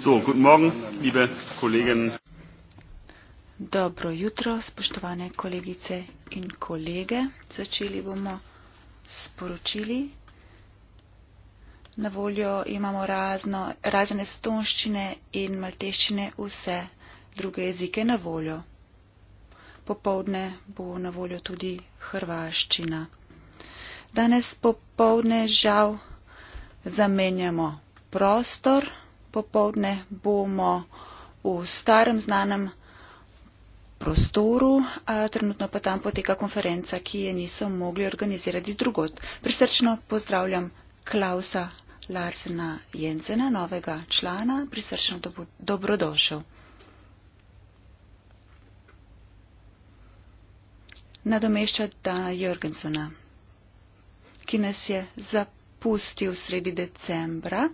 So, guten Morgen, liebe Kolleginnen. Dobro jutro, spoštovane kolegice in kolege. Začeli bomo s poročili. Na voljo imamo razno, razne stonščine in malteščine, vse druge jezike na voljo. Popovdne bo na voljo tudi hrvaščina. Danes popovdne žal zamenjamo prostor popovdne bomo v starem znanem prostoru, trenutno pa tam poteka konferenca, ki je niso mogli organizirati drugot. Prisrčno pozdravljam Klausa Larsena Jensena, novega člana, prisrčno dobo, dobrodošel. Nadomešča Dana Jorgensona, ki nas je zaprl zapustil sredi decembra,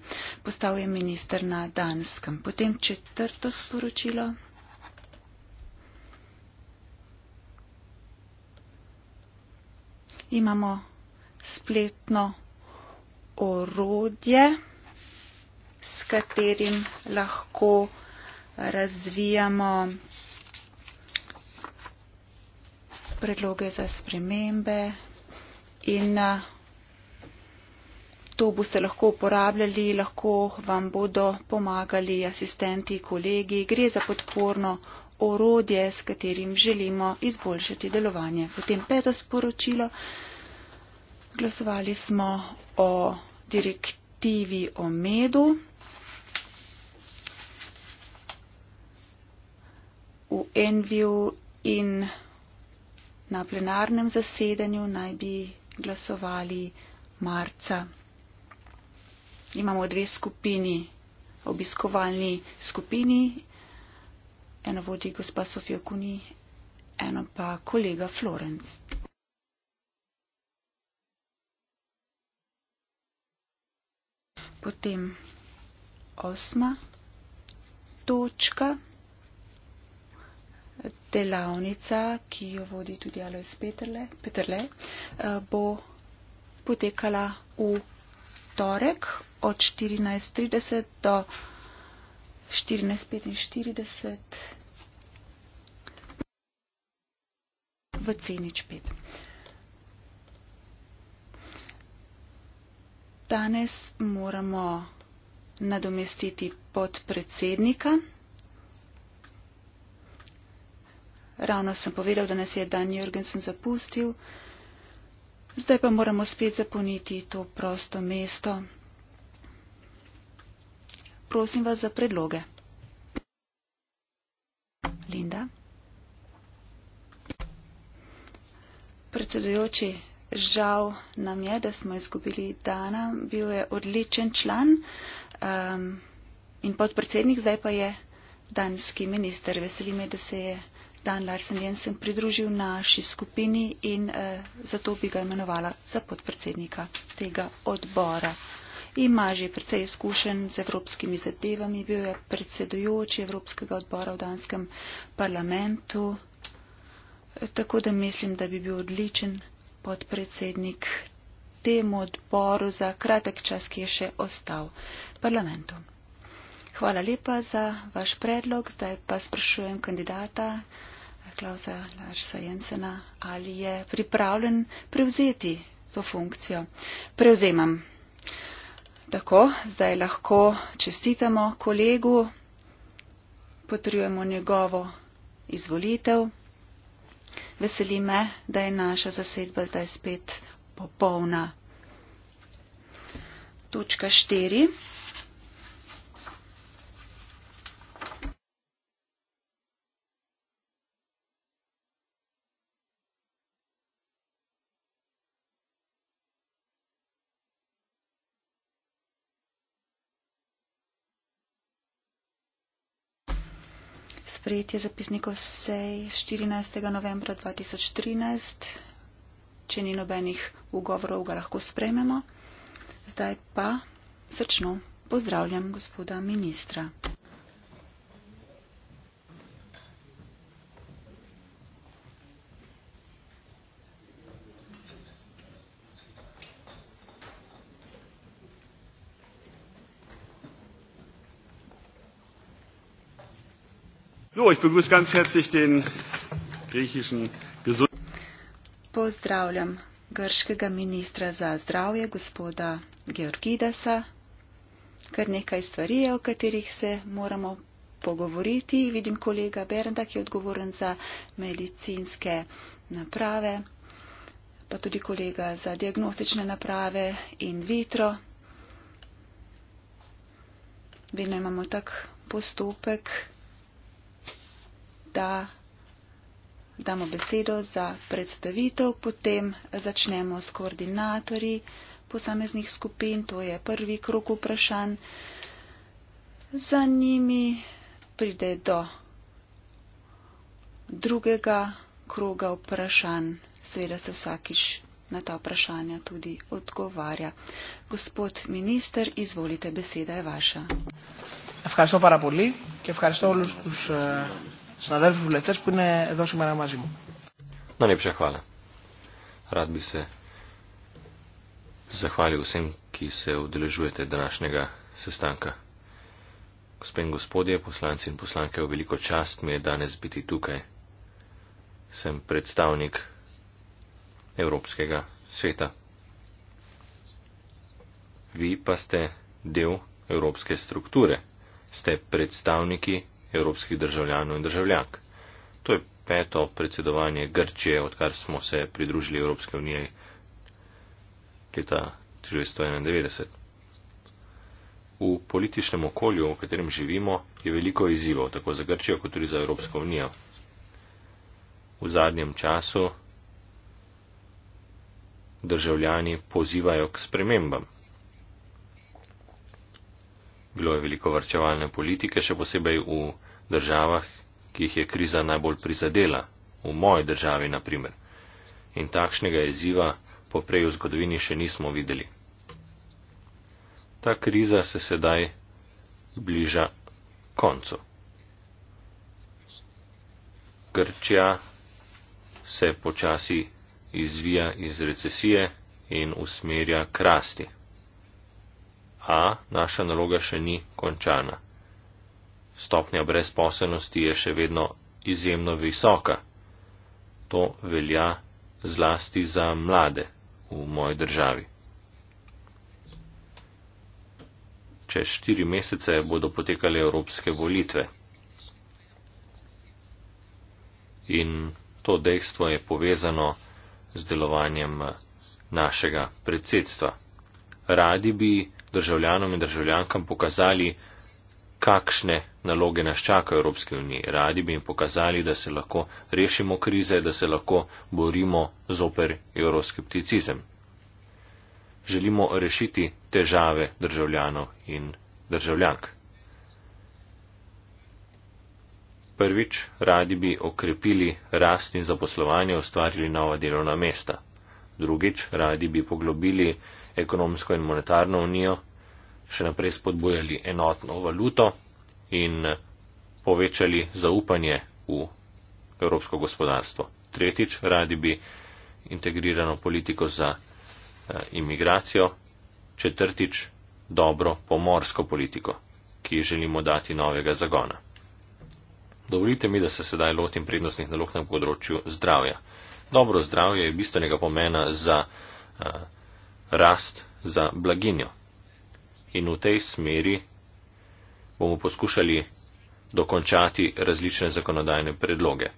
postal je minister na Danskem. Potem četrto sporočilo. Imamo spletno orodje, s katerim lahko razvijamo predloge za spremembe in na uh, to boste lahko uporabljali, lahko vam bodo pomagali asistenti, kolegi. Gre za podporno orodje, s katerim želimo izboljšati delovanje. Potem peto sporočilo. Glasovali smo o direktivi o medu. V Enviu in na plenarnem zasedanju naj bi glasovali marca imamo dve skupini, obiskovalni skupini, eno vodi gospa Sofija Kuni, eno pa kolega Florenc. Potem osma točka, delavnica, ki jo vodi tudi Alois Peterle, Peterle eh, bo potekala v torek od 14.30 do 14.45 v Cenič 5. Danes moramo nadomestiti podpredsednika. Ravno sem povedal, da nas je Dan Jorgensen zapustil. Zdaj pa moramo spet zapolniti to prosto mesto prosim vas za predloge. Linda. Predsedujoči, žal nam je, da smo izgubili Dana, bil je odličen član um, in podpredsednik, zdaj pa je danski minister. Veseli me, da se je Dan Larsen Jensen pridružil naši skupini in uh, zato bi ga imenovala za podpredsednika tega odbora ima že precej izkušen z evropskimi zadevami, bil je predsedujoči Evropskega odbora v Danskem parlamentu, tako da mislim, da bi bil odličen podpredsednik temu odboru za kratek čas, ki je še ostal parlamentu. Hvala lepa za vaš predlog. Zdaj pa sprašujem kandidata Klausa Larsa Jensena, ali je pripravljen prevzeti to funkcijo. Prevzemam. Tako, zdaj lahko čestitamo kolegu, potrjujemo njegovo izvolitev. Veseli me, da je naša zasedba zdaj spet popolna. Točka 4. sprejetje zapisnikov sej 14. novembra 2013. Če ni nobenih ugovorov, ga lahko sprejmemo. Zdaj pa srčno pozdravljam gospoda ministra. ich begrüße ganz herzlich den griechischen Gesundheits. Kar nekaj stvari, o katerih se moramo pogovoriti. Vidim kolega Berenda, ki je odgovoren za medicinske naprave, pa tudi kolega za diagnostične naprave in vitro. Vedno imamo tak postopek, da damo besedo za predstavitev, potem začnemo s koordinatorji posameznih skupin, to je prvi krok vprašanj. Za njimi pride do drugega kroga vprašanj, seveda se vsakiš na ta vprašanja tudi odgovarja. Gospod minister, izvolite, beseda je vaša. Afkarstvo para podli, ki je afkarstvo luštuš. Uh συναδέλφους βουλευτές που είναι εδώ σήμερα μαζί μου. Να ναι, ψεχάλε. Ράτ μπι σε ζεχάλι ουσίμ και σε οδηλεζούετε δνάσνεγα σε στάνκα. Gospe in gospodje, poslanci in poslanke, v veliko čast mi je danes biti tukaj. Sem predstavnik Evropskega sveta. Vi pa ste del Evropske strukture, ste predstavniki evropskih državljanov in državljank. To je peto predsedovanje Grčije, odkar smo se pridružili Evropske unije leta 1991. V političnem okolju, v katerem živimo, je veliko izzivov, tako za Grčijo, kot tudi za Evropsko unijo. V zadnjem času državljani pozivajo k spremembam. Bilo je veliko varčevalne politike, še posebej v državah, ki jih je kriza najbolj prizadela, v moji državi na primer. In takšnega izziva poprej v zgodovini še nismo videli. Ta kriza se sedaj bliža koncu. Grčija se počasi izvija iz recesije in usmerja krasti a naša naloga še ni končana. Stopnja brezposelnosti je še vedno izjemno visoka. To velja zlasti za mlade v moji državi. Čez štiri mesece bodo potekale evropske volitve. In to dejstvo je povezano z delovanjem našega predsedstva. Radi bi državljanom in državljankam pokazali, kakšne naloge nas čaka v Evropski uniji. Radi bi jim pokazali, da se lahko rešimo krize, da se lahko borimo zoper evroskepticizem. Želimo rešiti težave državljanov in državljank. Prvič, radi bi okrepili rast in zaposlovanje, ustvarili nova delovna mesta. Drugič, radi bi poglobili ekonomsko in monetarno unijo, še naprej spodbujali enotno valuto in povečali zaupanje v evropsko gospodarstvo. Tretjič, radi bi integrirano politiko za eh, imigracijo. Četrtič, dobro pomorsko politiko, ki želimo dati novega zagona. Dovolite mi, da se sedaj lotim prednostnih nalog na področju zdravja. Dobro zdravje je bistvenega pomena za uh, rast za blaginjo. In v tej smeri bomo poskušali dokončati različne zakonodajne predloge.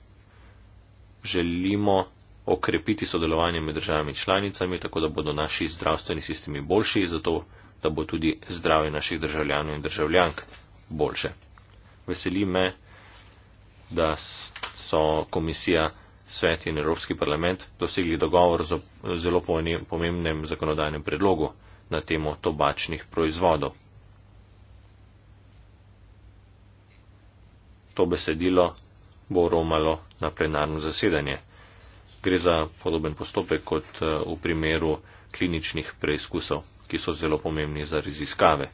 Želimo okrepiti sodelovanje med državami članicami, tako da bodo naši zdravstveni sistemi boljši, zato da bo tudi zdravje naših državljanov in državljank boljše. Veseli me, da so komisija svet in Evropski parlament dosegli dogovor o zelo pomembnem zakonodajnem predlogu na temo tobačnih proizvodov. To besedilo bo romalo na plenarno zasedanje. Gre za podoben postopek kot eh, v primeru kliničnih preizkusov, ki so zelo pomembni za raziskave.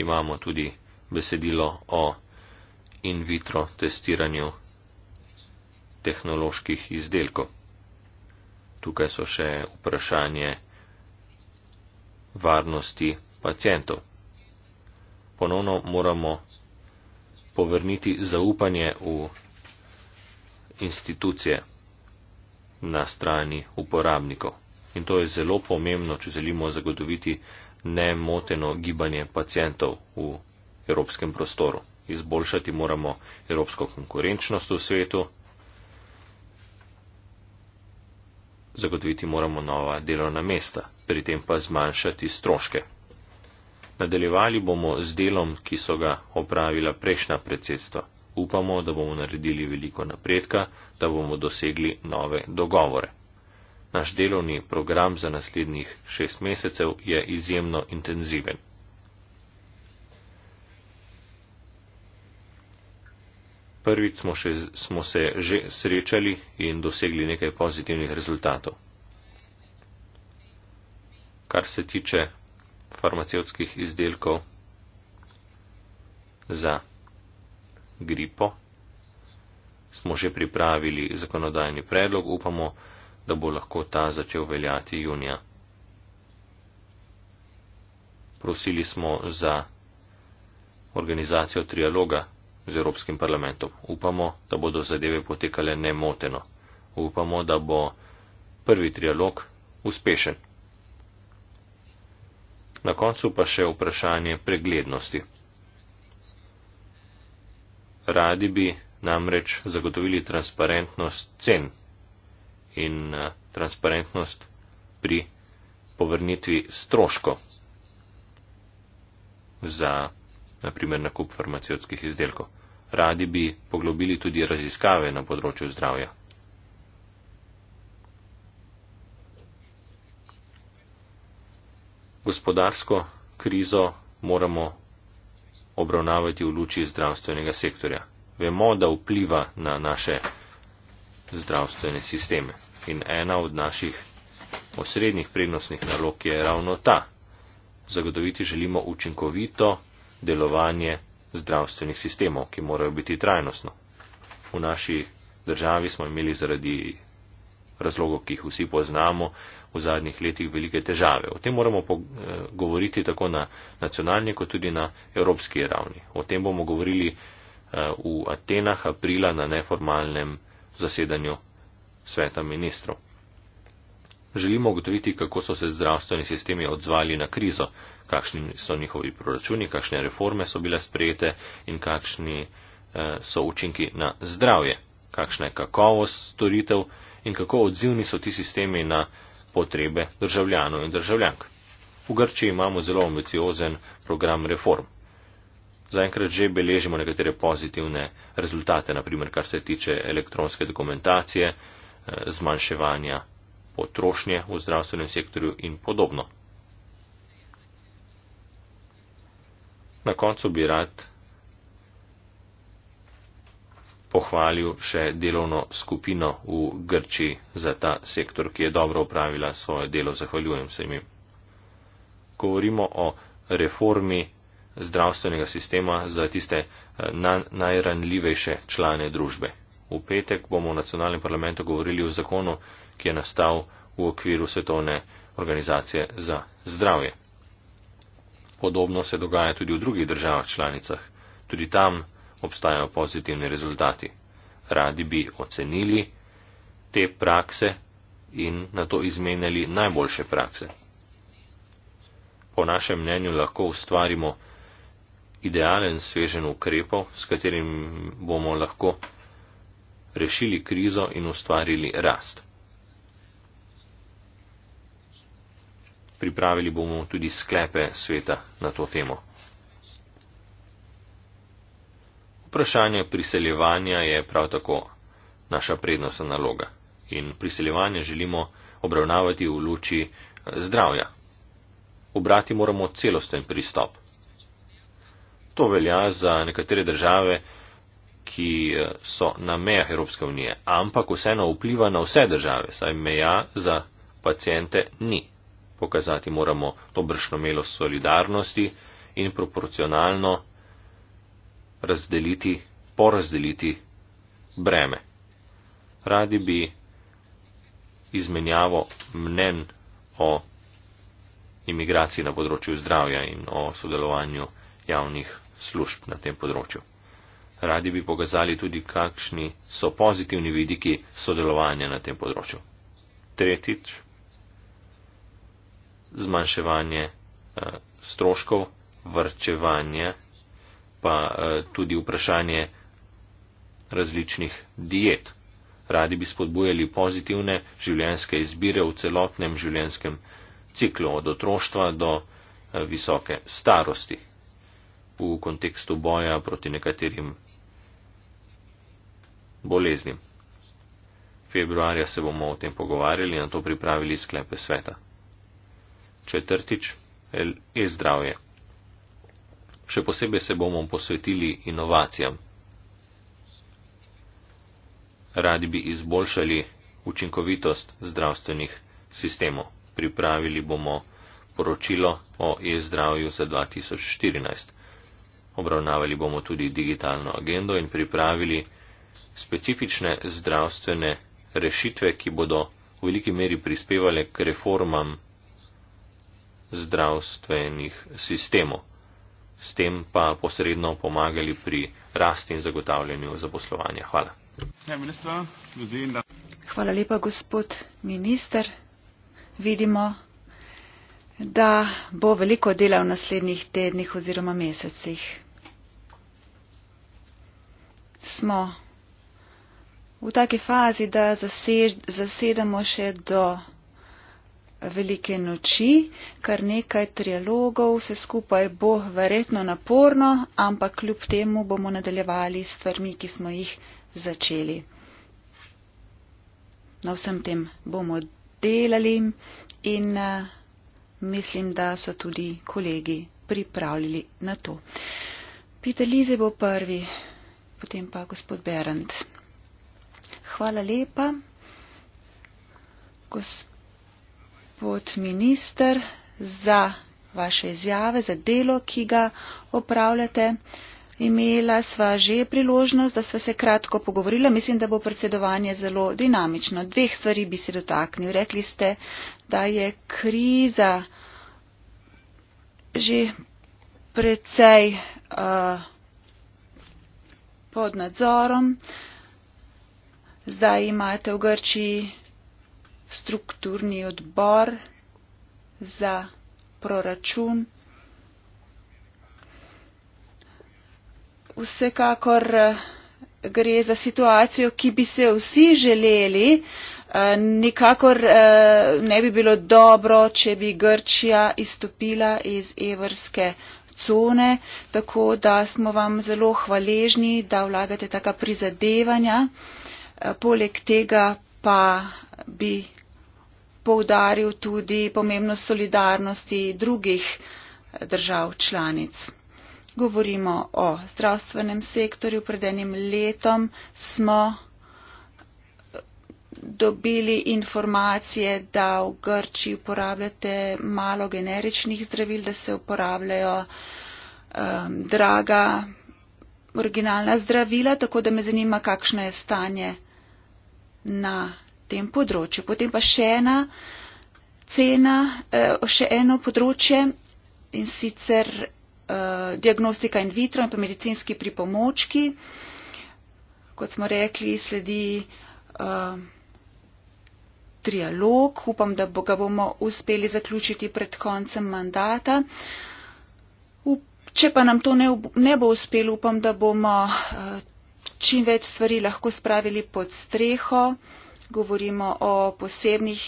Imamo tudi besedilo o in vitro testiranju tehnoloških izdelkov. Tukaj so še vprašanje varnosti pacijentov. Ponovno moramo povrniti zaupanje v institucije na strani uporabnikov. In to je zelo pomembno, če želimo zagotoviti nemoteno gibanje pacijentov v evropskem prostoru izboljšati moramo evropsko konkurenčnost v svetu, zagotoviti moramo nova delovna mesta, pri tem pa zmanjšati stroške. Nadaljevali bomo z delom, ki so ga opravila prejšnja predsedstva. Upamo, da bomo naredili veliko napredka, da bomo dosegli nove dogovore. Naš delovni program za naslednjih šest mesecev je izjemno intenziven. Prvič smo, še, smo se že srečali in dosegli nekaj pozitivnih rezultatov. Kar se tiče farmacevskih izdelkov za gripo, smo že pripravili zakonodajni predlog, upamo, da bo lahko ta začel veljati junija. Prosili smo za organizacijo trialoga z Evropskim parlamentom. Upamo, da bodo zadeve potekale nemoteno. Upamo, da bo prvi trialog uspešen. Na koncu pa še vprašanje preglednosti. Radi bi namreč zagotovili transparentnost cen in eh, transparentnost pri povrnitvi stroško za naprimer nakup farmacijskih izdelkov. Radi bi poglobili tudi raziskave na področju zdravja. Gospodarsko krizo moramo obravnavati v luči zdravstvenega sektorja. Vemo, da vpliva na naše zdravstvene sisteme in ena od naših osrednjih prednostnih nalog je ravno ta. Zagotoviti želimo učinkovito delovanje zdravstvenih sistemov, ki morajo biti trajnostno. V naši državi smo imeli zaradi razlogov, ki jih vsi poznamo, v zadnjih letih velike težave. O tem moramo eh, govoriti tako na nacionalni, kot tudi na evropski ravni. O tem bomo govorili eh, v Atenah aprila na neformalnem zasedanju sveta ministrov. Želimo ugotoviti, kako so se zdravstveni sistemi odzvali na krizo, kakšni so njihovi proračuni, kakšne reforme so bile sprejete in kakšni eh, so učinki na zdravje, kakšna je kakovost storitev in kako odzivni so ti sistemi na potrebe državljanov in državljank. V Grčiji imamo zelo ambiciozen program reform. Zaenkrat že beležimo nekatere pozitivne rezultate, naprimer kar se tiče elektronske dokumentacije, eh, zmanjševanja potrošnje v zdravstvenem sektorju in podobno. Na koncu bi rad pohvalil še delovno skupino v Grčiji za ta sektor, ki je dobro upravila svoje delo. Zahvaljujem se jim. Govorimo o reformi zdravstvenega sistema za tiste eh, na, najranljivejše člane družbe. V petek bomo v nacionalnem parlamentu govorili o zakonu, ki je nastal v okviru Svetovne organizacije za zdravje. Podobno se dogaja tudi v drugih državah članicah. Tudi tam obstajajo pozitivni rezultati. Radi bi ocenili te prakse in na to izmenjali najboljše prakse. Po našem mnenju lahko ustvarimo idealen svežen ukrepov, s katerim bomo lahko rešili krizo in ustvarili rast. Pripravili bomo tudi sklepe sveta na to temo. Vprašanje priseljevanja je prav tako naša prednostna naloga in priseljevanje želimo obravnavati v luči eh, zdravja. Obrati moramo celosten pristop. To velja za nekatere države, ki eh, so na mejah Evropske unije, ampak vseeno vpliva na vse države, saj meja za pacijente ni. Pokazati moramo to bršno melo solidarnosti in proporcionalno razdeliti, porazdeliti breme. Radi bi izmenjavo mnen o imigraciji na področju zdravja in o sodelovanju javnih služb na tem področju radi bi pokazali tudi, kakšni so pozitivni vidiki sodelovanja na tem področju. Tretjič, zmanjševanje eh, stroškov, vrčevanje, pa eh, tudi vprašanje različnih diet. Radi bi spodbujali pozitivne življenjske izbire v celotnem življenjskem ciklu od otroštva do eh, visoke starosti v kontekstu boja proti nekaterim boleznim. Februarja se bomo o tem pogovarjali in na to pripravili sklepe sveta. Četrtič, e-zdravje. Še posebej se bomo posvetili inovacijam. Radi bi izboljšali učinkovitost zdravstvenih sistemov. Pripravili bomo poročilo o e-zdravju za 2014. Obravnavali bomo tudi digitalno agendo in pripravili specifične zdravstvene rešitve, ki bodo v veliki meri prispevale k reformam zdravstvenih sistemov, s tem pa posredno pomagali pri rasti in zagotavljanju zaposlovanja. Hvala. Ja, Hvala lepa, gospod minister. Vidimo, da bo veliko dela v naslednjih tednih oziroma mesecih. Smo v taki fazi, da zasež, zasedamo še do velike noči, kar nekaj trialogov, vse skupaj bo verjetno naporno, ampak kljub temu bomo nadaljevali s stvarmi, ki smo jih začeli. Na vsem tem bomo delali in mislim, da so tudi kolegi pripravljali na to. Peter Lize bo prvi, potem pa gospod Berendt hvala lepa. Gospod minister, za vaše izjave, za delo, ki ga opravljate. Imela sva že priložnost, da sva se kratko pogovorila. Mislim, da bo predsedovanje zelo dinamično. Dveh stvari bi se dotaknil. Rekli ste, da je kriza že precej uh, pod nadzorom. Uh, Zdaj imate v Grčiji strukturni odbor za proračun. Vsekakor eh, gre za situacijo, ki bi se vsi želeli. Eh, nikakor eh, ne bi bilo dobro, če bi Grčija izstopila iz evrske cone, tako da smo vam zelo hvaležni, da vlagate taka prizadevanja. Uh, Eh, poleg tega pa bi poudaril tudi pomembnost solidarnosti drugih eh, držav članic. Govorimo o zdravstvenem sektorju. Pred enim letom smo eh, dobili informacije, da v Grči uporabljate malo generičnih zdravil, da se uporabljajo um, draga originalna zdravila, tako da me zanima, kakšno je stanje na tem področju. Potem pa še ena cena, eh, še eno področje in sicer eh, diagnostika in vitro in pa medicinski pripomočki. Kot smo rekli, sledi eh, trialog. Upam, da ga bomo uspeli zaključiti pred koncem mandata. Če pa nam to ne bo uspelo, upam, da bomo čim več stvari lahko spravili pod streho. Govorimo o posebnih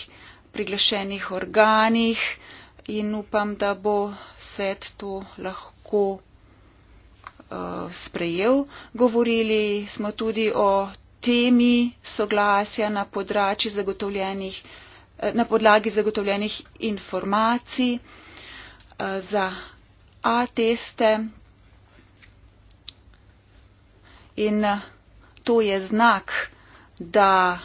priglašenih organih in upam, da bo svet to lahko uh, sprejel. Govorili smo tudi o temi soglasja na, zagotovljenih, eh, na podlagi zagotovljenih informacij uh, za A teste, In eh, to je znak, da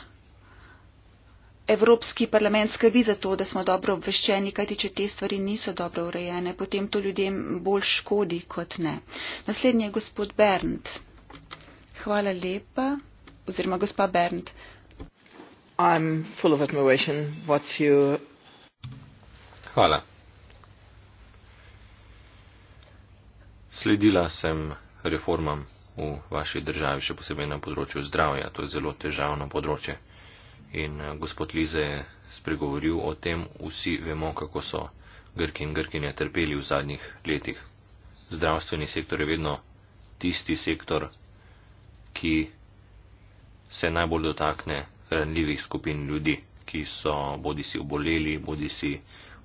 Evropski parlament skrbi za to, da smo dobro obveščeni, kajti če te stvari niso dobro urejene, potem to ljudem bolj škodi kot ne. Naslednji je gospod Bernd. Hvala lepa. Oziroma gospa Bernd. You... Hvala. Sledila sem reformam v vaši državi, še posebej na področju zdravja. To je zelo težavno področje. In eh, gospod Lize je spregovoril o tem, vsi vemo, kako so Grki in Grkinje trpeli v zadnjih letih. Zdravstveni sektor je vedno tisti sektor, ki se najbolj dotakne ranljivih skupin ljudi, ki so bodi si oboleli, bodi si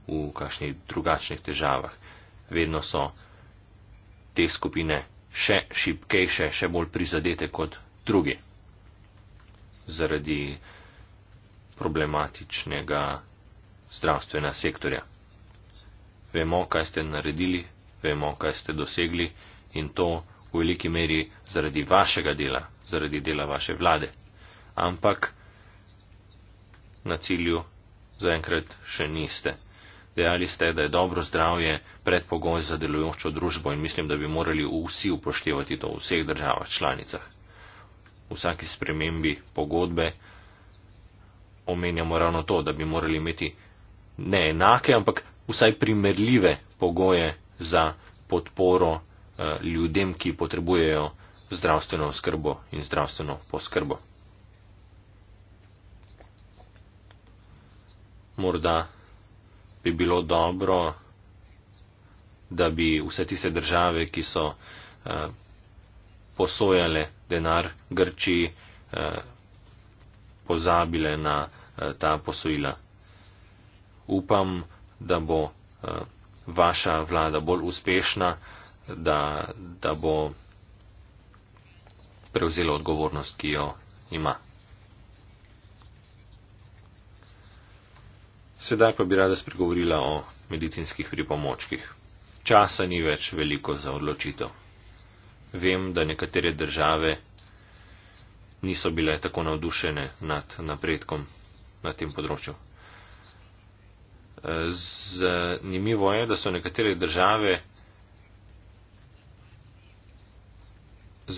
v kakšnih drugačnih težavah. Vedno so te skupine še šipkejše, še bolj prizadete kot druge. Zaradi problematičnega zdravstvena sektorja. Vemo, kaj ste naredili, vemo, kaj ste dosegli in to v veliki meri zaradi vašega dela, zaradi dela vaše vlade. Ampak na cilju zaenkrat še niste. Dejali ste, da je dobro zdravje predpogoj za delujočo družbo in mislim, da bi morali vsi upoštevati to v vseh državah članicah. V vsaki spremembi pogodbe omenjamo ravno to, da bi morali imeti ne enake, ampak vsaj primerljive pogoje za podporo eh, ljudem, ki potrebujejo zdravstveno oskrbo in zdravstveno poskrbo. Morda bi bilo dobro, da bi vse tiste države, ki so eh, posojale denar Grčiji, eh, pozabile na eh, ta posojila. Upam, da bo vaša vlada bolj uspešna, da, da bo prevzela odgovornost, ki jo ima. Sedaj pa bi rada spregovorila o medicinskih pripomočkih. Časa ni več veliko za odločitev. Vem, da nekatere države niso bile tako navdušene nad napredkom na tem področju. Zanimivo je, da so nekatere države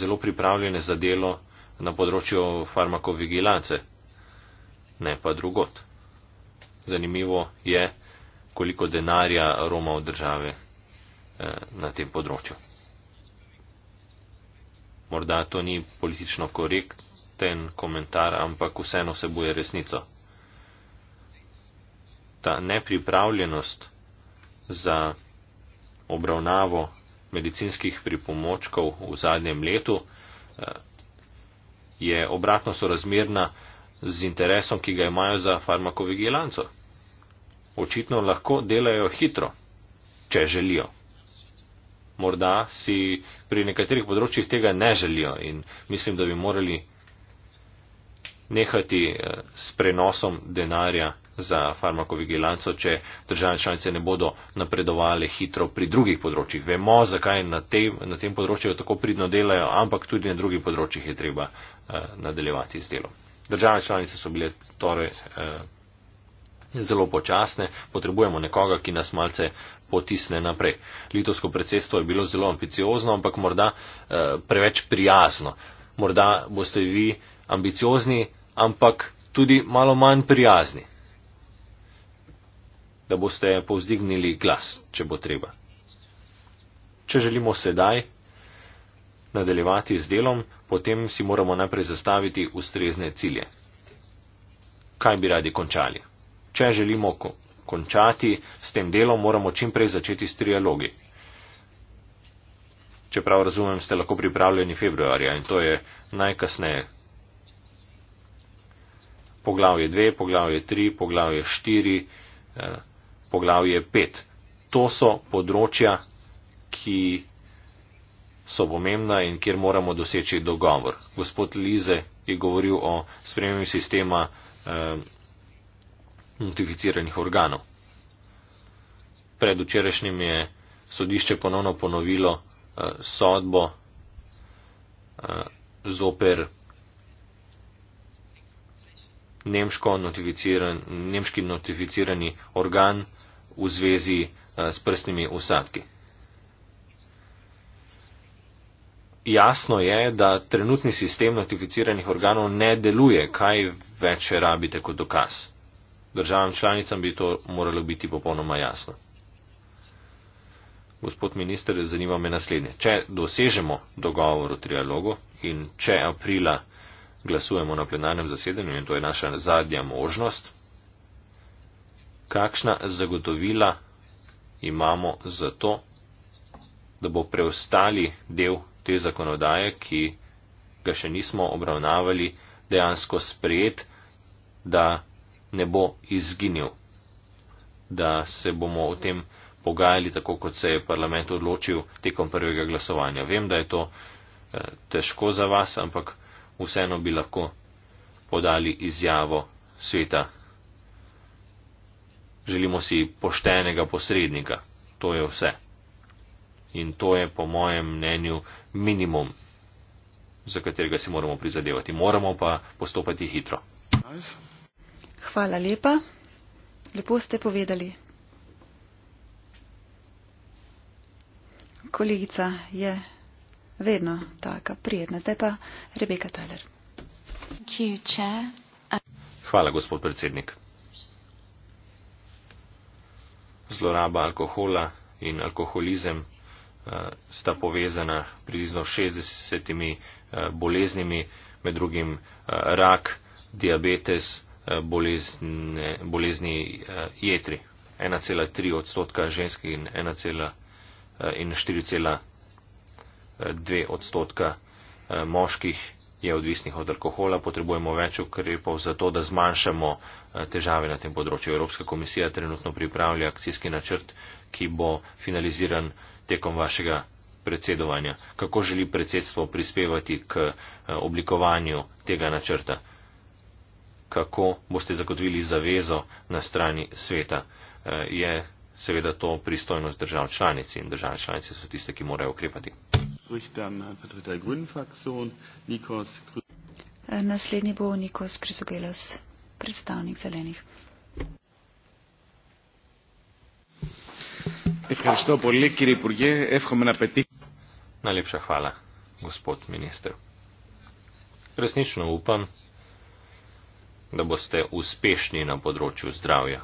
zelo pripravljene za delo na področju farmakovigilance, ne pa drugot zanimivo je, koliko denarja Roma v države eh, na tem področju. Morda to ni politično korekten komentar, ampak vseeno se boje resnico. Ta nepripravljenost za obravnavo medicinskih pripomočkov v zadnjem letu eh, je obratno sorazmerna z interesom, ki ga imajo za farmakovigilanco. Očitno lahko delajo hitro, če želijo. Morda si pri nekaterih področjih tega ne želijo in mislim, da bi morali nehati eh, s prenosom denarja za farmakovigilanco, če države članice ne bodo napredovali hitro pri drugih področjih. Vemo, zakaj na tem, na tem področju tako pridno delajo, ampak tudi na drugih področjih je treba eh, nadaljevati z delom. Države članice so bile torej eh, zelo počasne, potrebujemo nekoga, ki nas malce potisne naprej. Litovsko predsedstvo je bilo zelo ambiciozno, ampak morda eh, preveč prijazno. Morda boste vi ambiciozni, ampak tudi malo manj prijazni, da boste povzdignili glas, če bo treba. Če želimo sedaj nadaljevati z delom, potem si moramo najprej zastaviti ustrezne cilje. Kaj bi radi končali? Če želimo ko končati s tem delom, moramo čimprej začeti s trialogi. Čeprav razumem, ste lahko pripravljeni februarja in to je najkasneje. Poglavje 2, poglavje 3, poglavje 4, eh, poglavje 5. To so področja, ki so pomembna in kjer moramo doseči dogovor. Gospod Lize je govoril o spremenju sistema eh, notificiranih organov. Predvčerajšnjim je sodišče ponovno ponovilo eh, sodbo eh, zoper notificiran, nemški notificirani organ v zvezi eh, s prstnimi usadki. jasno je, da trenutni sistem notificiranih organov ne deluje, kaj več rabite kot dokaz. Državam članicam bi to moralo biti popolnoma jasno. Gospod minister, zanima me naslednje. Če dosežemo dogovor o trialogu in če aprila glasujemo na plenarnem zasedanju in to je naša zadnja možnost, kakšna zagotovila imamo za to, da bo preostali del te zakonodaje, ki ga še nismo obravnavali, dejansko sprejet, da ne bo izginil, da se bomo o tem pogajali tako, kot se je parlament odločil tekom prvega glasovanja. Vem, da je to eh, težko za vas, ampak vseeno bi lahko podali izjavo sveta. Želimo si poštenega posrednika. To je vse in to je po mojem mnenju minimum, za katerega si moramo prizadevati. Moramo pa postopati hitro. Hvala lepa. Lepo ste povedali. Kolegica je vedno taka prijetna. Zdaj pa Rebeka Taler. Hvala, gospod predsednik. Zloraba alkohola in alkoholizem. Eh, sta povezana približno 60 eh, boleznimi, med drugim eh, rak, diabetes, bolezne, bolezni jetri. 1,3 odstotka žensk in 1,4,2 odstotka moških je odvisnih od alkohola. Potrebujemo več ukrepov za to, da zmanjšamo težave na tem področju. Evropska komisija trenutno pripravlja akcijski načrt, ki bo finaliziran tekom vašega predsedovanja? Kako želi predsedstvo prispevati k eh, oblikovanju tega načrta? Kako boste zagotovili zavezo na strani sveta? Eh, je seveda to pristojnost držav članic in države članice so tiste, ki morajo ukrepati. Naslednji bo Nikos Krizogelos, predstavnik zelenih. Ευχαριστώ πολύ κύριε Υπουργέ. Εύχομαι να πετύχει. Να λείψα χάλα, господ Μινίστερ. Ρεσνίσουν ούπαν да бъдете успешни на področju здравия.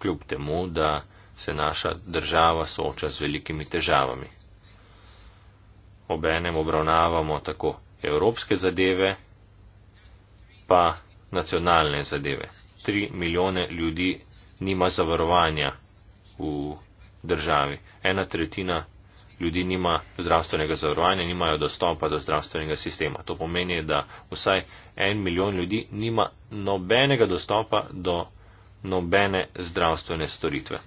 Клюб тему да се наша държава соча с великими тежавами. Обенем обравнавамо тако европске задеве, па национални задеве. Три милиона люди нима заварвания – v državi. Ena tretjina ljudi nima zdravstvenega zavarovanja, nimajo dostopa do zdravstvenega sistema. To pomeni, da vsaj en milijon ljudi nima nobenega dostopa do nobene zdravstvene storitve.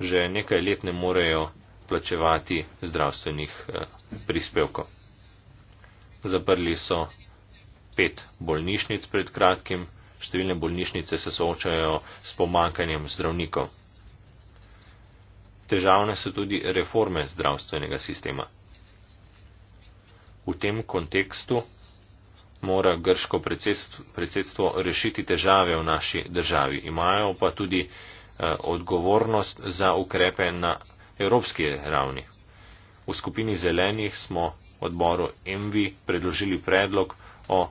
Že nekaj let ne morejo plačevati zdravstvenih eh, prispevkov. Zaprli so pet bolnišnic pred kratkim številne bolnišnice se soočajo s pomankanjem zdravnikov. Težavne so tudi reforme zdravstvenega sistema. V tem kontekstu mora grško predsedstvo rešiti težave v naši državi. Imajo pa tudi eh, odgovornost za ukrepe na evropski ravni. V skupini zelenih smo odboru MV predložili predlog o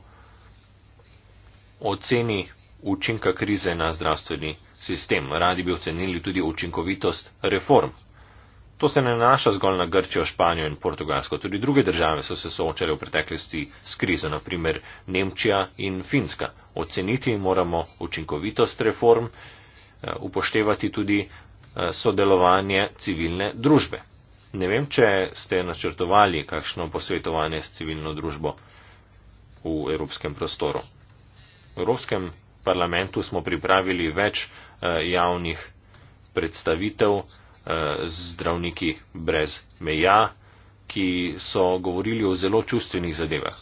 oceni učinka krize na zdravstveni sistem. Radi bi ocenili tudi učinkovitost reform. To se ne nanaša zgolj na Grčijo, Španijo in Portugalsko. Tudi druge države so se soočale v preteklosti s krizo, naprimer Nemčija in Finska. Oceniti moramo učinkovitost reform, eh, upoštevati tudi eh, sodelovanje civilne družbe. Ne vem, če ste načrtovali kakšno posvetovanje s civilno družbo v evropskem prostoru. Evropskem parlamentu smo pripravili več eh, javnih predstavitev eh, z zdravniki brez meja, ki so govorili o zelo čustvenih zadevah.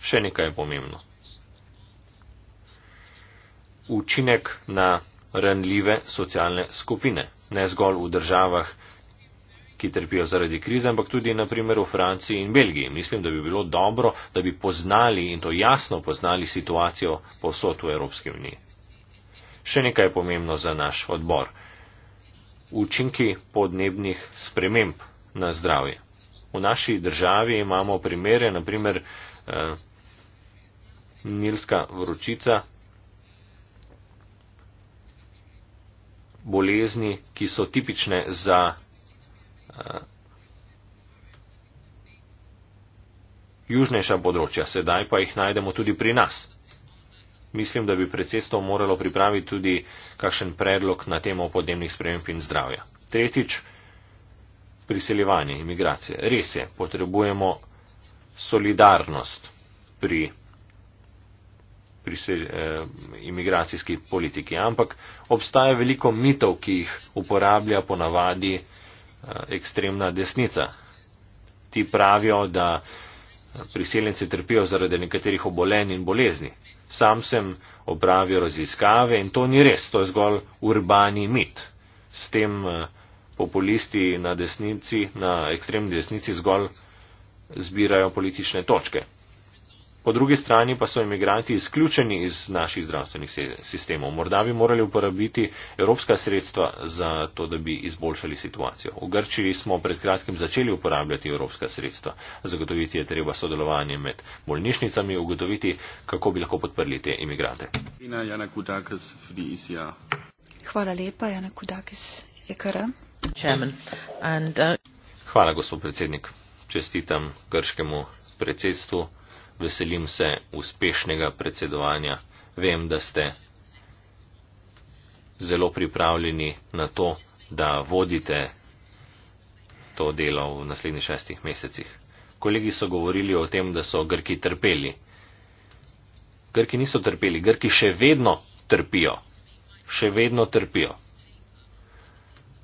Še nekaj je pomembno. Učinek na ranljive socialne skupine, ne zgolj v državah, ki trpijo zaradi krize, ampak tudi naprimer v Franciji in Belgiji. Mislim, da bi bilo dobro, da bi poznali in to jasno poznali situacijo posod v Evropski uniji. Še nekaj je pomembno za naš odbor. Učinki podnebnih sprememb na zdravje. V naši državi imamo primere, naprimer eh, Nilska vročica, bolezni, ki so tipične za Eh, južnejša področja, sedaj pa jih najdemo tudi pri nas. Mislim, da bi predsedstvo moralo pripraviti tudi kakšen predlog na temo podnebnih sprememb in zdravja. Tretjič, priseljevanje, imigracije. Res je, potrebujemo solidarnost pri prisel, eh, imigracijski politiki, ampak obstaja veliko mitov, ki jih uporablja ponavadi. Eh, ekstremna desnica. Ti pravijo, da priseljenci trpijo zaradi nekaterih obolenj in bolezni. Sam sem opravil raziskave in to ni res, to je zgolj urbani mit. S tem eh, populisti na desnici, na ekstremni desnici zgolj zbirajo politične točke. Po drugi strani pa so imigranti izključeni iz naših zdravstvenih sistemov. Morda bi morali uporabiti evropska sredstva za to, da bi izboljšali situacijo. V Grčiji smo pred kratkim začeli uporabljati evropska sredstva. Zagotoviti je treba sodelovanje med bolnišnicami, ugotoviti, kako bi lahko podprli te imigrante. Hvala lepa, Jana Kudakis, EKR. Uh, Hvala, gospod predsednik. Čestitam grškemu predsedstvu veselim se uspešnega predsedovanja. Vem, da ste zelo pripravljeni na to, da vodite to delo v naslednjih šestih mesecih. Kolegi so govorili o tem, da so Grki trpeli. Grki niso trpeli, Grki še vedno trpijo. Še vedno trpijo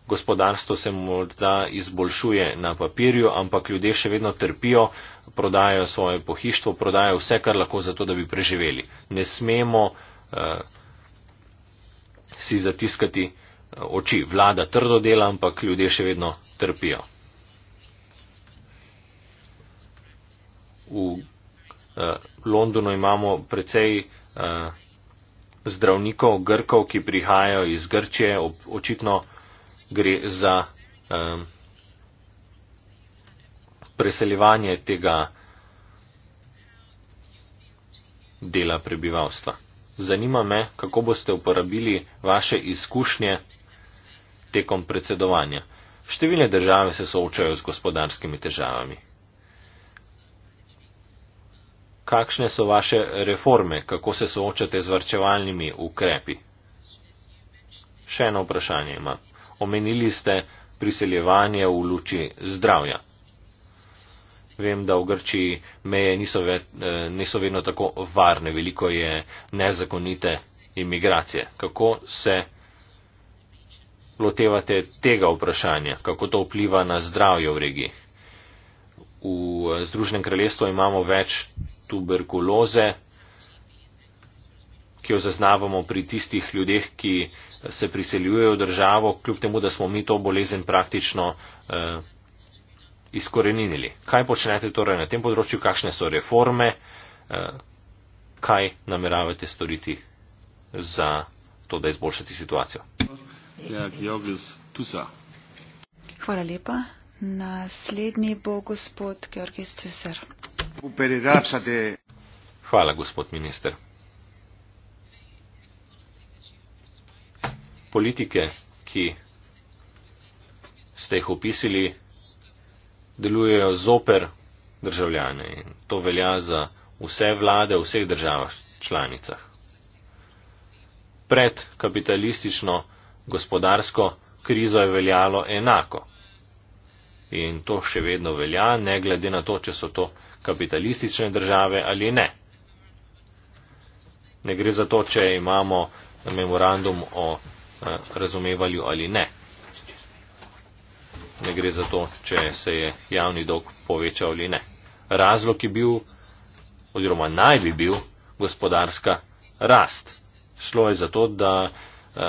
gospodarstvo se morda izboljšuje na papirju, ampak ljudje še vedno trpijo, prodajajo svoje pohištvo, prodajajo vse, kar lahko za to, da bi preživeli. Ne smemo uh, si zatiskati eh, oči. Vlada trdo dela, ampak ljudje še vedno trpijo. V uh, Londonu imamo precej uh, zdravnikov, grkov, ki prihajajo iz Grčije, očitno. Ob, gre za um, preseljevanje tega dela prebivalstva. Zanima me, kako boste uporabili vaše izkušnje tekom predsedovanja. Številne države se soočajo z gospodarskimi težavami. Kakšne so vaše reforme, kako se soočate z varčevalnimi ukrepi? Še eno vprašanje imam omenili ste priseljevanje v luči zdravja. Vem, da v Grčiji meje niso, ve, eh, niso vedno tako varne, veliko je nezakonite imigracije. Kako se lotevate tega vprašanja, kako to vpliva na zdravje v regiji? V eh, Združenem kraljestvu imamo več tuberkuloze, ki jo zaznavamo pri tistih ljudeh, ki se priseljujejo v državo, kljub temu, da smo mi to bolezen praktično eh, izkoreninili. Kaj počnete torej na tem področju, kakšne so reforme, eh, kaj nameravate storiti za to, da izboljšate situacijo? Ja, Hvala lepa. Naslednji bo gospod Georgij Stuser. Hvala, gospod minister. politike, ki ste jih opisili, delujejo zoper državljane. In to velja za vse vlade v vseh državah članicah. Pred kapitalistično gospodarsko krizo je veljalo enako. In to še vedno velja, ne glede na to, če so to kapitalistične države ali ne. Ne gre za to, če imamo memorandum o razumevali ali ne. Ne gre za to, če se je javni dolg povečal ali ne. Razlog je bil, oziroma naj bi bil, gospodarska rast. Šlo je za to, da uh,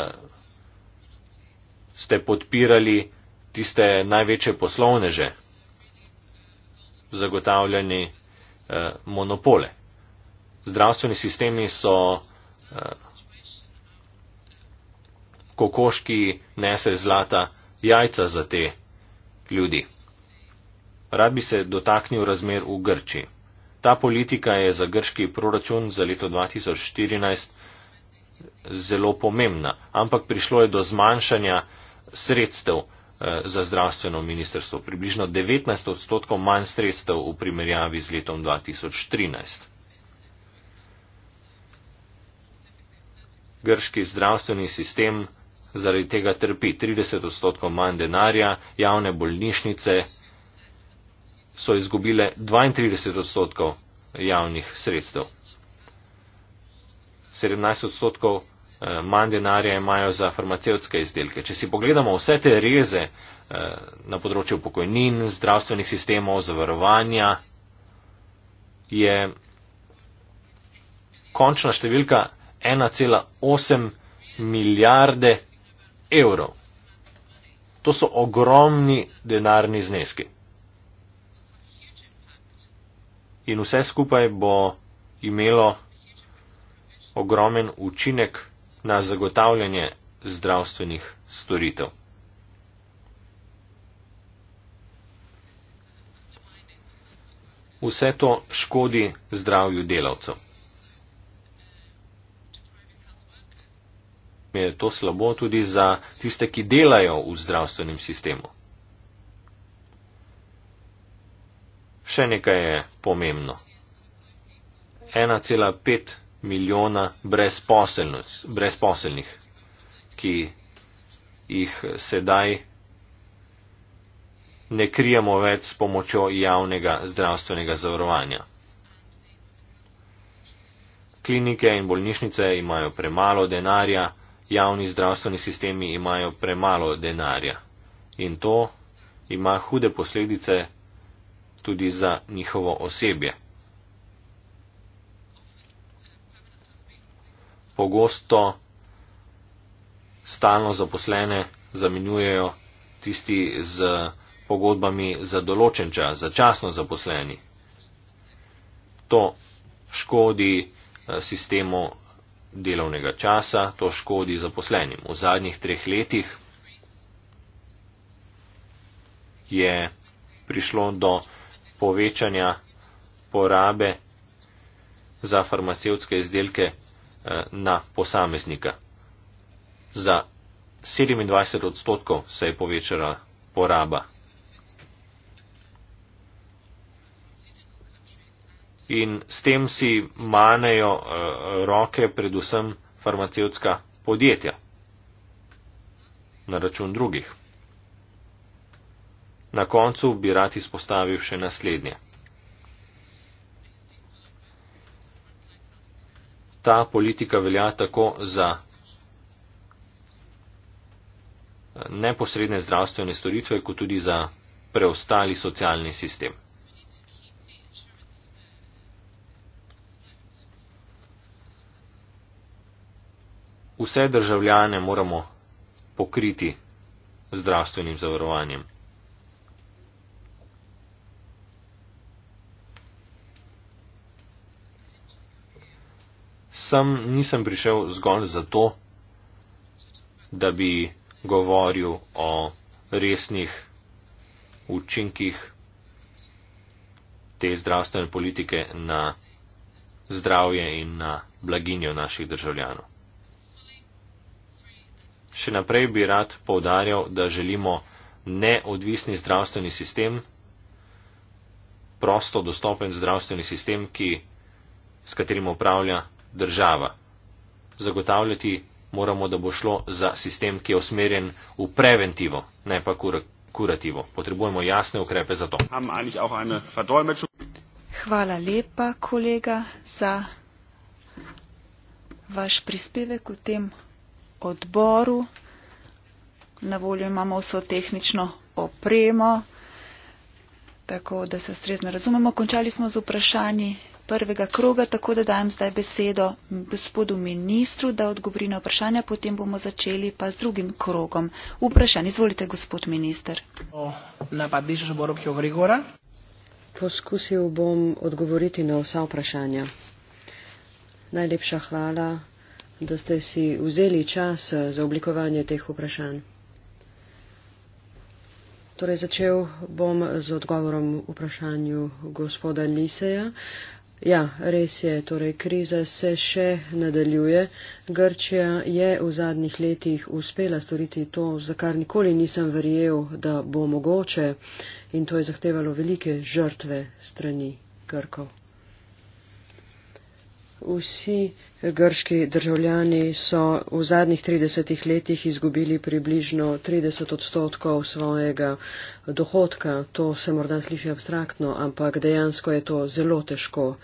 ste podpirali tiste največje poslovneže, zagotavljanje uh, monopole. Zdravstveni sistemi so uh, kokoški nese zlata jajca za te ljudi. Rad bi se dotaknil razmer v Grči. Ta politika je za grški proračun za leto 2014 zelo pomembna, ampak prišlo je do zmanjšanja sredstev eh, za zdravstveno ministrstvo, približno 19 odstotkov manj sredstev v primerjavi z letom 2013. Grški zdravstveni sistem zaradi tega trpi 30 odstotkov manj denarja, javne bolnišnice so izgubile 32 odstotkov javnih sredstev. 17 odstotkov eh, manj denarja imajo za farmacevtske izdelke. Če si pogledamo vse te reze eh, na področju pokojnin, zdravstvenih sistemov, zavarovanja, je končna številka 1,8 milijarde evrov. To so ogromni denarni zneski. In vse skupaj bo imelo ogromen učinek na zagotavljanje zdravstvenih storitev. Vse to škodi zdravju delavcev. je to slabo tudi za tiste, ki delajo v zdravstvenem sistemu. Še nekaj je pomembno. 1,5 milijona brezposelnih, ki jih sedaj ne krijemo več s pomočjo javnega zdravstvenega zavarovanja. Klinike in bolnišnice imajo premalo denarja, javni zdravstveni sistemi imajo premalo denarja in to ima hude posledice tudi za njihovo osebje. Pogosto stalno zaposlene zamenjujejo tisti z pogodbami za določen čas, začasno zaposleni. To škodi eh, sistemu delovnega časa, to škodi zaposlenim. V zadnjih treh letih je prišlo do povečanja porabe za farmacevtske izdelke eh, na posameznika. Za 27 odstotkov se je povečala poraba in s tem si manejo eh, roke predvsem farmacevtska podjetja na račun drugih. Na koncu bi rad izpostavil še naslednje. Ta politika velja tako za eh, neposredne zdravstvene storitve, kot tudi za preostali socialni sistem. vse državljane moramo pokriti zdravstvenim zavarovanjem. Sam nisem prišel zgolj zato, da bi govoril o resnih učinkih te zdravstvene politike na zdravje in na blaginjo naših državljanov. Še naprej bi rad povdarjal, da želimo neodvisni zdravstveni sistem, prosto dostopen zdravstveni sistem, ki, s katerim upravlja država. Zagotavljati moramo, da bo šlo za sistem, ki je usmerjen v preventivo, ne pa kurativo. Potrebujemo jasne ukrepe za to. Hvala lepa, kolega, za vaš prispevek v tem odboru. Na voljo imamo vso tehnično opremo, tako da se strezno razumemo. Končali smo z vprašanji prvega kroga, tako da dajem zdaj besedo gospodu ministru, da odgovori na vprašanja, potem bomo začeli pa z drugim krogom. Vprašanje, izvolite, gospod minister. Poskusil bom odgovoriti na vsa vprašanja. Najlepša hvala da ste si vzeli čas eh, za oblikovanje teh vprašanj. Torej, začel bom z odgovorom vprašanju gospoda Liseja. Ja, res je, torej kriza se še nadaljuje. Grčija je v zadnjih letih uspela storiti to, za kar nikoli nisem verjel, da bo mogoče in to je zahtevalo velike žrtve strani Grkov. Vsi grški državljani so v zadnjih 30 letih izgubili približno 30 odstotkov svojega dohodka. To se morda sliši abstraktno, ampak dejansko je to zelo težko.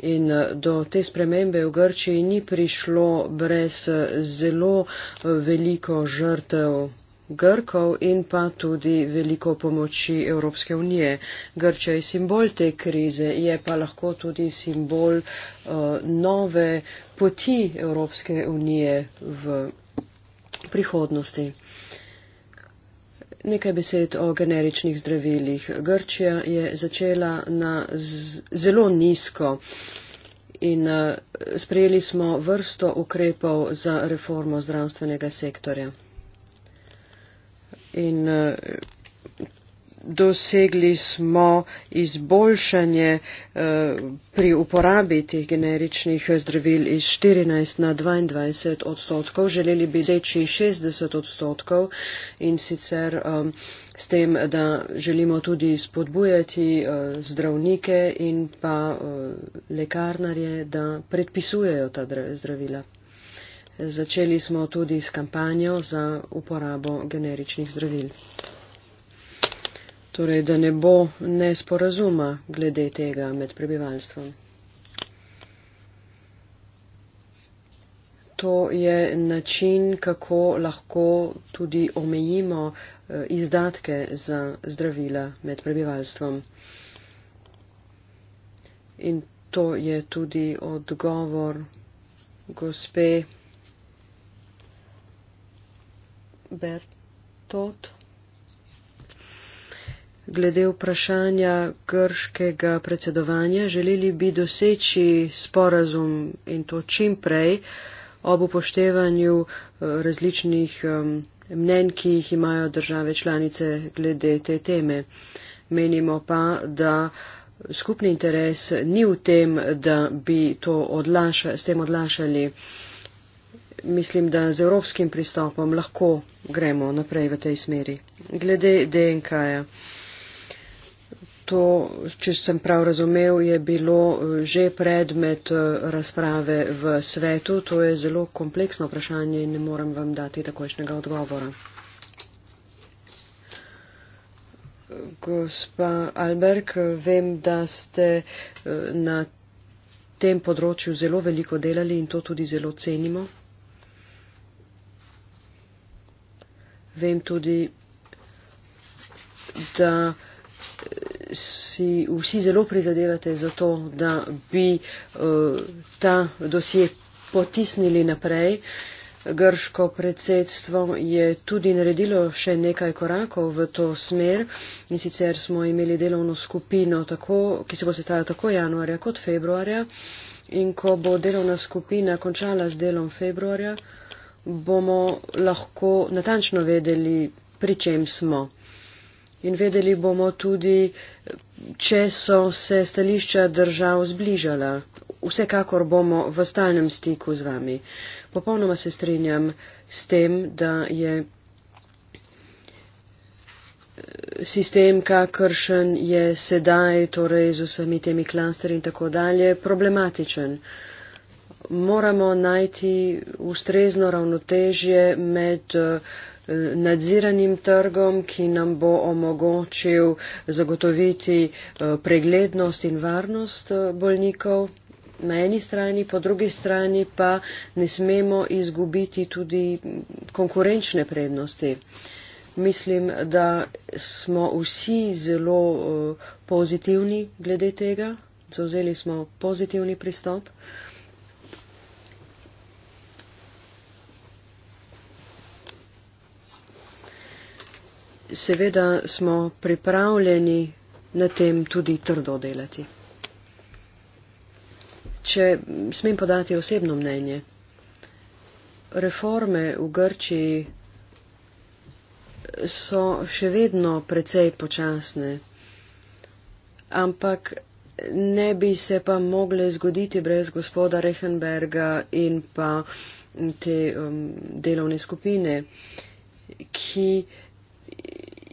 In do te spremembe v Grčiji ni prišlo brez zelo veliko žrtev Grkov in pa tudi veliko pomoči Evropske unije. Grčija je simbol te krize, je pa lahko tudi simbol uh, nove poti Evropske unije v prihodnosti. Nekaj besed o generičnih zdravilih. Grčija je začela na zelo nizko in eh, sprejeli smo vrsto ukrepov za reformo zdravstvenega sektorja in eh, dosegli smo izboljšanje eh, pri uporabi teh generičnih zdravil iz 14 na 22 odstotkov. Želeli bi zeči 60 odstotkov in sicer eh, s tem, da želimo tudi spodbujati zdravnike in pa lekarnarje, da predpisujejo ta zdravila. Začeli smo tudi s kampanjo za uporabo generičnih zdravil. Torej, da ne bo nesporazuma glede tega med prebivalstvom. To je način, kako lahko tudi omejimo eh, izdatke za zdravila med prebivalstvom. In to je tudi odgovor gospe. Bertot. Glede vprašanja grškega predsedovanja, želeli bi doseči sporazum in to čim prej ob upoštevanju eh, različnih mnen, ki jih imajo države članice glede te teme. Menimo pa, da skupni interes ni v tem, da bi to odlaša, s tem odlašali mislim, da z evropskim pristopom lahko gremo naprej v tej smeri. Glede DNK-ja, to, če sem prav razumev, je bilo eh, že predmet eh, razprave v svetu. To je zelo kompleksno vprašanje in ne morem vam dati takošnega odgovora. Gospa Alberg, vem, da ste eh, na tem področju zelo veliko delali in to tudi zelo cenimo. vem tudi, da eh, si vsi zelo prizadevate za to, da bi uh, ta dosje potisnili naprej. Grško predsedstvo je tudi naredilo še nekaj korakov v to smer in sicer smo imeli delovno skupino, tako, ki se bo sestala tako januarja kot februarja in ko bo delovna skupina končala z delom februarja, uh, bomo lahko natančno vedeli, pri čem smo. In vedeli bomo tudi, če so se stališča držav zbližala. Vsekakor bomo v stalnem stiku z vami. Popolnoma se strinjam s tem, da je eh, sistem, kakršen je sedaj, torej z vsemi temi klasteri in tako dalje, problematičen. Uh, moramo najti ustrezno ravnotežje med eh, nadziranim trgom, ki nam bo omogočil zagotoviti eh, preglednost in varnost eh, bolnikov na eni strani, po drugi strani pa ne smemo izgubiti tudi konkurenčne prednosti. Mislim, da smo vsi zelo pozitivni glede tega, zauzeli smo pozitivni pristop. seveda smo pripravljeni na tem tudi trdo delati. Če smem podati osebno mnenje, reforme v Grčiji so še vedno precej počasne, ampak ne bi se pa mogle zgoditi brez gospoda Rehenberga in pa te um, delovne skupine, ki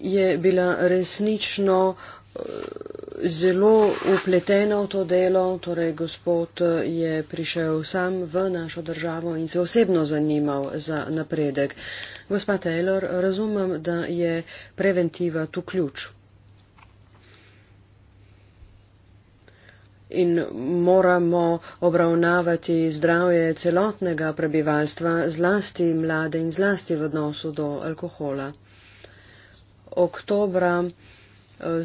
je bila resnično eh, zelo upletena v to delo, torej gospod eh, je prišel sam v našo državo in se osebno zanimal za napredek. Gospa Taylor, razumem, da je preventiva tu ključ. In moramo obravnavati zdravje celotnega prebivalstva, zlasti mlade in zlasti v odnosu do alkohola oktobra eh,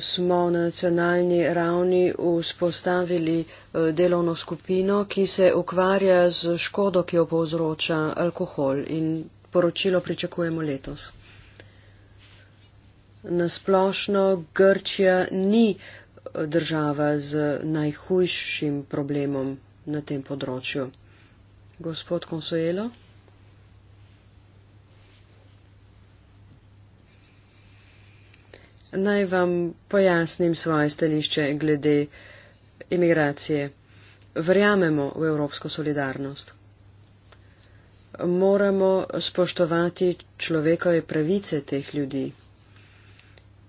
smo na nacionalni ravni vzpostavili eh, delovno skupino, ki se ukvarja z škodo, ki jo povzroča alkohol in poročilo pričakujemo letos. Nasplošno Grčija ni eh, država z najhujšim problemom na tem področju. Gospod Konsuelo. naj vam pojasnim svoje stališče glede imigracije. Verjamemo v evropsko solidarnost. Moramo spoštovati človekove pravice teh ljudi.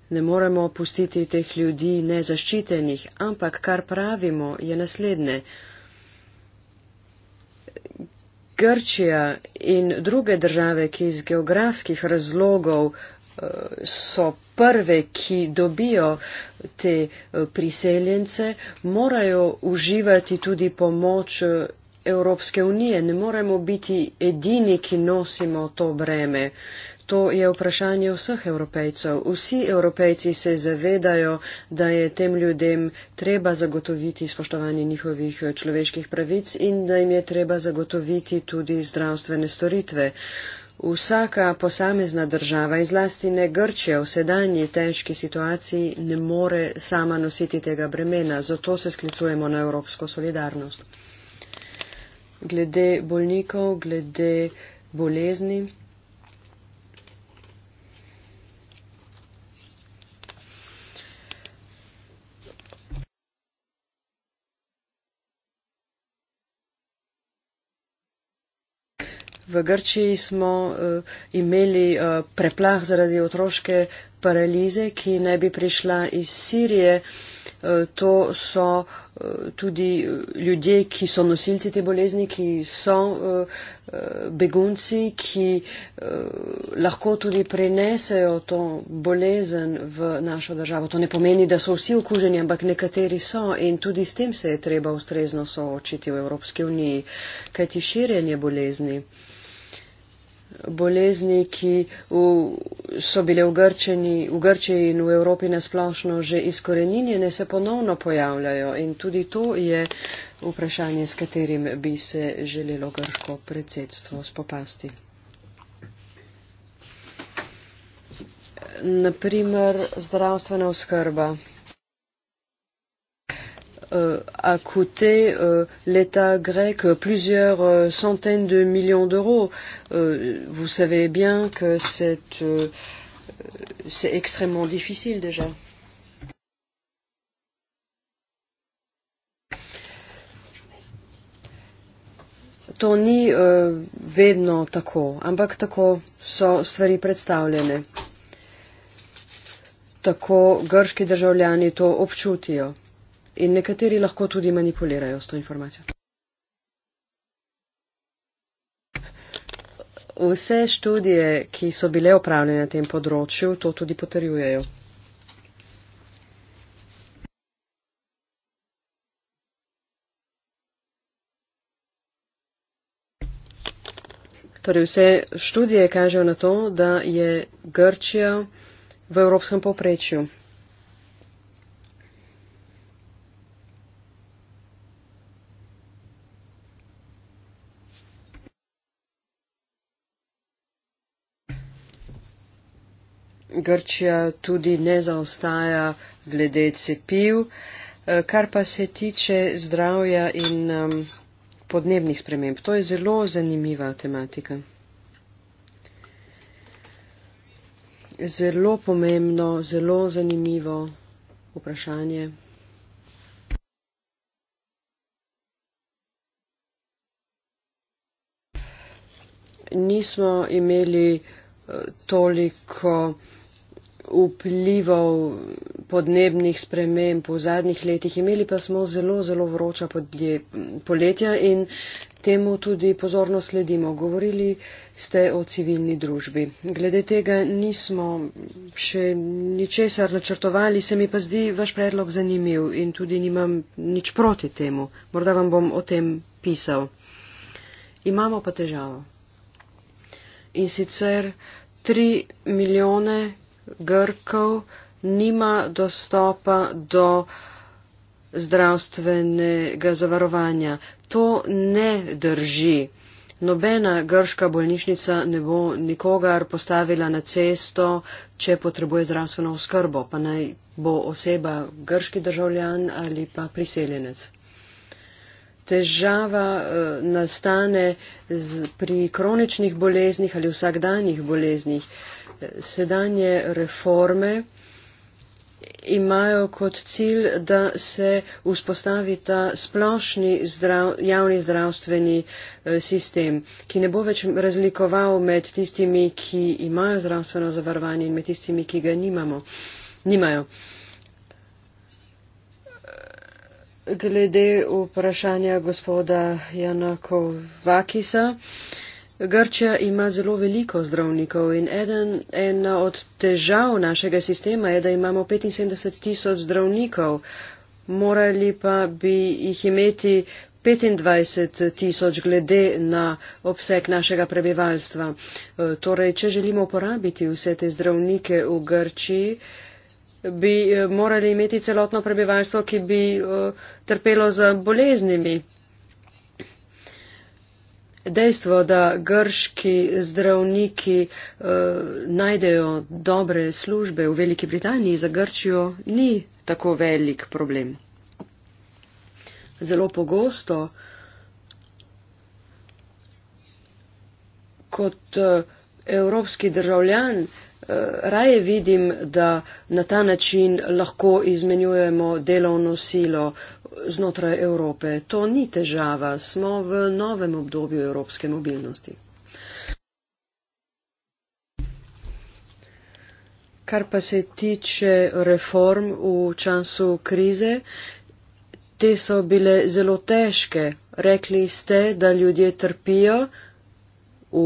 Ne moremo pustiti teh ljudi nezaščitenih, ampak kar pravimo je naslednje. Grčija in druge države, ki iz geografskih razlogov eh, so prve, ki dobijo te eh, priseljence, morajo uživati tudi pomoč eh, Evropske unije. Ne moremo biti edini, ki nosimo to breme. To je vprašanje vseh evropejcev. Vsi evropejci se zavedajo, da je tem ljudem treba zagotoviti spoštovanje njihovih eh, človeških pravic in da jim je treba zagotoviti tudi zdravstvene storitve. Uh, Vsaka posamezna država, izlasti ne Grčija, v sedanji težki situaciji ne more sama nositi tega bremena, zato se sklicujemo na evropsko solidarnost. Glede bolnikov, glede bolezni. v Grčiji smo uh, imeli uh, preplah zaradi otroške paralize, ki ne bi prišla iz Sirije. Eh, to so tudi ljudje, ki so nosilci te bolezni, ki so begunci, ki lahko tudi prenesejo to bolezen v našo državo. To ne pomeni, da so vsi okuženi, ampak nekateri so in tudi s tem se je treba ustrezno soočiti v Evropski uniji, kajti širjenje bolezni bolezni, ki v, so bile v, Grčeni, v Grčiji in v Evropi nasplošno že izkoreninjene, se ponovno pojavljajo. In tudi to je vprašanje, s katerim bi se želelo grško predsedstvo spopasti. Naprimer, zdravstvena oskrba euh, a coûté euh, l'État grec plusieurs euh, centaines de millions d'euros. Euh, vous savez bien que c'est euh, extrêmement difficile déjà. Tony euh, vedno tako, ampak tako so stvari predstavljene. Tako grški državljani to občutijo in nekateri lahko tudi manipulirajo s to informacijo. Vse študije, ki so bile opravljene na tem področju, to tudi potrjujejo. Torej vse študije kažejo na to, da je Grčija v evropskem povprečju. Grčija tudi ne zaostaja glede cepiv. Eh, kar pa se tiče zdravja in podnebnih sprememb, to je zelo zanimiva tematika. Zelo pomembno, zelo zanimivo vprašanje. Nismo imeli eh, toliko vplivov podnebnih sprememb v zadnjih letih. Imeli pa smo zelo, zelo vroča podje, poletja in temu tudi pozorno sledimo. Govorili ste o civilni družbi. Glede tega nismo še ničesar načrtovali, se mi pa zdi vaš predlog zanimiv in tudi nimam nič proti temu. Morda vam bom o tem pisal. Imamo pa težavo. In sicer 3 milijone Grkov nima dostopa do zdravstvenega zavarovanja. To ne drži. Nobena grška bolnišnica ne bo nikogar postavila na cesto, če potrebuje zdravstveno oskrbo, pa naj bo oseba grški državljan ali pa priseljenec težava eh, nastane pri kroničnih boleznih ali vsakdanjih boleznih. Eh, sedanje reforme imajo kot cilj, da se vzpostavi ta splošni zdrav, javni zdravstveni eh, sistem, ki ne bo več razlikoval med tistimi, ki imajo zdravstveno zavarovanje in med tistimi, ki ga nimamo, nimajo. glede vprašanja gospoda Jana Kovakisa. Grčija ima zelo veliko zdravnikov in eden, ena od težav našega sistema je, da imamo 75 tisoč zdravnikov, morali pa bi jih imeti 25 tisoč glede na obseg našega prebivalstva. E, torej, če želimo uporabiti vse te zdravnike v Grčiji, bi eh, morali imeti celotno prebivalstvo, ki bi eh, trpelo za boleznimi. Dejstvo, da grški zdravniki eh, najdejo dobre službe v Veliki Britaniji za Grčijo, ni tako velik problem. Zelo pogosto, kot evropski državljan, Eh, raje vidim, da na ta način lahko izmenjujemo delovno silo znotraj Evrope. To ni težava, smo v novem obdobju evropske mobilnosti. Kar pa se tiče reform v času krize, te so bile zelo težke. Rekli ste, da ljudje trpijo v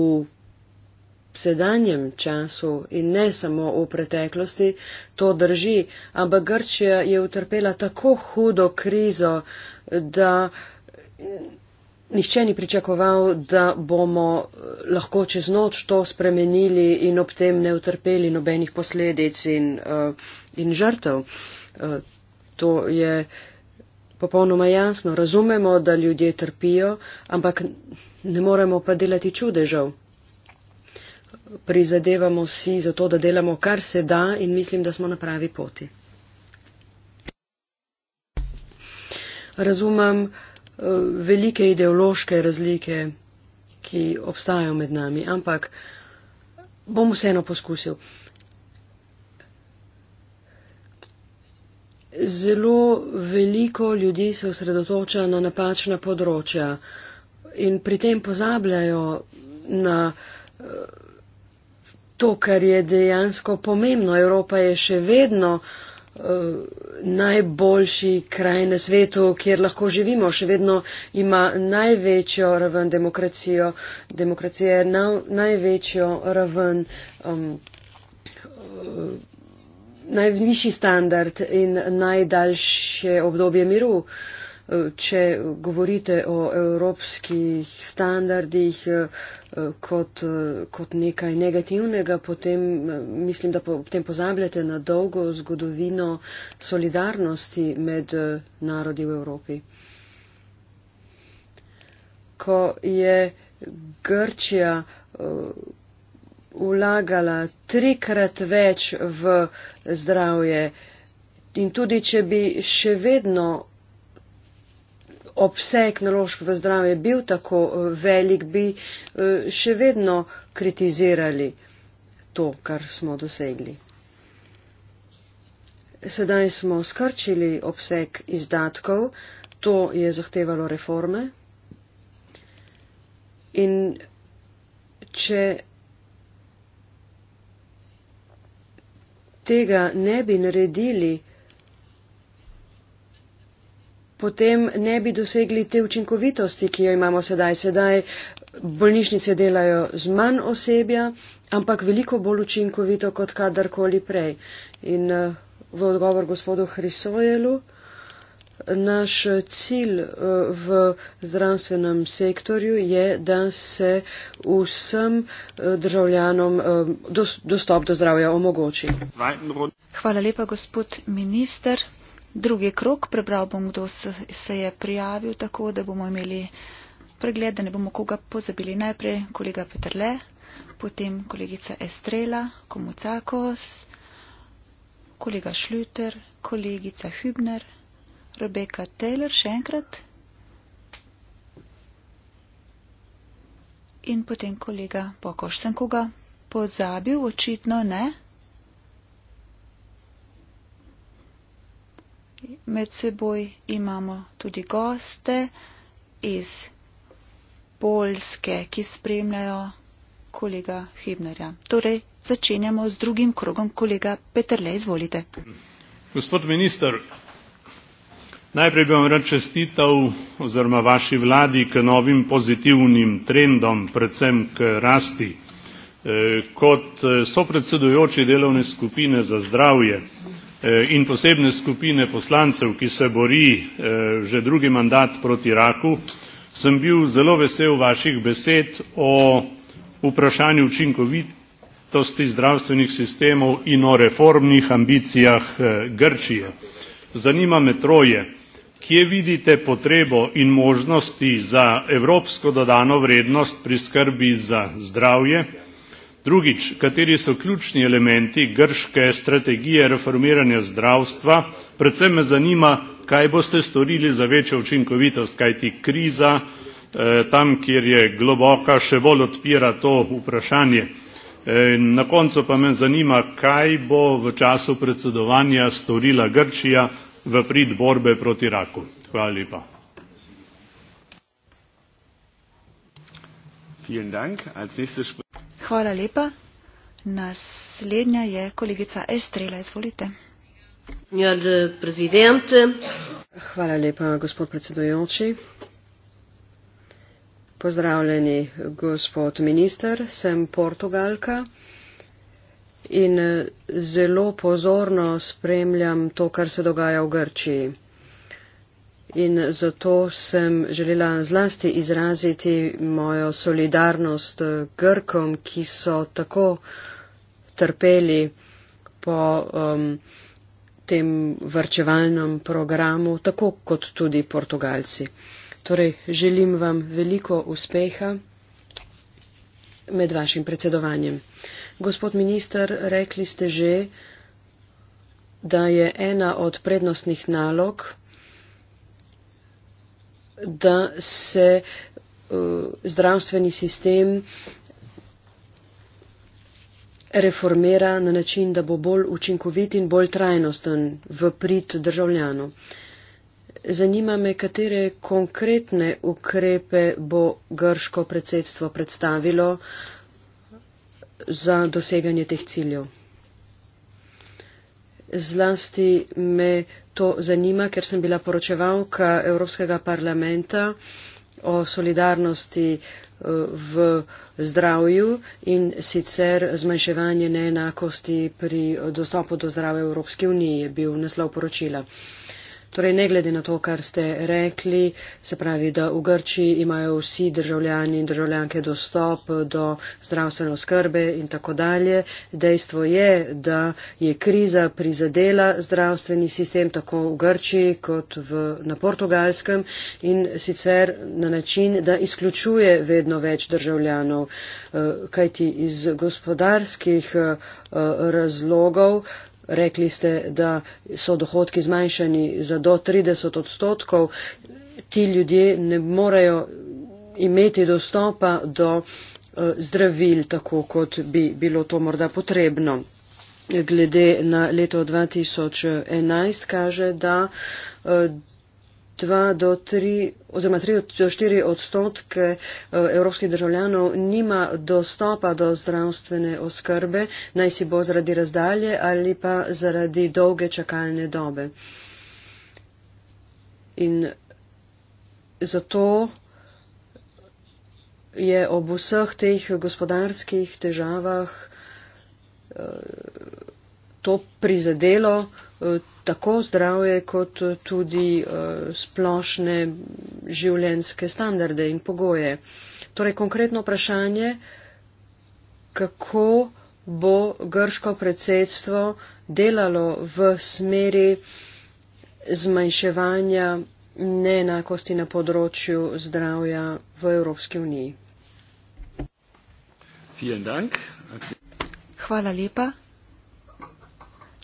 v sedanjem času in ne samo v preteklosti, to drži, ampak Grčija je utrpela tako hudo krizo, da nihče ni pričakoval, da bomo eh, lahko čez noč to spremenili in ob tem ne utrpeli nobenih posledic in, eh, in žrtev. Eh, to je popolnoma jasno. Razumemo, da ljudje trpijo, ampak ne moremo pa delati čudežev prizadevamo vsi za to, da delamo kar se da in mislim, da smo na pravi poti. Razumem eh, velike ideološke razlike, ki obstajajo med nami, ampak bom vseeno poskusil. Zelo veliko ljudi se osredotoča na napačna področja in pri tem pozabljajo na eh, to, kar je dejansko pomembno. Evropa je še vedno eh, najboljši kraj na svetu, kjer lahko živimo, še vedno ima največjo raven demokracijo, demokracija je na, največjo raven, um, najvišji standard in najdaljše obdobje miru. Uh, če govorite o evropskih standardih eh, kot, eh, kot nekaj negativnega, potem eh, mislim, da potem pozabljate na dolgo zgodovino solidarnosti med narodi v Evropi. Ko je Grčija vlagala trikrat več v zdravje in tudi, če bi še vedno obseg naložb v zdravje bil tako eh, velik, bi eh, še vedno kritizirali to, kar smo dosegli. Sedaj smo skrčili obseg izdatkov, to je zahtevalo reforme. In če tega ne bi naredili, potem ne bi dosegli te učinkovitosti, ki jo imamo sedaj. Sedaj bolnišnice delajo z manj osebja, ampak veliko bolj učinkovito kot kadarkoli prej. In eh, v odgovor gospodu Hrisojelu, naš cilj eh, v zdravstvenem sektorju je, da se vsem eh, državljanom dostop do zdravja omogoči. Hvala lepa, gospod minister drugi krok. Prebral bom, kdo se je prijavil, tako da bomo imeli pregled, da ne bomo koga pozabili. Najprej kolega Petrle, potem kolegica Estrela, Komucakos, kolega Šluter, kolegica Hübner, Rebeka Taylor, še enkrat. In potem kolega Pokoš. Sem koga pozabil? Očitno ne. med seboj imamo tudi goste iz Polske, ki spremljajo kolega Hibnerja. Torej, začenjamo z drugim krogom. Kolega Peterle, izvolite. Gospod minister, najprej bi vam rad čestital oziroma vaši vladi k novim pozitivnim trendom, predvsem k rasti. Eh, kot eh, sopredsedujoči delovne skupine za zdravje, Eh, in posebne skupine poslancev ki se bori eh, že drugi mandat proti raku sem bil zelo vesel vaših besed o vprašanju učinkovitosti zdravstvenih sistemov in o reformnih ambicijah eh, grčije. zanima me troje kje vidite potrebo in možnosti za evropsko dodano vrednost pri skrbi za zdravje drugič kateri so ključni elementi grške strategije reformiranja zdravstva predvsem me zanima kaj boste storili za večjo učinkovitost kajti kriza eh, tam kjer je globoka še bolj odpira to vprašanje eh, in na koncu pa me zanima kaj bo v času predsedovanja storila grčija v prid borbe proti raku hvala lepa hvala lepa. Naslednja je kolegica Estrela, izvolite. Eh, hvala lepa, gospod predsedujoči. Pozdravljeni, gospod minister, sem Portugalka in eh, zelo pozorno spremljam to, kar se dogaja v Grčiji in zato sem želela zlasti izraziti mojo solidarnost eh, Grkom, ki so tako trpeli po um, tem vrčevalnem programu, tako kot tudi Portugalci. Torej, želim vam veliko uspeha med vašim predsedovanjem. Gospod minister, rekli ste že, da je ena od prednostnih nalog da se eh, zdravstveni sistem reformira na način, da bo bolj učinkovit in bolj trajnosten v prid državljanu. Zanima me, katere konkretne ukrepe bo grško predsedstvo predstavilo za doseganje teh ciljev zlasti me to zanima, ker sem bila poročevalka Evropskega parlamenta o solidarnosti eh, v zdravju in sicer zmanjševanje neenakosti pri dostopu do zdrave v Evropski uniji je bil naslov poročila. Uh, Torej, ne glede na to, kar ste rekli, se pravi, da v Grčiji imajo vsi državljani in državljanke dostop do zdravstvene oskrbe in tako dalje. Dejstvo je, da je kriza prizadela zdravstveni sistem tako v Grčiji kot v, na Portugalskem in sicer na način, da izključuje vedno več državljanov, eh, kajti iz gospodarskih eh, razlogov rekli ste, da so dohodki zmanjšani za do 30 odstotkov, ti ljudje ne morejo imeti dostopa do eh, zdravil, tako kot bi bilo to morda potrebno. Glede na leto 2011 kaže, da eh, 2 do 3, oziroma 3 do 4 odstotke eh, evropskih državljanov nima dostopa do zdravstvene oskrbe, naj si bo zaradi razdalje ali pa zaradi dolge čakalne dobe. In zato je ob vseh teh gospodarskih težavah eh, to prizadelo eh, tako zdravje kot tudi eh, splošne življenjske standarde in pogoje. Torej, konkretno vprašanje, kako bo grško predsedstvo delalo v smeri zmanjševanja neenakosti na področju zdravja v Evropski uniji. Hvala lepa.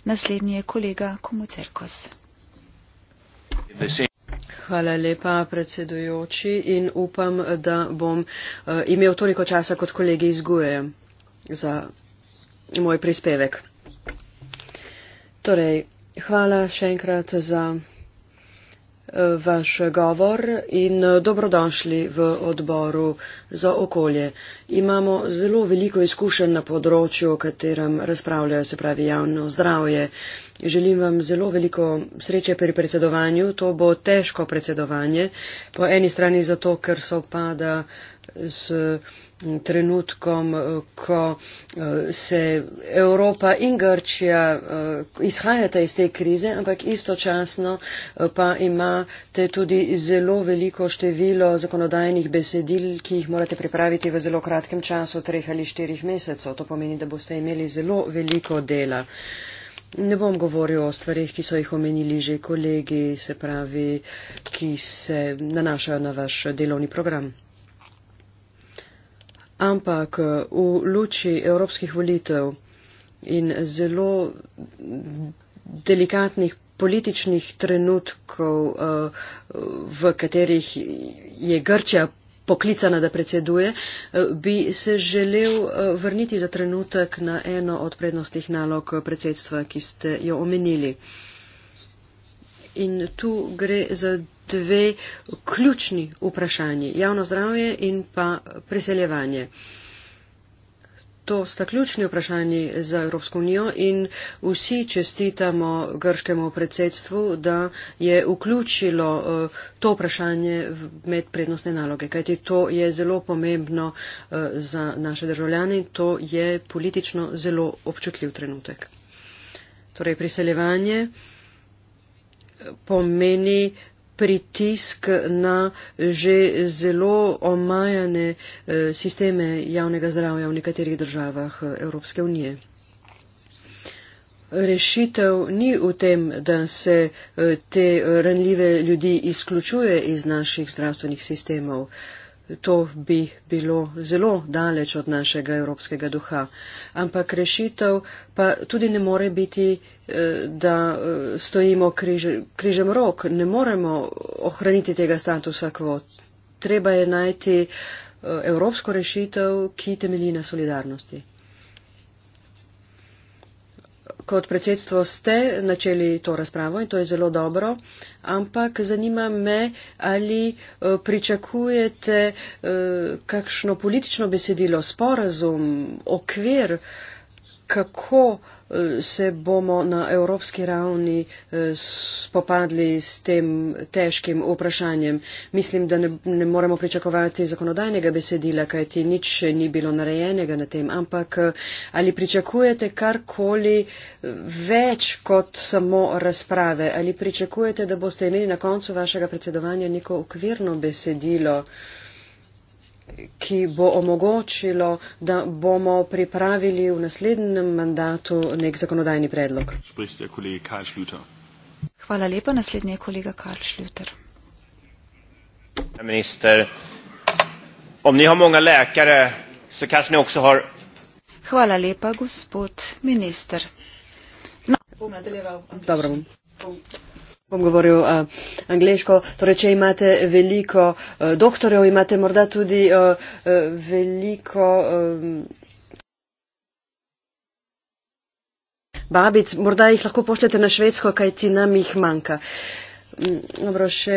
Naslednji je kolega Komucerkos. Hvala lepa, predsedujoči, in upam, da bom eh, imel toliko časa kot kolegi iz Guje za moj prispevek. Torej, hvala še enkrat za vaš govor in eh, dobrodošli v odboru za okolje. Imamo zelo veliko izkušenj na področju, o katerem razpravljajo, se pravi javno zdravje. Želim vam zelo veliko sreče pri predsedovanju. To bo težko predsedovanje. Po eni strani zato, ker so pada s mm, trenutkom, eh, ko eh, se Evropa in Grčija eh, izhajata iz te krize, ampak istočasno pa imate tudi zelo veliko število zakonodajnih besedil, ki jih morate pripraviti v zelo kratkem času, treh ali štirih mesecev. To pomeni, da boste imeli zelo veliko dela. Ne bom govoril o stvarih, ki so jih omenili že kolegi, se pravi, ki se nanašajo na vaš delovni program ampak eh, v luči evropskih volitev in zelo delikatnih političnih trenutkov, eh, v katerih je Grčija poklicana, da predseduje, eh, bi se želel vrniti za trenutek na eno od prednostih nalog predsedstva, ki ste jo omenili in tu gre za dve ključni vprašanji, javno zdravje in pa priseljevanje. To sta ključni vprašanji za Evropsko unijo in vsi čestitamo grškemu predsedstvu, da je vključilo eh, to vprašanje med prednostne naloge, kajti to je zelo pomembno eh, za naše državljane in to je politično zelo občutljiv trenutek. Torej, priseljevanje pomeni pritisk na že zelo omajane eh, sisteme javnega zdravja v nekaterih državah eh, Evropske unije. Rešitev ni v tem, da se eh, te ranljive ljudi izključuje iz naših zdravstvenih sistemov. To bi bilo zelo daleč od našega evropskega duha. Ampak rešitev pa tudi ne more biti, eh, da eh, stojimo križe, križem rok. Ne moremo ohraniti tega statusa quo. Treba je najti eh, evropsko rešitev, ki temelji na solidarnosti kot predsedstvo ste načeli to razpravo in to je zelo dobro, ampak zanima me, ali eh, pričakujete eh, kakšno politično besedilo, sporazum, okvir, kako se bomo na evropski ravni eh, spopadli s tem težkim vprašanjem. Mislim, da ne, ne moremo pričakovati zakonodajnega besedila, kajti nič še ni bilo narejenega na tem. Ampak eh, ali pričakujete karkoli eh, več kot samo razprave? Ali pričakujete, da boste imeli na koncu vašega predsedovanja neko okvirno besedilo? ki bo omogočilo, da bomo pripravili v naslednjem mandatu nek zakonodajni predlog. Hvala lepa. Naslednji je kolega Karl Šljuter. Hvala lepa, gospod minister. No, bom nadaljeval. Dobro bom bom govoril uh, eh, angliško. Torej, če imate veliko uh, doktorjev, imate morda tudi uh, uh, veliko. Uh, Babic, morda jih lahko pošljete na švedsko, kaj ti nam jih manjka. Mm, dobro, še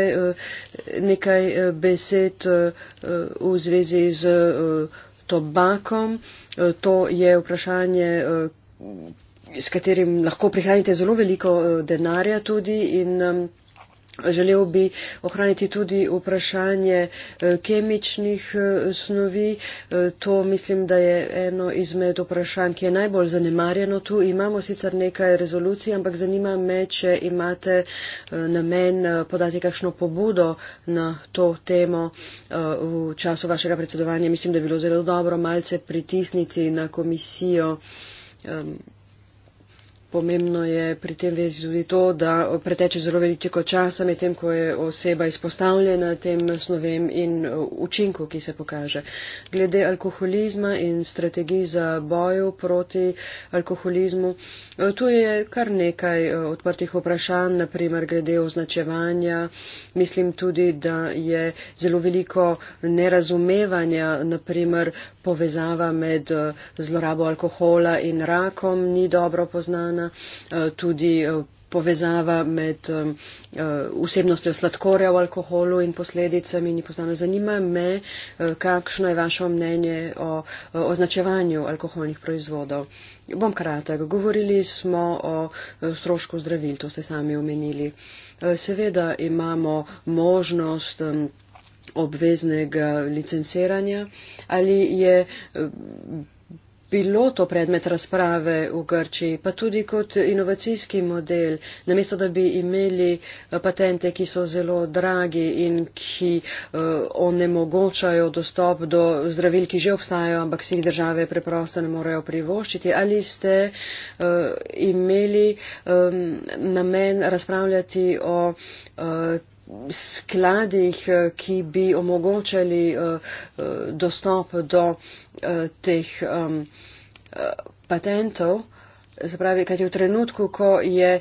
nekaj besed v zvezi z tobakom. To je vprašanje, s katerim lahko prihranite zelo veliko eh, denarja tudi in Želel bi ohraniti tudi vprašanje eh, kemičnih eh, snovi. To mislim, da je eno izmed vprašanj, ki je najbolj zanemarjeno tu. Imamo sicer nekaj rezolucij, ampak zanima me, če imate namen podati kakšno pobudo na to temo v času vašega predsedovanja. Mislim, da je bilo zelo dobro malce pritisniti na komisijo. Pomembno je pri tem vezi tudi to, da preteče zelo veliko časa med tem, ko je oseba izpostavljena tem snovem in uh, učinku, ki se pokaže. Glede alkoholizma in strategij za boju proti alkoholizmu, uh, tu je kar nekaj uh, odprtih vprašanj, naprimer glede označevanja. Mislim tudi, da je zelo veliko nerazumevanja, naprimer povezava med zlorabo alkohola in rakom ni dobro poznana pomembna eh, tudi eh, povezava med eh, vsebnostjo sladkorja v alkoholu in posledicami. Ni poznano, zanima me, kakšno je vaše mnenje o označevanju alkoholnih proizvodov. Bom kratek. Govorili smo o strošku zdravil, to ste sami omenili. Seveda imamo možnost obveznega licenciranja ali je bilo to predmet razprave v Grčiji, pa tudi kot inovacijski model, namesto da bi imeli eh, patente, ki so zelo dragi in ki uh, onemogočajo dostop do zdravil, ki že obstajajo, ampak si jih države preprosto ne morejo privoščiti. Ali ste uh, imeli um, namen razpravljati o uh, skladih, eh, ki bi omogočali eh, eh, dostop do teh patentov. Zapravi, kaj je v trenutku, ko je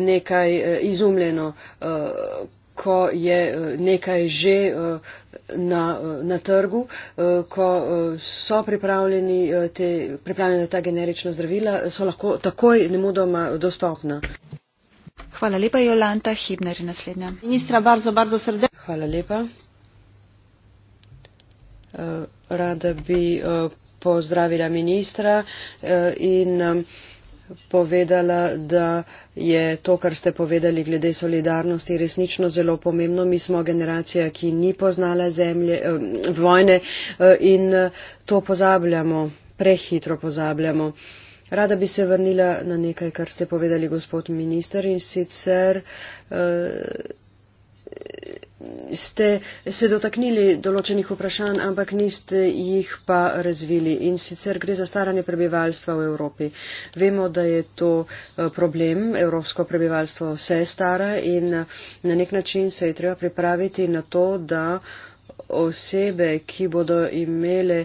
nekaj izumljeno, ko je nekaj že na, na trgu, ko so pripravljeni te, pripravljena ta generična zdravila, so lahko takoj nemudoma dostopna. Hvala lepa, Jolanta Hibner, naslednja. Ministra, bardzo, bardzo srdečno. Hvala lepa. Eh, rada bi eh, pozdravila ministra eh, in povedala, da je to, kar ste povedali glede solidarnosti, resnično zelo pomembno. Mi smo generacija, ki ni poznala zemlje, vojne in to pozabljamo, prehitro pozabljamo. Rada bi se vrnila na nekaj, kar ste povedali, gospod minister, in sicer uh, ste se dotaknili določenih vprašanj, ampak niste jih pa razvili. In sicer gre za staranje prebivalstva v Evropi. Vemo, da je to uh, problem. Evropsko prebivalstvo vse stara in uh, na nek način se je treba pripraviti na to, da uh, osebe, ki bodo imele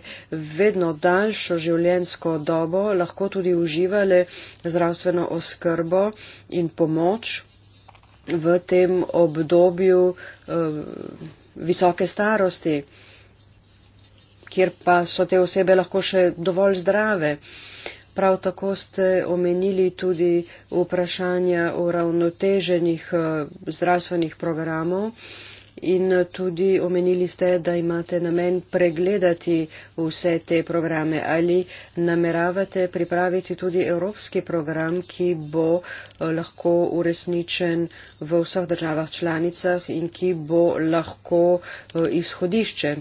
vedno daljšo življensko dobo, lahko tudi uživale zdravstveno oskrbo in pomoč v tem obdobju eh, visoke starosti, kjer pa so te osebe lahko še dovolj zdrave. Prav tako ste omenili tudi vprašanja uravnoteženih eh, zdravstvenih programov. Eh, in eh, tudi omenili ste, da imate namen pregledati vse te programe. Ali nameravate pripraviti tudi evropski program, ki bo eh, lahko uresničen v vseh državah članicah in ki bo lahko eh, izhodišče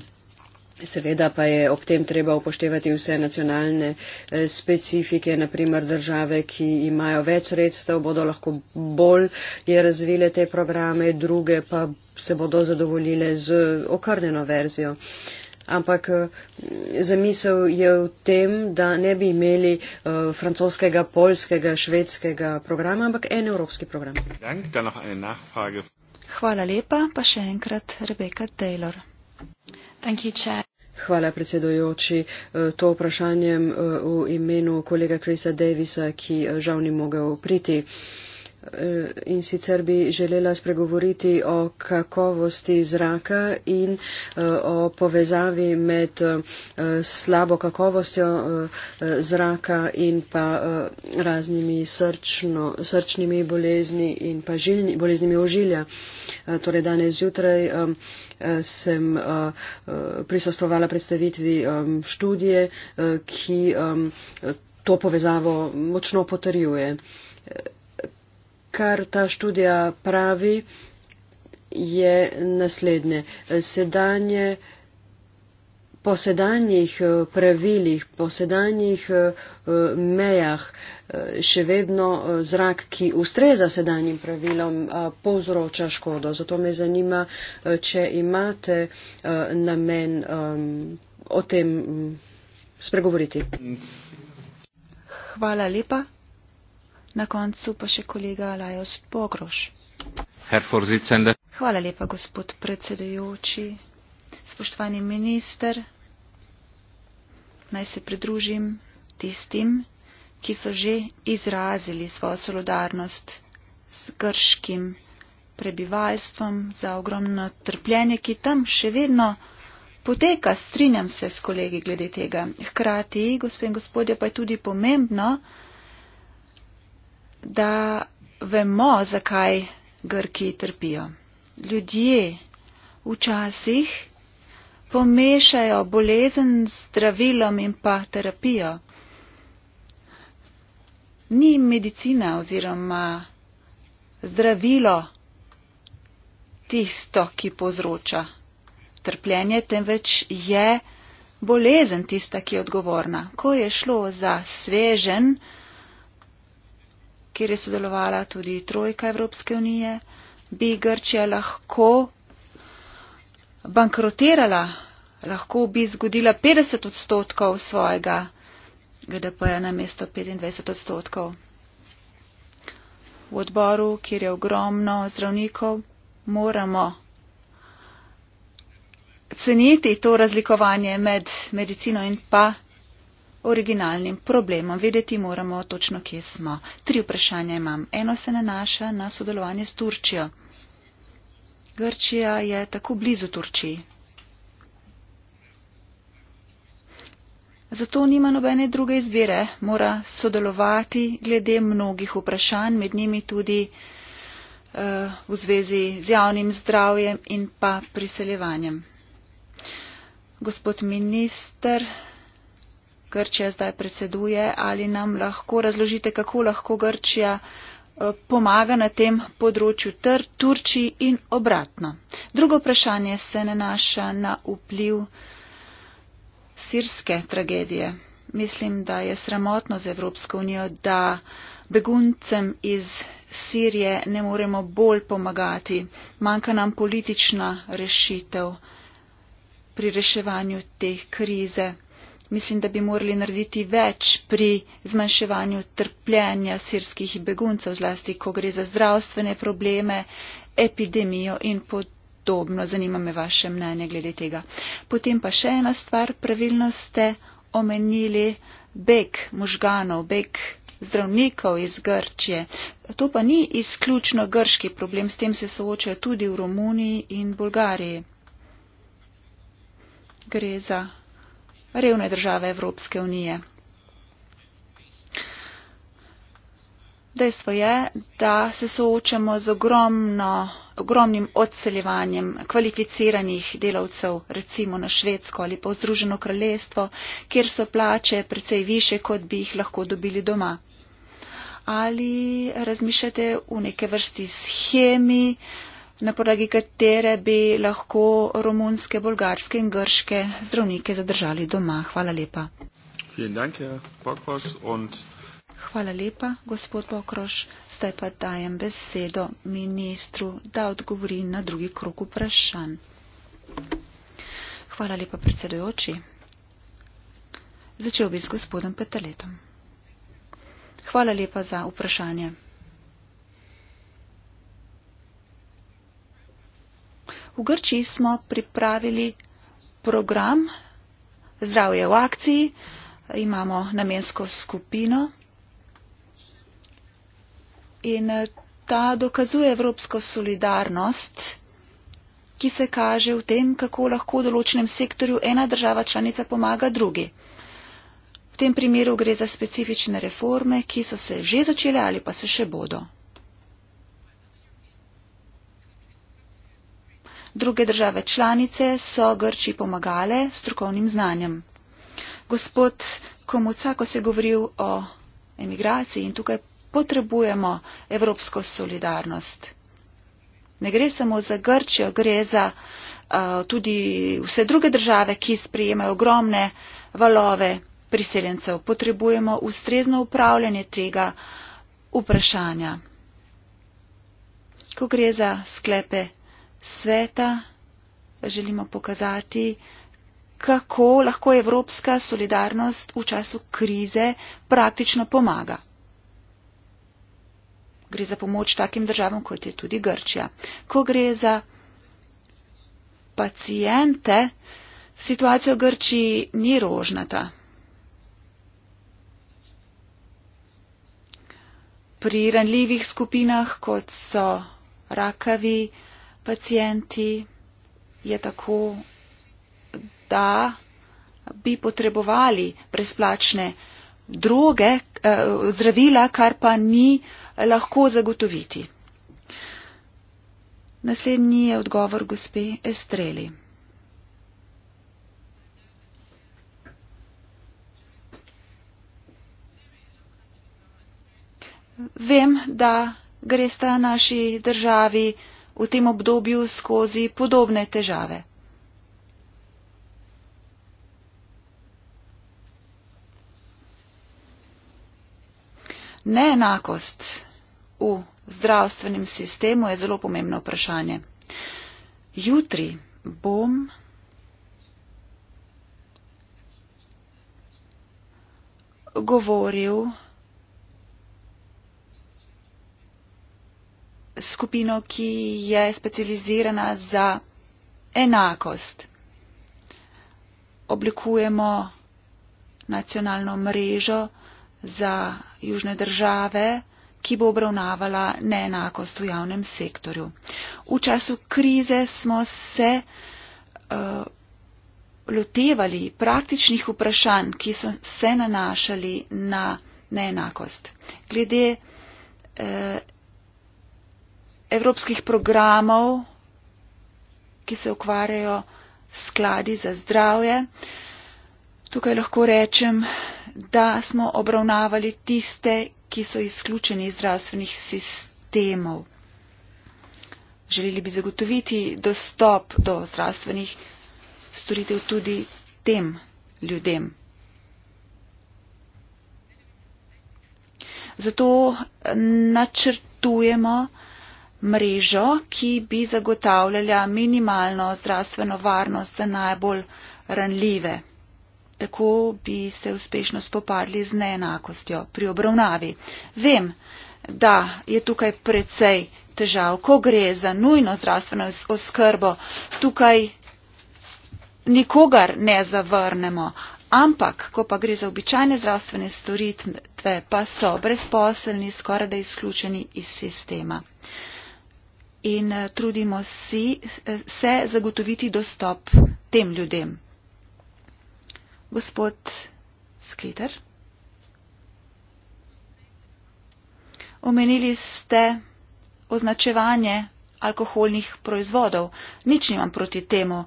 Seveda pa je ob tem treba upoštevati vse nacionalne eh, specifike, naprimer države, ki imajo več sredstev, bodo lahko bolj je razvile te programe, druge pa se bodo zadovoljile z okrnjeno verzijo. Ampak eh, zamisel je v tem, da ne bi imeli uh, francoskega, polskega, švedskega programa, ampak en evropski program. Hvala lepa, pa še enkrat Rebeka Taylor. Thank you, Chair. Hvala predsedojoči. E, to vprašanje e, v imenu kolega Krisa Davisa, ki e, žal ni mogel priti. Eh, in sicer bi želela spregovoriti o kakovosti zraka in eh, o povezavi med eh, slabo kakovostjo zraka in pa raznimi srčno, srčnimi bolezni in pa žilni, boleznimi ožilja. Torej danes zjutraj sem prisostovala predstavitvi študije, ki to povezavo močno potrjuje kar ta študija pravi, je naslednje. Sedanje, po sedanjih eh, pravilih, po sedanjih eh, mejah, eh, še vedno zrak, ki ustreza sedanjim pravilom, povzroča škodo. Zato me zanima, če imate namen o tem mm, spregovoriti. Hvala lepa. Na koncu pa še kolega Alajos Pogroš. Hvala lepa, gospod predsedujoči. Spoštovani minister, naj se pridružim tistim, ki so že izrazili svojo solidarnost s grškim prebivalstvom za ogromno trpljenje, ki tam še vedno poteka. Strinjam se s kolegi glede tega. Hkrati, gospod in gospodje, pa je tudi pomembno, da vemo, zakaj Grki trpijo. Ljudje včasih pomešajo bolezen z zdravilom in pa terapijo. Ni medicina oziroma zdravilo tisto, ki povzroča trpljenje, temveč je bolezen tista, ki je odgovorna. Ko je šlo za svežen, kjer je sodelovala tudi trojka Evropske unije, bi Grčija lahko bankrotirala, lahko bi zgodila 50 odstotkov svojega GDP-ja na mesto 25 odstotkov. V odboru, kjer je ogromno zdravnikov, moramo ceniti to razlikovanje med medicino in pa originalnim problemom. Vedeti moramo točno, kje smo. Tri vprašanja imam. Eno se nanaša na sodelovanje s Turčijo. Grčija je tako blizu Turčiji. Zato nima nobene druge izbire, mora sodelovati glede mnogih vprašanj, med njimi tudi uh, v zvezi z javnim zdravjem in pa priseljevanjem. Gospod minister, Grčija zdaj predseduje, ali nam lahko razložite, kako lahko Grčija eh, pomaga na tem področju tr Turčiji in obratno. Drugo vprašanje se nanaša na vpliv sirske tragedije. Mislim, da je sramotno za Evropsko unijo, da beguncem iz Sirije ne moremo bolj pomagati. Manjka nam politična rešitev pri reševanju te krize mislim, da bi morali narediti več pri zmanjševanju trpljenja sirskih beguncev, zlasti ko gre za zdravstvene probleme, epidemijo in podobno. Zanima me vaše mnenje glede tega. Potem pa še ena stvar, pravilno ste omenili beg možganov, beg zdravnikov iz Grčije. To pa ni izključno grški problem, s tem se soočajo tudi v Romuniji in Bolgariji. Gre za revne države Evropske unije. Dejstvo je, da se soočamo z ogromno, ogromnim odseljevanjem kvalificiranih delavcev, recimo na Švedsko ali pa v Združeno kraljestvo, kjer so plače precej više, kot bi jih lahko dobili doma. Ali razmišljate v neke vrsti schemi, uh, na podlagi katere bi lahko romunske, bolgarske in grške zdravnike zadržali doma. Hvala lepa. Hvala lepa, gospod Pokroš. Zdaj pa dajem besedo ministru, da odgovori na drugi krok vprašanj. Hvala lepa, predsedujoči. Začel bi s gospodom Petaletom. Hvala lepa za vprašanje. V Grčiji smo pripravili program Zdravje v akciji, imamo namensko skupino in eh, ta dokazuje evropsko solidarnost, ki se kaže v tem, kako lahko v določenem sektorju ena država članica pomaga drugi. V tem primeru gre za specifične reforme, ki so se že začele ali pa se še bodo. Druge države članice so Grči pomagale s strokovnim znanjem. Gospod Komuca, ko se je govoril o emigraciji in tukaj potrebujemo evropsko solidarnost. Ne gre samo za Grčijo, gre za uh, tudi vse druge države, ki sprejemajo ogromne valove priseljencev. Potrebujemo ustrezno upravljanje tega vprašanja. Ko gre za sklepe sveta, želimo pokazati, kako lahko evropska solidarnost v času krize praktično pomaga. Gre za pomoč takim državam, kot je tudi Grčija. Ko gre za pacijente, situacija v Grčiji ni rožnata. Pri ranljivih skupinah, kot so rakavi, pacijenti je tako, da bi potrebovali brezplačne droge, eh, zdravila, kar pa ni lahko zagotoviti. Naslednji je odgovor gospe Estreli. Vem, da gresta naši državi v tem obdobju skozi podobne težave. Neenakost v zdravstvenem sistemu je zelo pomembno vprašanje. Jutri bom govoril skupino, ki je specializirana za enakost. Oblikujemo nacionalno mrežo za južne države, ki bo obravnavala neenakost v javnem sektorju. V času krize smo se uh, lotevali praktičnih vprašanj, ki so se nanašali na neenakost. Glede eh, evropskih programov, ki se ukvarjajo skladi za zdravje. Tukaj lahko rečem, da smo obravnavali tiste, ki so izključeni iz zdravstvenih sistemov. Želeli bi zagotoviti dostop do zdravstvenih storitev tudi tem ljudem. Zato načrtujemo, mrežo, ki bi zagotavljala minimalno zdravstveno varnost za najbolj ranljive. Tako bi se uspešno spopadli z neenakostjo pri obravnavi. Vem, da je tukaj precej težav, ko gre za nujno zdravstveno oskrbo. Tukaj nikogar ne zavrnemo, ampak ko pa gre za običajne zdravstvene storitve, pa so brezposelni skoraj da izključeni iz sistema in eh, trudimo si, eh, se zagotoviti dostop tem ljudem. Gospod Skliter, omenili ste označevanje alkoholnih proizvodov. Nič nimam proti temu.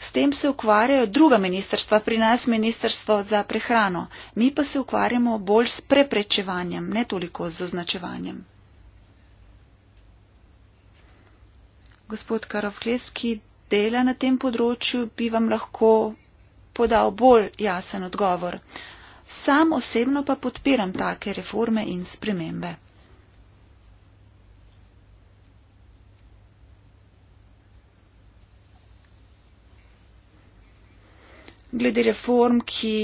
S tem se ukvarjajo druga ministrstva, pri nas ministrstvo za prehrano. Mi pa se ukvarjamo bolj s preprečevanjem, ne toliko z označevanjem. gospod Karavkles, ki dela na tem področju, bi vam lahko podal bolj jasen odgovor. Sam osebno pa podpiram take reforme in spremembe. Glede reform, ki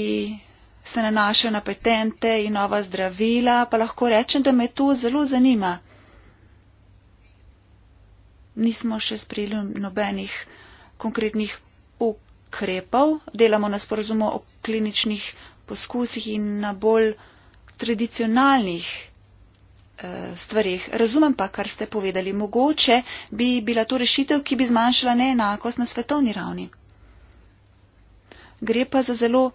se nanašajo na patente in nova zdravila, pa lahko rečem, da me to zelo zanima nismo še sprejeli nobenih konkretnih ukrepov. Delamo na sporozumu o kliničnih poskusih in na bolj tradicionalnih eh, stvarih. Razumem pa, kar ste povedali. Mogoče bi bila to rešitev, ki bi zmanjšala neenakost na svetovni ravni. Gre pa za zelo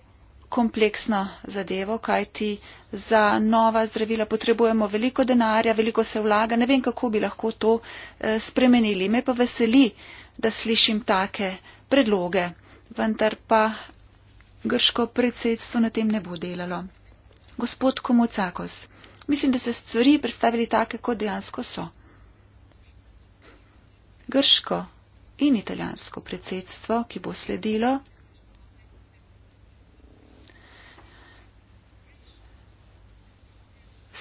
kompleksna zadeva, kajti za nova zdravila potrebujemo veliko denarja, veliko se vlaga. Ne vem, kako bi lahko to eh, spremenili. Me pa veseli, da slišim take predloge, vendar pa grško predsedstvo na tem ne bo delalo. Gospod Komucakos, mislim, da ste stvari predstavili take, kot dejansko so. Grško in italijansko predsedstvo, ki bo sledilo,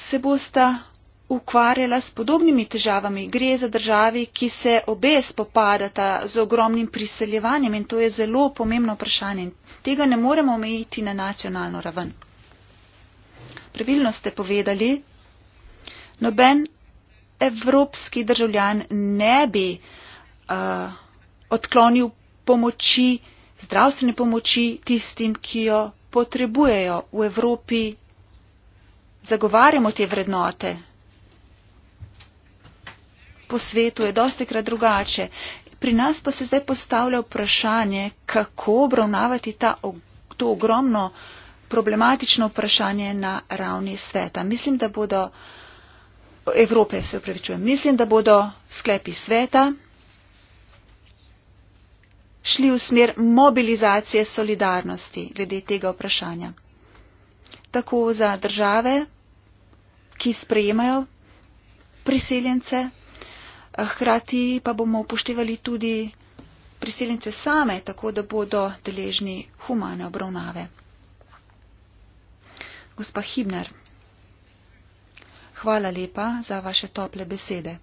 se bosta ukvarjala s podobnimi težavami. Gre za državi, ki se obe spopadata z ogromnim priseljevanjem in to je zelo pomembno vprašanje. Tega ne moremo omejiti na nacionalno raven. Pravilno ste povedali, noben evropski državljan ne bi uh, odklonil pomoči, zdravstvene pomoči tistim, ki jo potrebujejo. V Evropi zagovarjamo te vrednote. Po svetu je dosti krat drugače. Pri nas pa se zdaj postavlja vprašanje, kako obravnavati ta, to ogromno problematično vprašanje na ravni sveta. Mislim, da bodo Evrope, se upravičujem, mislim, da bodo sklepi sveta šli v smer mobilizacije solidarnosti glede tega vprašanja tako za države, ki sprejemajo priseljence, eh, hkrati pa bomo upoštevali tudi priseljence same, tako da bodo deležni humane obravnave. Gospa Hibner, hvala lepa za vaše tople besede.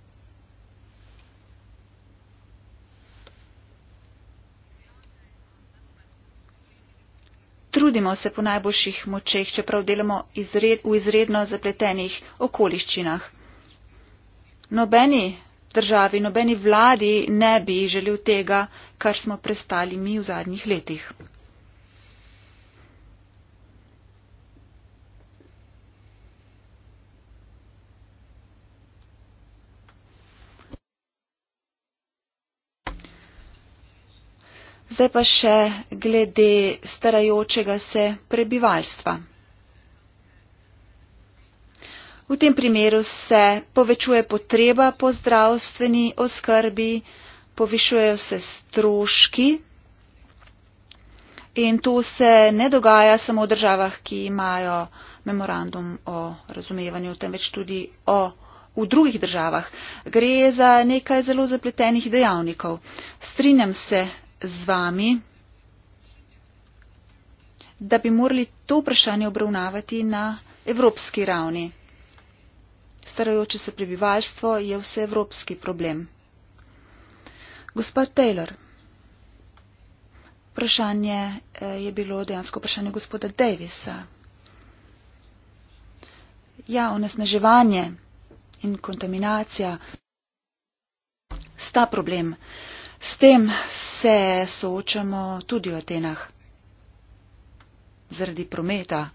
trudimo se po najboljših močeh, čeprav delamo izred, v izredno zapletenih okoliščinah. Nobeni državi, nobeni vladi ne bi želel tega, kar smo prestali mi v zadnjih letih. Zdaj pa še glede starajočega se prebivalstva. V tem primeru se povečuje potreba po zdravstveni oskrbi, povišujejo se stroški in to se ne dogaja samo v državah, ki imajo memorandum o razumevanju, temveč tudi o, v drugih državah. Gre za nekaj zelo zapletenih dejavnikov. Strinjam se z vami, da bi morali to vprašanje obravnavati na evropski ravni. Starajoče se prebivalstvo je vseevropski problem. Gospod Taylor, vprašanje eh, je bilo dejansko vprašanje gospoda Davisa. Ja, onesnaževanje in kontaminacija sta problem. S tem se soočamo tudi v Atenah. Zaradi prometa,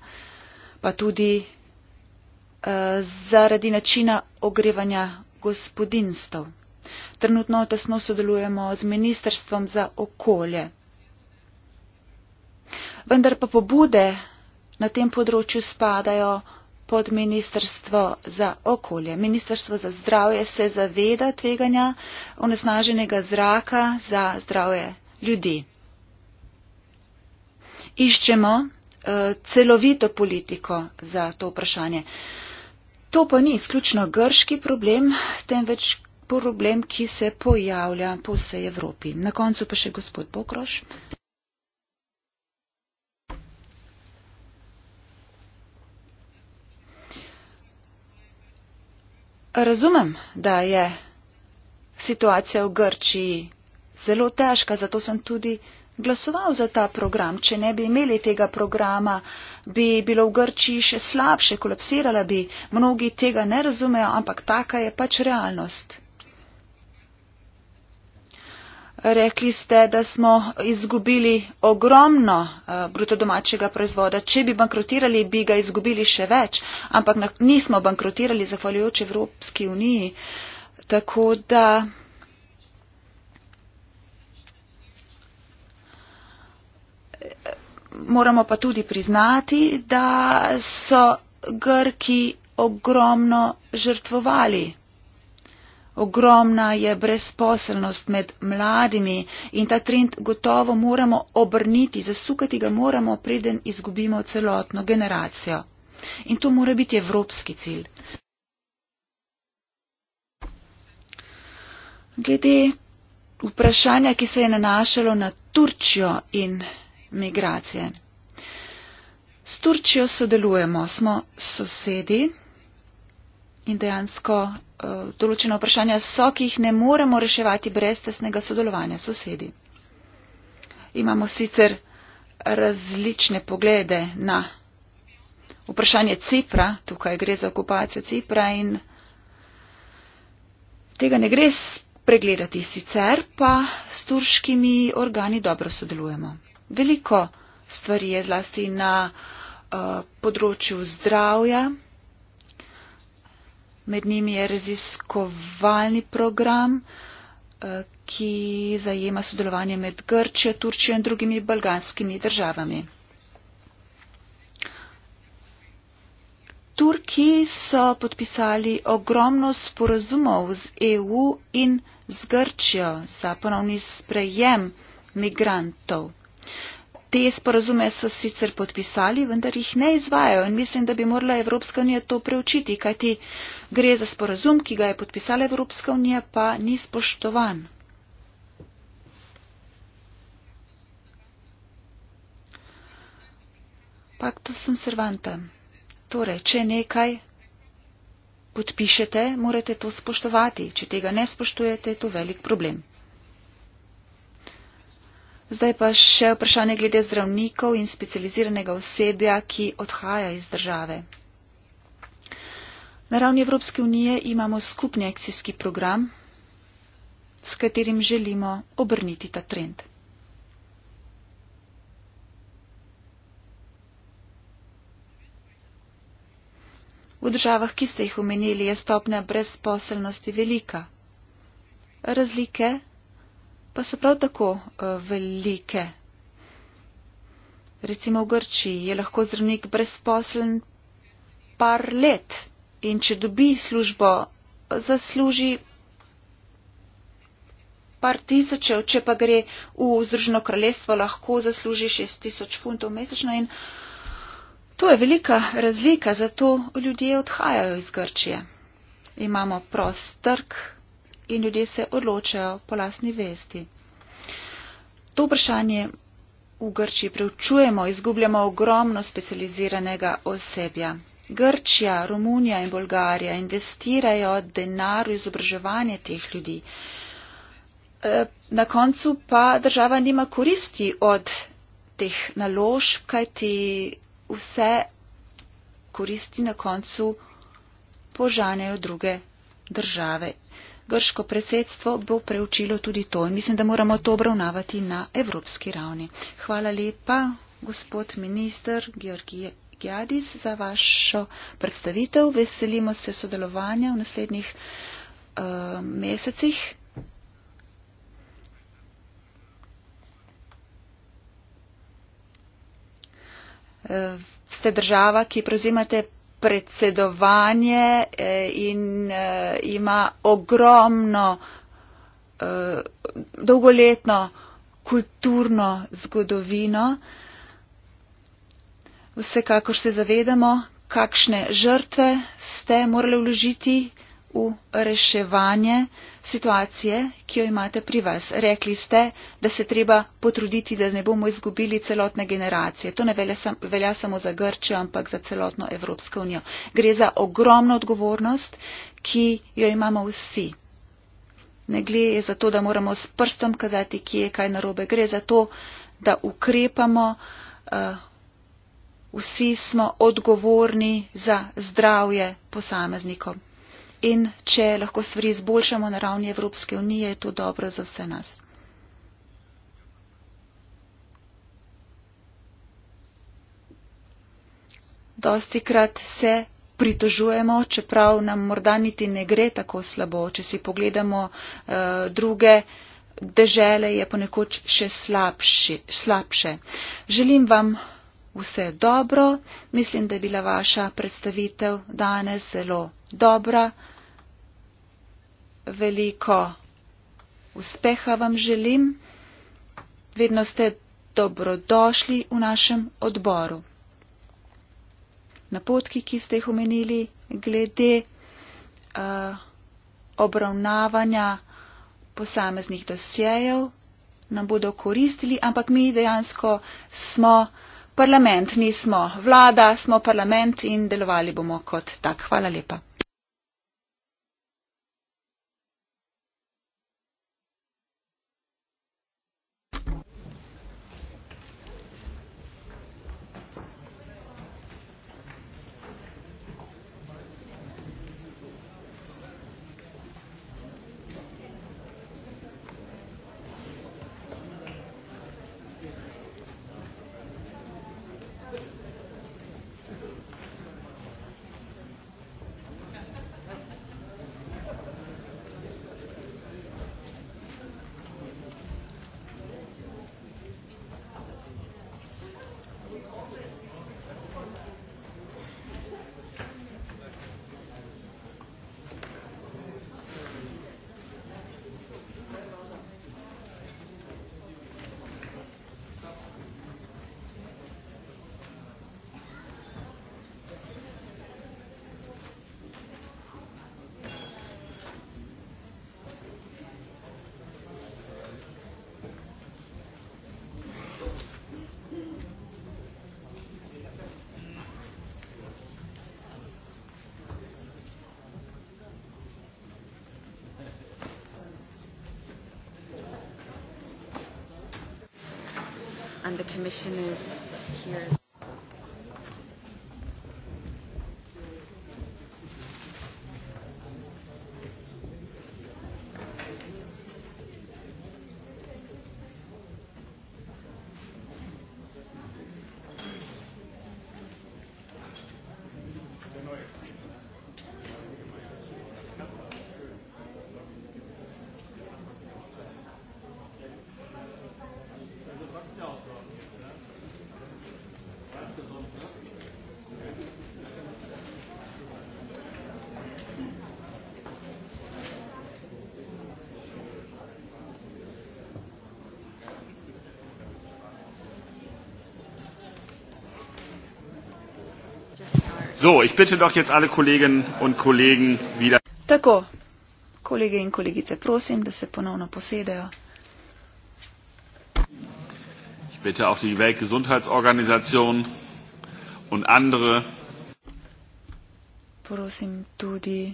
pa tudi uh, zaradi načina ogrevanja gospodinstv. Trenutno tesno sodelujemo z Ministrstvom za okolje. Vendar pa pobude na tem področju spadajo pod ministrstvo za okolje. Ministrstvo za zdravje se zaveda tveganja onesnaženega zraka za zdravje ljudi. Iščemo uh, celovito politiko za to vprašanje. To pa ni izključno grški problem, temveč problem, ki se pojavlja po vsej Evropi. Na koncu pa še gospod Pokroš. Razumem, da je situacija v Grčiji zelo težka, zato sem tudi glasoval za ta program. Če ne bi imeli tega programa, bi bilo v Grčiji še slabše, kolapsirala bi. Mnogi tega ne razumejo, ampak taka je pač realnost rekli ste, da smo izgubili ogromno eh, bruto domačega proizvoda. Če bi bankrotirali, bi ga izgubili še več, ampak nismo bankrotirali zahvaljujoč Evropski uniji. Tako da. Eh, moramo pa tudi priznati, da so Grki ogromno žrtvovali. Ogromna je brezposelnost med mladimi in ta trend gotovo moramo obrniti, zasukati ga moramo, preden izgubimo celotno generacijo. In to mora biti evropski cilj. Glede vprašanja, ki se je nanašalo na Turčjo in migracije. S Turčjo sodelujemo, smo sosedi in dejansko Eh, določena vprašanja so, ki jih ne moremo reševati brez tesnega sodelovanja s sosedi. Imamo sicer različne poglede na vprašanje Cipra, tukaj gre za okupacijo Cipra in tega ne gre pregledati, sicer pa s turškimi organi dobro sodelujemo. Veliko stvari je zlasti na uh, področju zdravja. Med njimi je raziskovalni program, eh, ki zajema sodelovanje med Grčijo, Turčijo in drugimi balganskimi državami. Turki so podpisali ogromno sporozumov z EU in z Grčijo za ponovni sprejem migrantov. Te sporazume so sicer podpisali, vendar jih ne izvajo in mislim, da bi morala Evropska unija to preučiti, kajti gre za sporazum, ki ga je podpisala Evropska unija, pa ni spoštovan. Pacto sum servanta. Torej, če nekaj podpišete, morate to spoštovati. Če tega ne spoštujete, je to velik problem. Zdaj pa še vprašanje glede zdravnikov in specializiranega osebja, ki odhaja iz države. Na ravni Evropske unije imamo skupni akcijski program, s katerim želimo obrniti ta trend. V državah, ki ste jih omenili, je stopnja brezposelnosti velika. Razlike pa so prav tako uh, velike. Recimo v Grčiji je lahko zdravnik brezposeln par let in če dobi službo, zasluži par tisočev, če pa gre v Združeno kraljestvo, lahko zasluži 6000 funtov mesečno in to je velika razlika, zato ljudje odhajajo iz Grčije. Imamo prost trg, in ljudje se odločajo po lasni vesti. To vprašanje v Grčiji preučujemo, izgubljamo ogromno specializiranega osebja. Grčija, Romunija in Bolgarija investirajo denar v izobraževanje teh ljudi. E, na koncu pa država nima koristi od teh naložb, kajti vse koristi na koncu požanejo druge države grško predsedstvo bo preučilo tudi to. Mislim, da moramo to obravnavati na evropski ravni. Hvala lepa, gospod minister Georgije. Gjadis za vašo predstavitev. Veselimo se sodelovanja v naslednjih uh, mesecih. Uh, ste država, ki prevzimate predsedovanje eh, in eh, ima ogromno eh, dolgoletno kulturno zgodovino. Vsekakor se zavedamo, kakšne žrtve ste morali vložiti v reševanje situacije, ki jo imate pri vas. Rekli ste, da se treba potruditi, da ne bomo izgubili celotne generacije. To ne velja, sam, velja samo za Grčijo, ampak za celotno Evropsko unijo. Gre za ogromno odgovornost, ki jo imamo vsi. Ne gre za to, da moramo s prstom kazati, kje je kaj narobe. Gre za to, da ukrepamo. Uh, Vsi smo odgovorni za zdravje posameznikov in če lahko stvari izboljšamo na ravni Evropske unije, je to dobro za vse nas. Dosti krat se pritožujemo, čeprav nam morda niti ne gre tako slabo. Če si pogledamo uh, druge dežele, je ponekoč še slabši, slabše. Želim vam vse dobro. Mislim, da je bila vaša predstavitev danes zelo dobra veliko uspeha vam želim. Vedno ste dobrodošli v našem odboru. Napotki, ki ste jih omenili glede uh, obravnavanja posameznih dosjejev, nam bodo koristili, ampak mi dejansko smo parlament, nismo vlada, smo parlament in delovali bomo kot tak. Hvala lepa. prohibition is here. So, ich bitte doch jetzt alle Kolleginnen und Kollegen wieder. Tako, kolege in kolegice, prosim, da se ponovno posedejo. Ich bitte auch die Weltgesundheitsorganisation und andere. Prosim tudi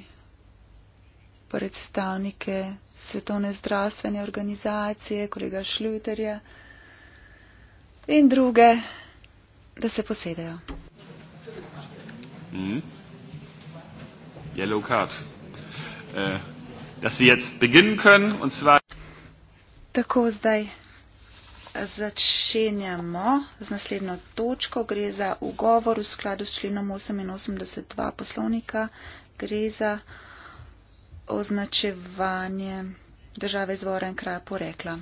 predstavnike Svetovne zdravstvene organizacije, kolega Šluterja in druge, da se posedejo. Hm? Yellow Card. Äh, dass wir jetzt beginnen können und zwar. Tako zdaj začenjamo z naslednjo točko. Gre za ugovor v skladu s členom 88.2 poslovnika. Gre za označevanje države izvora in kraja porekla.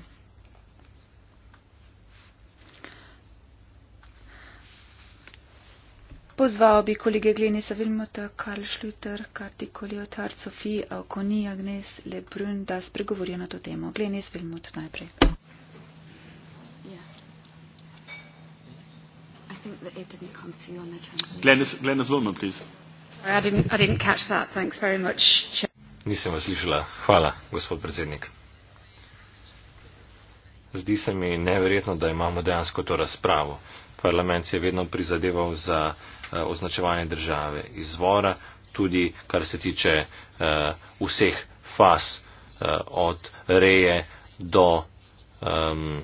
Pozval bi kolege Glenisa Vilmota, Karl Schlüter, Kati Koliotar, Sofija, Alkoni, Agnes Lebrun, da spregovorijo na to temo. Glenis Vilmot najprej. Glenis Vilmot, prosim. Nisem vas slišala. Hvala, gospod predsednik. Zdi se mi neverjetno, da imamo dejansko to razpravo. Parlament se je vedno prizadeval za Eh, označevanje države izvora, tudi kar se tiče eh, vseh faz eh, od reje do um,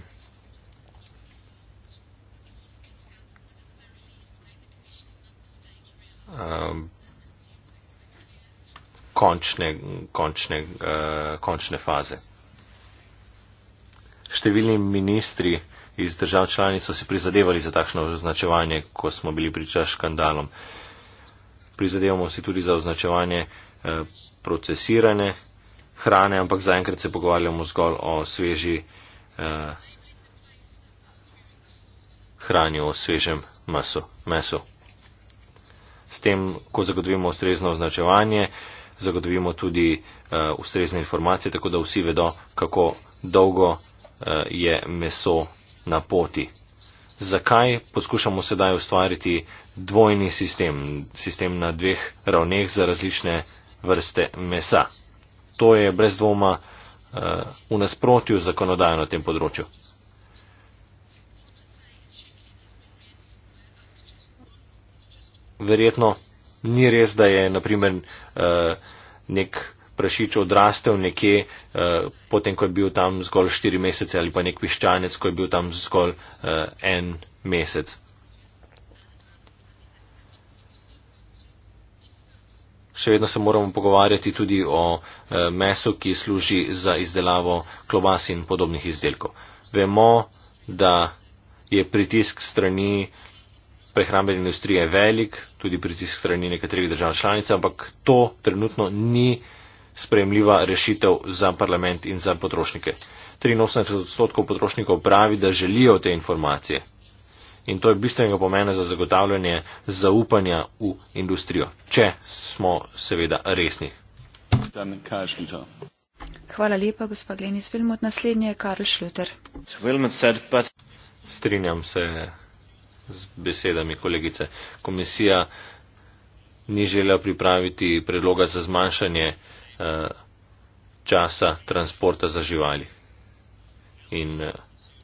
končne, končne, končne faze. Številni ministri iz držav člani so si prizadevali za takšno označevanje, ko smo bili priča škandalom. Prizadevamo si tudi za označevanje eh, procesirane hrane, ampak zaenkrat se pogovarjamo zgolj o sveži eh, hrani, o svežem meso, meso. S tem, ko zagotovimo ustrezno označevanje, zagotovimo tudi eh, ustrezne informacije, tako da vsi vedo, kako dolgo je meso na poti. Zakaj poskušamo sedaj ustvariti dvojni sistem, sistem na dveh ravneh za različne vrste mesa? To je brez dvoma uh, v nasprotju z zakonodajo na tem področju. Verjetno ni res, da je naprimer uh, eh, nek prašič odrastel nekje, eh, potem ko je bil tam zgolj štiri mesece ali pa nek piščanec, ko je bil tam zgolj eh, en mesec. Še vedno se moramo pogovarjati tudi o eh, mesu, ki služi za izdelavo klobas in podobnih izdelkov. Vemo, da je pritisk strani prehrambene industrije velik, tudi pritisk strani nekaterih držav članic, ampak to trenutno ni sprejemljiva rešitev za parlament in za potrošnike. 83 odstotkov potrošnikov pravi, da želijo te informacije. In to je bistvenega pomena za zagotavljanje zaupanja v industrijo, če smo seveda resni. Hvala lepa, gospod Glenis Vilmot. Naslednji je Karl Šluter. But... Strinjam se z besedami kolegice. Komisija ni želela pripraviti predloga za zmanjšanje uh, Eh, časa transporta za živali. In eh,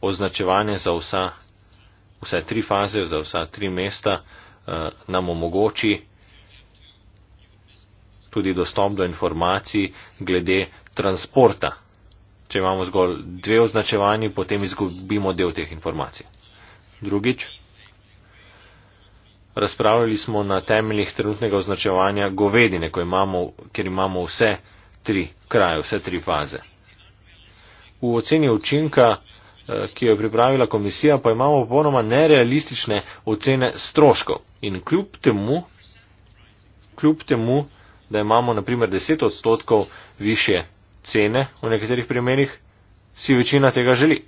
označevanje za vsa, vse tri faze, za vsa tri mesta eh, nam omogoči tudi dostop do informacij glede transporta. Če imamo zgolj dve označevanji, potem izgubimo del teh informacij. Drugič razpravljali smo na temeljih trenutnega označevanja govedine, imamo, ker imamo vse tri kraje, vse tri faze. V oceni učinka, eh, ki jo je pripravila komisija, pa imamo popolnoma nerealistične ocene stroškov. In kljub temu, kljub temu, da imamo naprimer 10 odstotkov više cene v nekaterih primerih, si večina tega želi.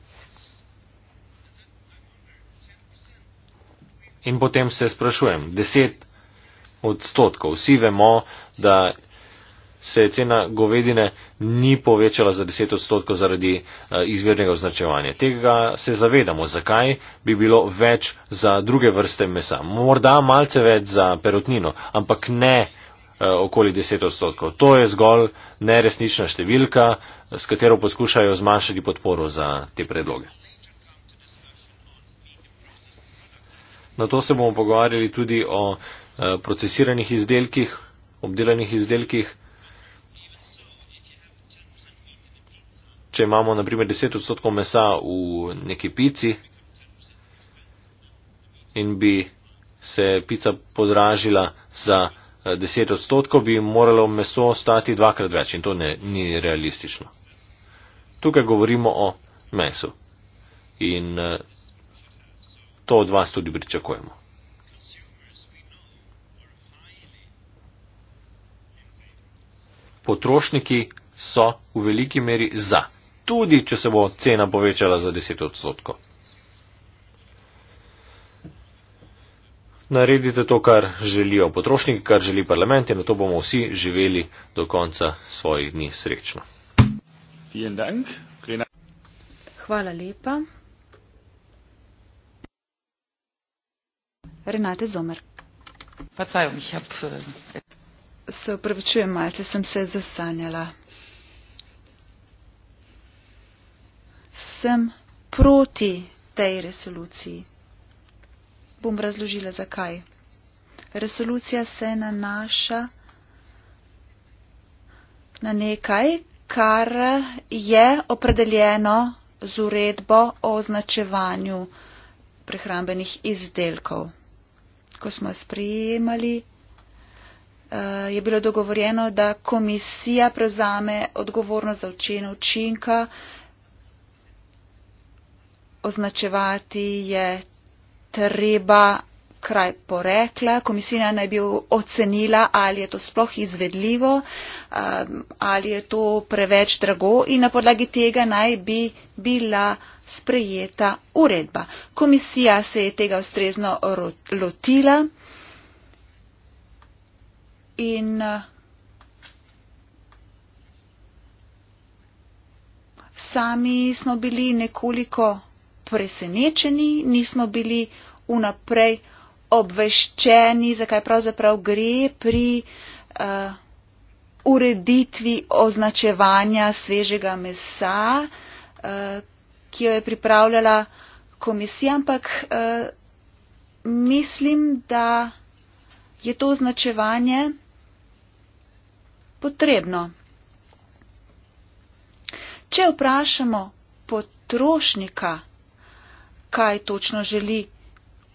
In potem se sprašujem, deset odstotkov. Vsi vemo, da se je cena govedine ni povečala za deset odstotkov zaradi eh, izvirnega označevanja. Tega se zavedamo, zakaj bi bilo več za druge vrste mesa. Morda malce več za perutnino, ampak ne eh, okoli deset odstotkov. To je zgolj neresnična številka, s katero poskušajo zmanjšati podporo za te predloge. Na to se bomo pogovarjali tudi o eh, procesiranih izdelkih, obdelanih izdelkih. Če imamo naprimer 10 odstotkov mesa v neki pici in bi se pica podražila za 10 eh, odstotkov, bi moralo meso stati dvakrat več in to ne, ni realistično. Tukaj govorimo o mesu. In eh, to od vas tudi pričakujemo. Potrošniki so v veliki meri za, tudi če se bo cena povečala za 10 odstotkov. Naredite to, kar želijo potrošniki, kar želi parlament in na to bomo vsi živeli do konca svojih dni srečno. Hvala lepa. Renate Zomer. Pacajom, jih ab. Eh, se upravičujem, malce sem se zasanjala. Sem proti tej resoluciji. Bom razložila, zakaj. Resolucija se nanaša na nekaj, kar je opredeljeno z uredbo o označevanju prehrambenih izdelkov ko smo sprejemali, eh, je bilo dogovorjeno, da komisija prevzame odgovornost za učen učinka. Označevati je treba kraj porekla. Komisija naj bi ocenila, ali je to sploh izvedljivo, um, ali je to preveč drago in na podlagi tega naj bi bila sprejeta uredba. Komisija se je tega ustrezno lotila in sami smo bili nekoliko presenečeni, nismo bili vnaprej obveščeni, zakaj pravzaprav gre pri uh, ureditvi označevanja svežega mesa, uh, ki jo je pripravljala komisija, ampak uh, mislim, da je to označevanje potrebno. Če vprašamo potrošnika, kaj točno želi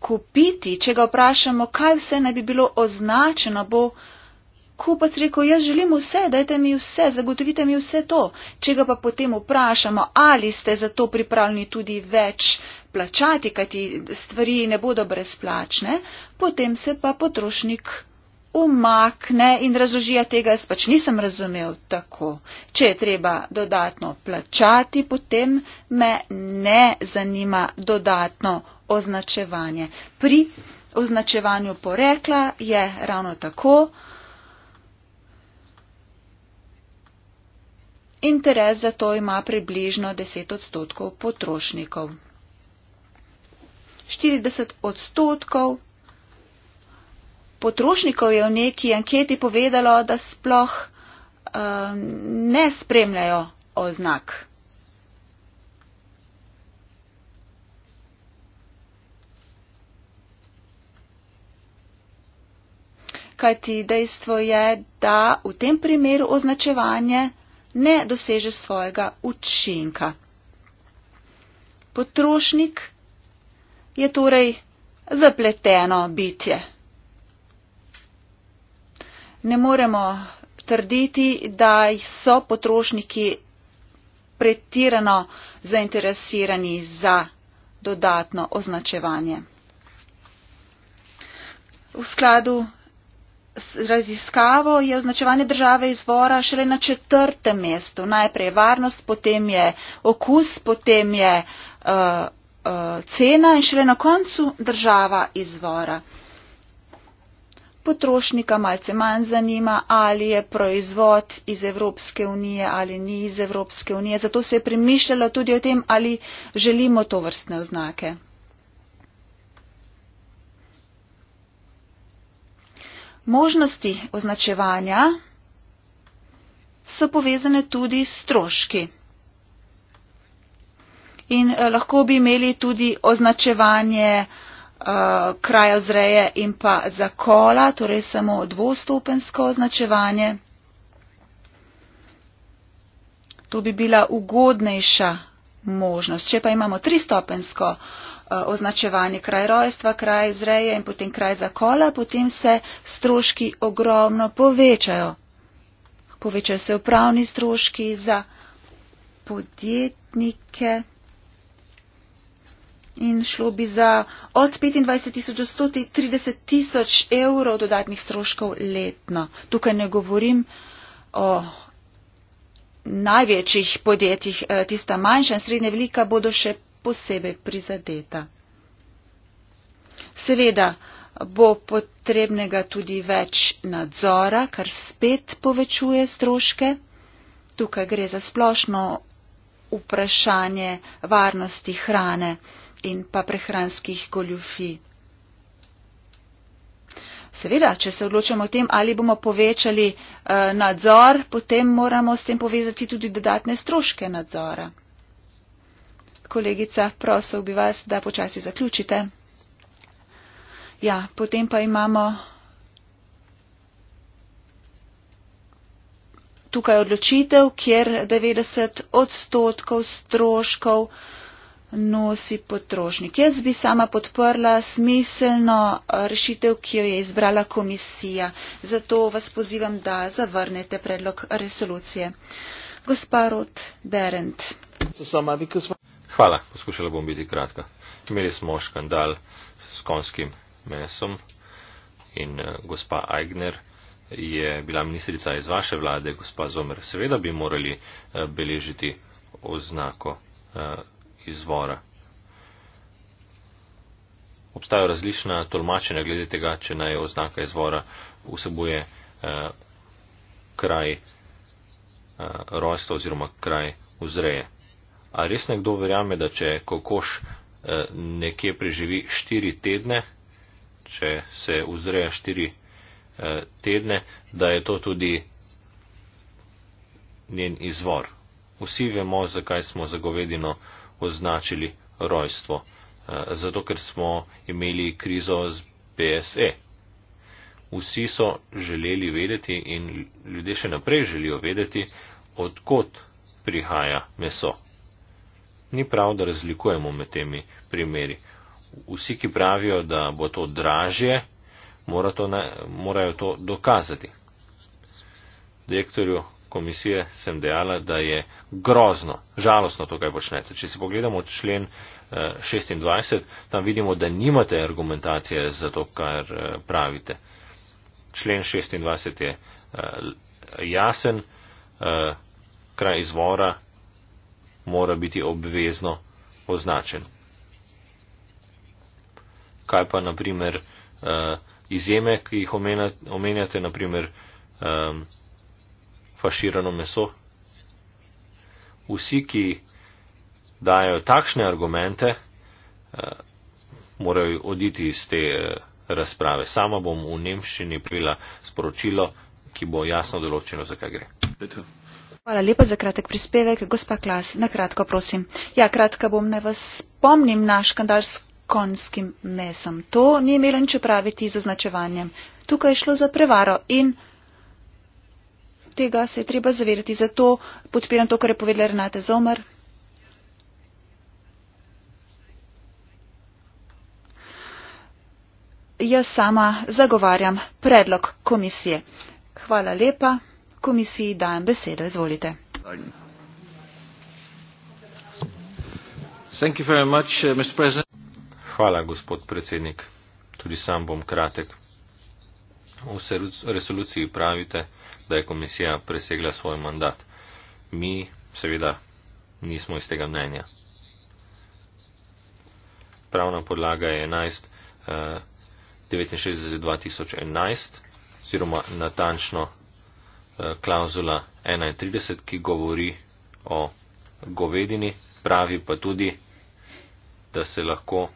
kupiti, če ga vprašamo, kaj vse naj bi bilo označeno, bo kupac rekel, jaz želim vse, dajte mi vse, zagotovite mi vse to. Če ga pa potem vprašamo, ali ste za to pripravljeni tudi več plačati, kajti stvari ne bodo brezplačne, potem se pa potrošnik umakne in razložija tega, jaz pač nisem razumel tako. Če je treba dodatno plačati, potem me ne zanima dodatno označevanje. Pri označevanju porekla je ravno tako interes za to ima približno 10 odstotkov potrošnikov. 40 odstotkov potrošnikov je v neki anketi povedalo, da sploh um, ne spremljajo oznak. kajti dejstvo je, da v tem primeru označevanje ne doseže svojega učinka. Potrošnik je torej zapleteno bitje. Ne moremo trditi, da so potrošniki pretirano zainteresirani za dodatno označevanje. V skladu raziskavo je označevanje države izvora šele na četrtem mestu. Najprej je varnost, potem je okus, potem je uh, uh, cena in šele na koncu država izvora. Potrošnika malce manj zanima, ali je proizvod iz Evropske unije ali ni iz Evropske unije. Zato se je premišljalo tudi o tem, ali želimo to vrstne oznake. Možnosti označevanja so povezane tudi s stroški. In eh, lahko bi imeli tudi označevanje eh, krajo zreje in pa zakola, torej samo dvostopensko označevanje. To bi bila ugodnejša možnost. Če pa imamo tristopensko eh, označevanje kraj rojstva, kraj izreje in potem kraj zakola, potem se stroški ogromno povečajo. Povečajo se upravni stroški za podjetnike in šlo bi za od 25 tisoč do 130 tisoč evrov dodatnih stroškov letno. Tukaj ne govorim o največjih podjetjih, eh, tista manjša in srednje velika, bodo še posebej prizadeta. Seveda bo potrebnega tudi več nadzora, kar spet povečuje stroške. Tukaj gre za splošno vprašanje varnosti hrane in pa prehranskih goljufij. Seveda, če se odločamo o tem, ali bomo povečali uh, nadzor, potem moramo s tem povezati tudi dodatne stroške nadzora. Kolegica, prosil bi vas, da počasi zaključite. Ja, potem pa imamo tukaj odločitev, kjer 90 odstotkov stroškov uh, nosi potrošnik. Jaz bi sama podprla smiselno eh, rešitev, ki jo je izbrala komisija. Zato vas pozivam, da zavrnete predlog resolucije. Gospa Rot Berend. Hvala, poskušala bom biti kratka. Imeli smo škandal s konskim mesom in eh, gospa Aigner je bila ministrica iz vaše vlade, gospa Zomer. Seveda bi morali eh, beležiti oznako izvora. Obstajajo različna tolmačenja glede tega, če naj oznaka izvora vsebuje eh, kraj eh, rojstva oziroma kraj vzreje. A res nekdo verjame, da če kokoš eh, nekje preživi štiri tedne, če se vzreja štiri eh, tedne, da je to tudi njen izvor. Vsi vemo, zakaj smo zagovedino eh, označili rojstvo, eh, zato ker smo imeli krizo z BSE. Vsi so želeli vedeti in ljudje še naprej želijo vedeti, odkot prihaja meso. Ni prav, da razlikujemo med temi primeri. Vsi, ki pravijo, da bo to dražje, mora to ne, morajo to dokazati. Direktorju komisije sem dejala, da je grozno, žalostno to, kaj počnete. Če si pogledamo člen 26, eh, tam vidimo, da nimate argumentacije za to, kar eh, pravite. Člen 26 je eh, jasen, kraj izvora mora biti obvezno označen. Kaj pa, naprimer, izjeme, ki jih omenjate, naprimer, faširano meso. Vsi, ki dajo takšne argumente, eh, morajo oditi iz te eh, razprave. Sama bom v Nemščini prila sporočilo, ki bo jasno določeno, zakaj gre. Hvala lepa za kratek prispevek, gospa Klas. Na kratko, prosim. Ja, kratka bom, naj vas spomnim na škandal s konjskim mesom. To ni imelo nič praviti z označevanjem. Tukaj je šlo za prevaro in tega se je treba zavedati. Zato podpiram to, kar je povedala Renate Zomer. Jaz sama zagovarjam predlog komisije. Hvala lepa. Komisiji dajem besedo. Izvolite. Much, uh, Hvala, gospod predsednik. Tudi sam bom kratek. Vse resoluciji pravite, da je komisija presegla svoj mandat. Mi seveda nismo iz tega mnenja. Pravna podlaga je 11, eh, 69.2011 oziroma natančno eh, klauzula 31, ki govori o govedini, pravi pa tudi, da se lahko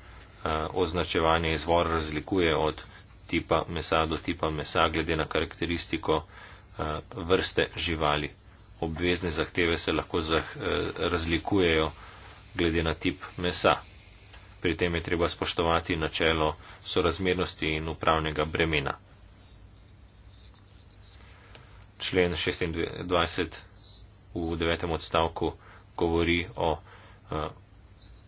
eh, označevanje izvor razlikuje od tipa mesa do tipa mesa glede na karakteristiko eh, vrste živali. Obvezne zahteve se lahko zah, eh, razlikujejo glede na tip mesa. Pri tem je treba spoštovati načelo sorazmernosti in upravnega bremena. Člen 26 v devetem odstavku govori o eh,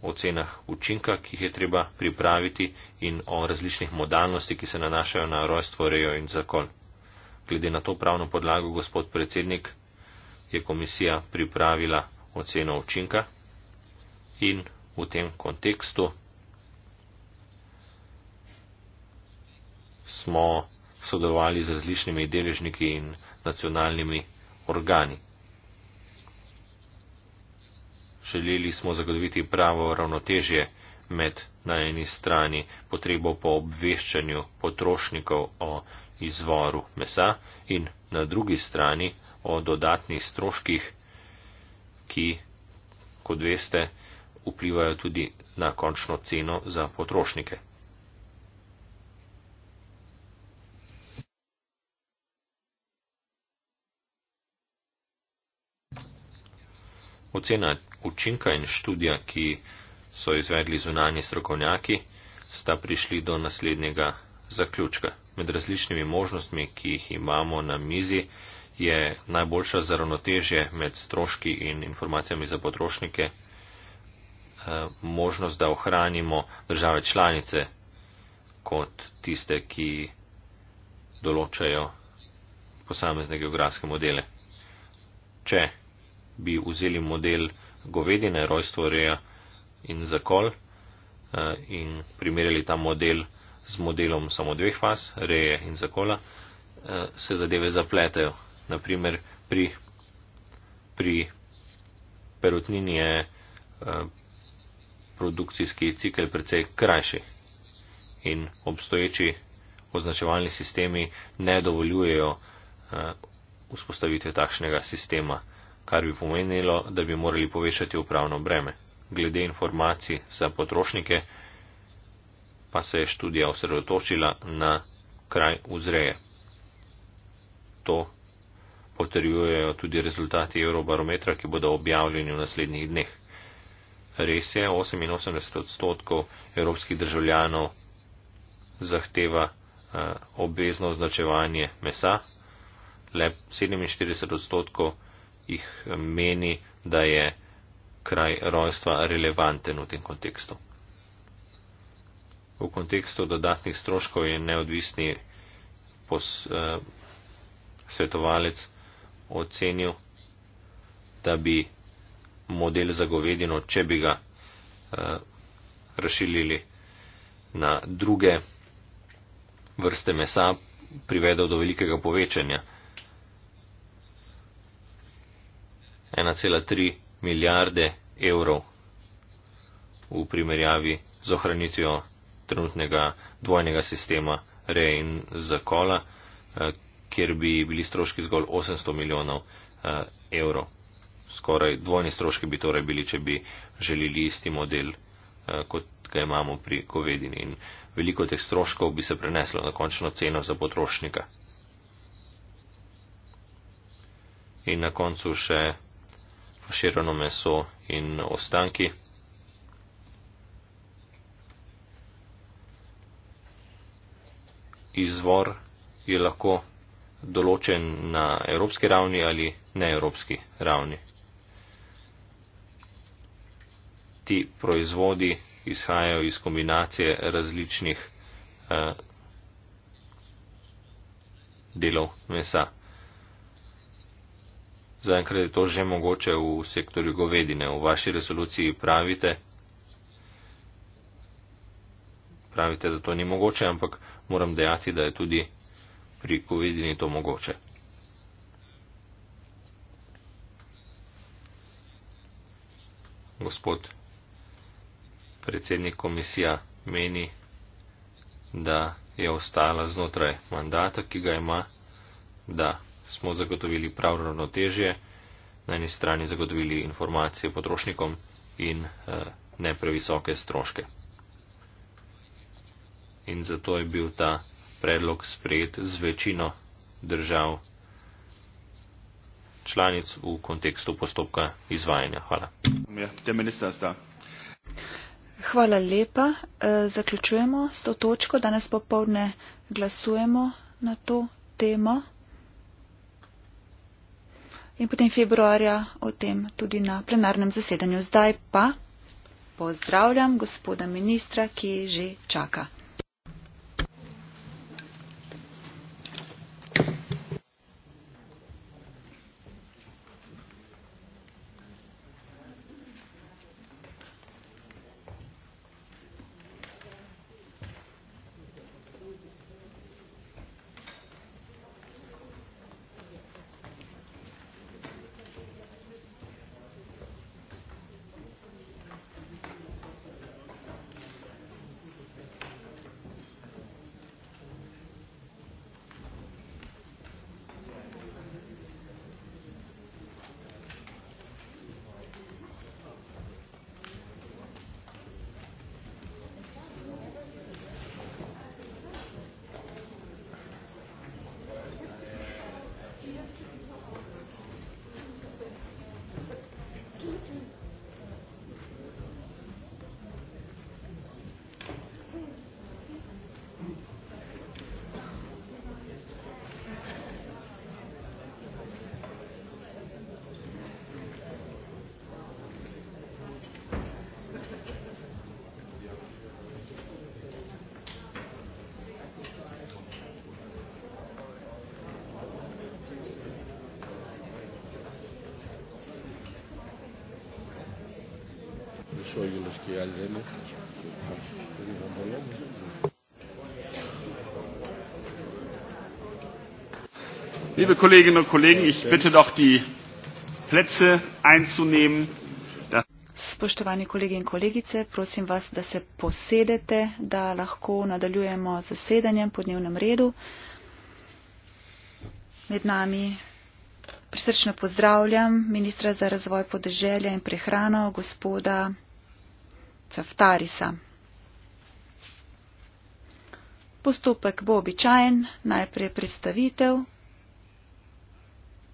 ocenah učinka, ki jih je treba pripraviti in o različnih modalnosti, ki se nanašajo na rojstvo, rejo in zakon. Glede na to pravno podlago, gospod predsednik, je komisija pripravila oceno učinka in v tem kontekstu smo sodelovali z različnimi deležniki in nacionalnimi organi. Želeli smo zagotoviti pravo ravnotežje med na eni strani potrebo po obveščanju potrošnikov o izvoru mesa in na drugi strani o dodatnih stroških, ki, kot veste, vplivajo tudi na končno ceno za potrošnike. Ocena učinka in študija, ki so izvedli zunanje strokovnjaki, sta prišli do naslednjega zaključka. Med različnimi možnostmi, ki jih imamo na mizi, je najboljša zaravnotežje med stroški in informacijami za potrošnike eh, možnost, da ohranimo države članice kot tiste, ki določajo posamezne geografske modele. Če bi vzeli model govedine rojstvo reja, in zakol eh, in primerjali ta model z modelom samo dveh faz, reje in zakola, eh, se zadeve zapletajo. Naprimer, pri, pri perutnini je eh, produkcijski cikl precej krajši in obstoječi označevalni sistemi ne dovoljujejo vzpostavitve takšnega sistema, kar bi pomenilo, da bi morali povečati upravno breme glede informacij za potrošnike, pa se je študija osredotočila na kraj vzreje. To potrjujejo tudi rezultati Eurobarometra, ki bodo objavljeni v naslednjih dneh. Res je, 88 odstotkov evropskih državljanov zahteva eh, obvezno označevanje mesa, le 47 odstotkov jih meni, da je kraj rojstva relevanten v tem kontekstu. V kontekstu dodatnih stroškov je neodvisni pos, eh, svetovalec ocenil, da bi model zagovedino, če bi ga eh, rašilili na druge vrste mesa, privedel do velikega povečanja milijarde evrov v primerjavi z ohranitvijo trenutnega dvojnega sistema reje in zakola, eh, kjer bi bili stroški zgolj 800 milijonov eh, evrov. Skoraj dvojni stroški bi torej bili, če bi želeli isti model, eh, kot ga imamo pri govedini. In veliko teh stroškov bi se preneslo na končno ceno za potrošnika. In na koncu še kaširano meso in ostanki. Izvor je lahko določen na evropski ravni ali neevropski ravni. Ti proizvodi izhajajo iz kombinacije različnih eh, delov mesa. Zaenkrat je to že mogoče v sektorju govedine. V vaši resoluciji pravite, pravite, da to ni mogoče, ampak moram dejati, da je tudi pri govedini to mogoče. Gospod predsednik komisija meni, da je ostala znotraj mandata, ki ga ima, da smo zagotovili prav ravnotežje, na eni strani zagotovili informacije potrošnikom in eh, ne previsoke stroške. In zato je bil ta predlog sprejet z večino držav članic v kontekstu postopka izvajanja. Hvala. Hvala lepa. Eh, zaključujemo s to točko. Danes popovdne glasujemo na to temo in potem februarja o tem tudi na plenarnem zasedanju. Zdaj pa pozdravljam gospoda ministra, ki že čaka. Liebe Kolleginnen und Kollegen, ich bitte doch die Plätze einzunehmen. Spoštovani kolegi in kolegice, prosim vas, da se posedete, da lahko nadaljujemo z zasedanjem po dnevnem redu. Med nami prisrčno pozdravljam ministra za razvoj podeželja in prehrano, gospoda Caftarisa. Postopek bo običajen, najprej predstavitev,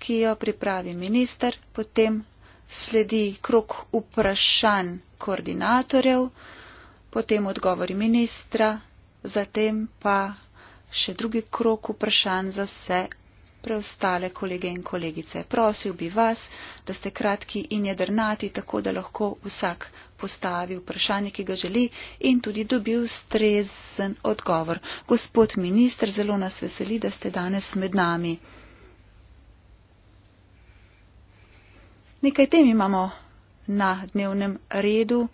ki jo pripravi minister, potem sledi krok vprašanj koordinatorjev, potem odgovori ministra, zatem pa še drugi krok vprašanj za vse preostale kolege in kolegice. Prosil bi vas, da ste kratki in jedrnati, tako da lahko vsak postavi vprašanje, ki ga želi in tudi dobil strezen odgovor. Gospod minister, zelo nas veseli, da ste danes med nami. Nekaj tem imamo na dnevnem redu,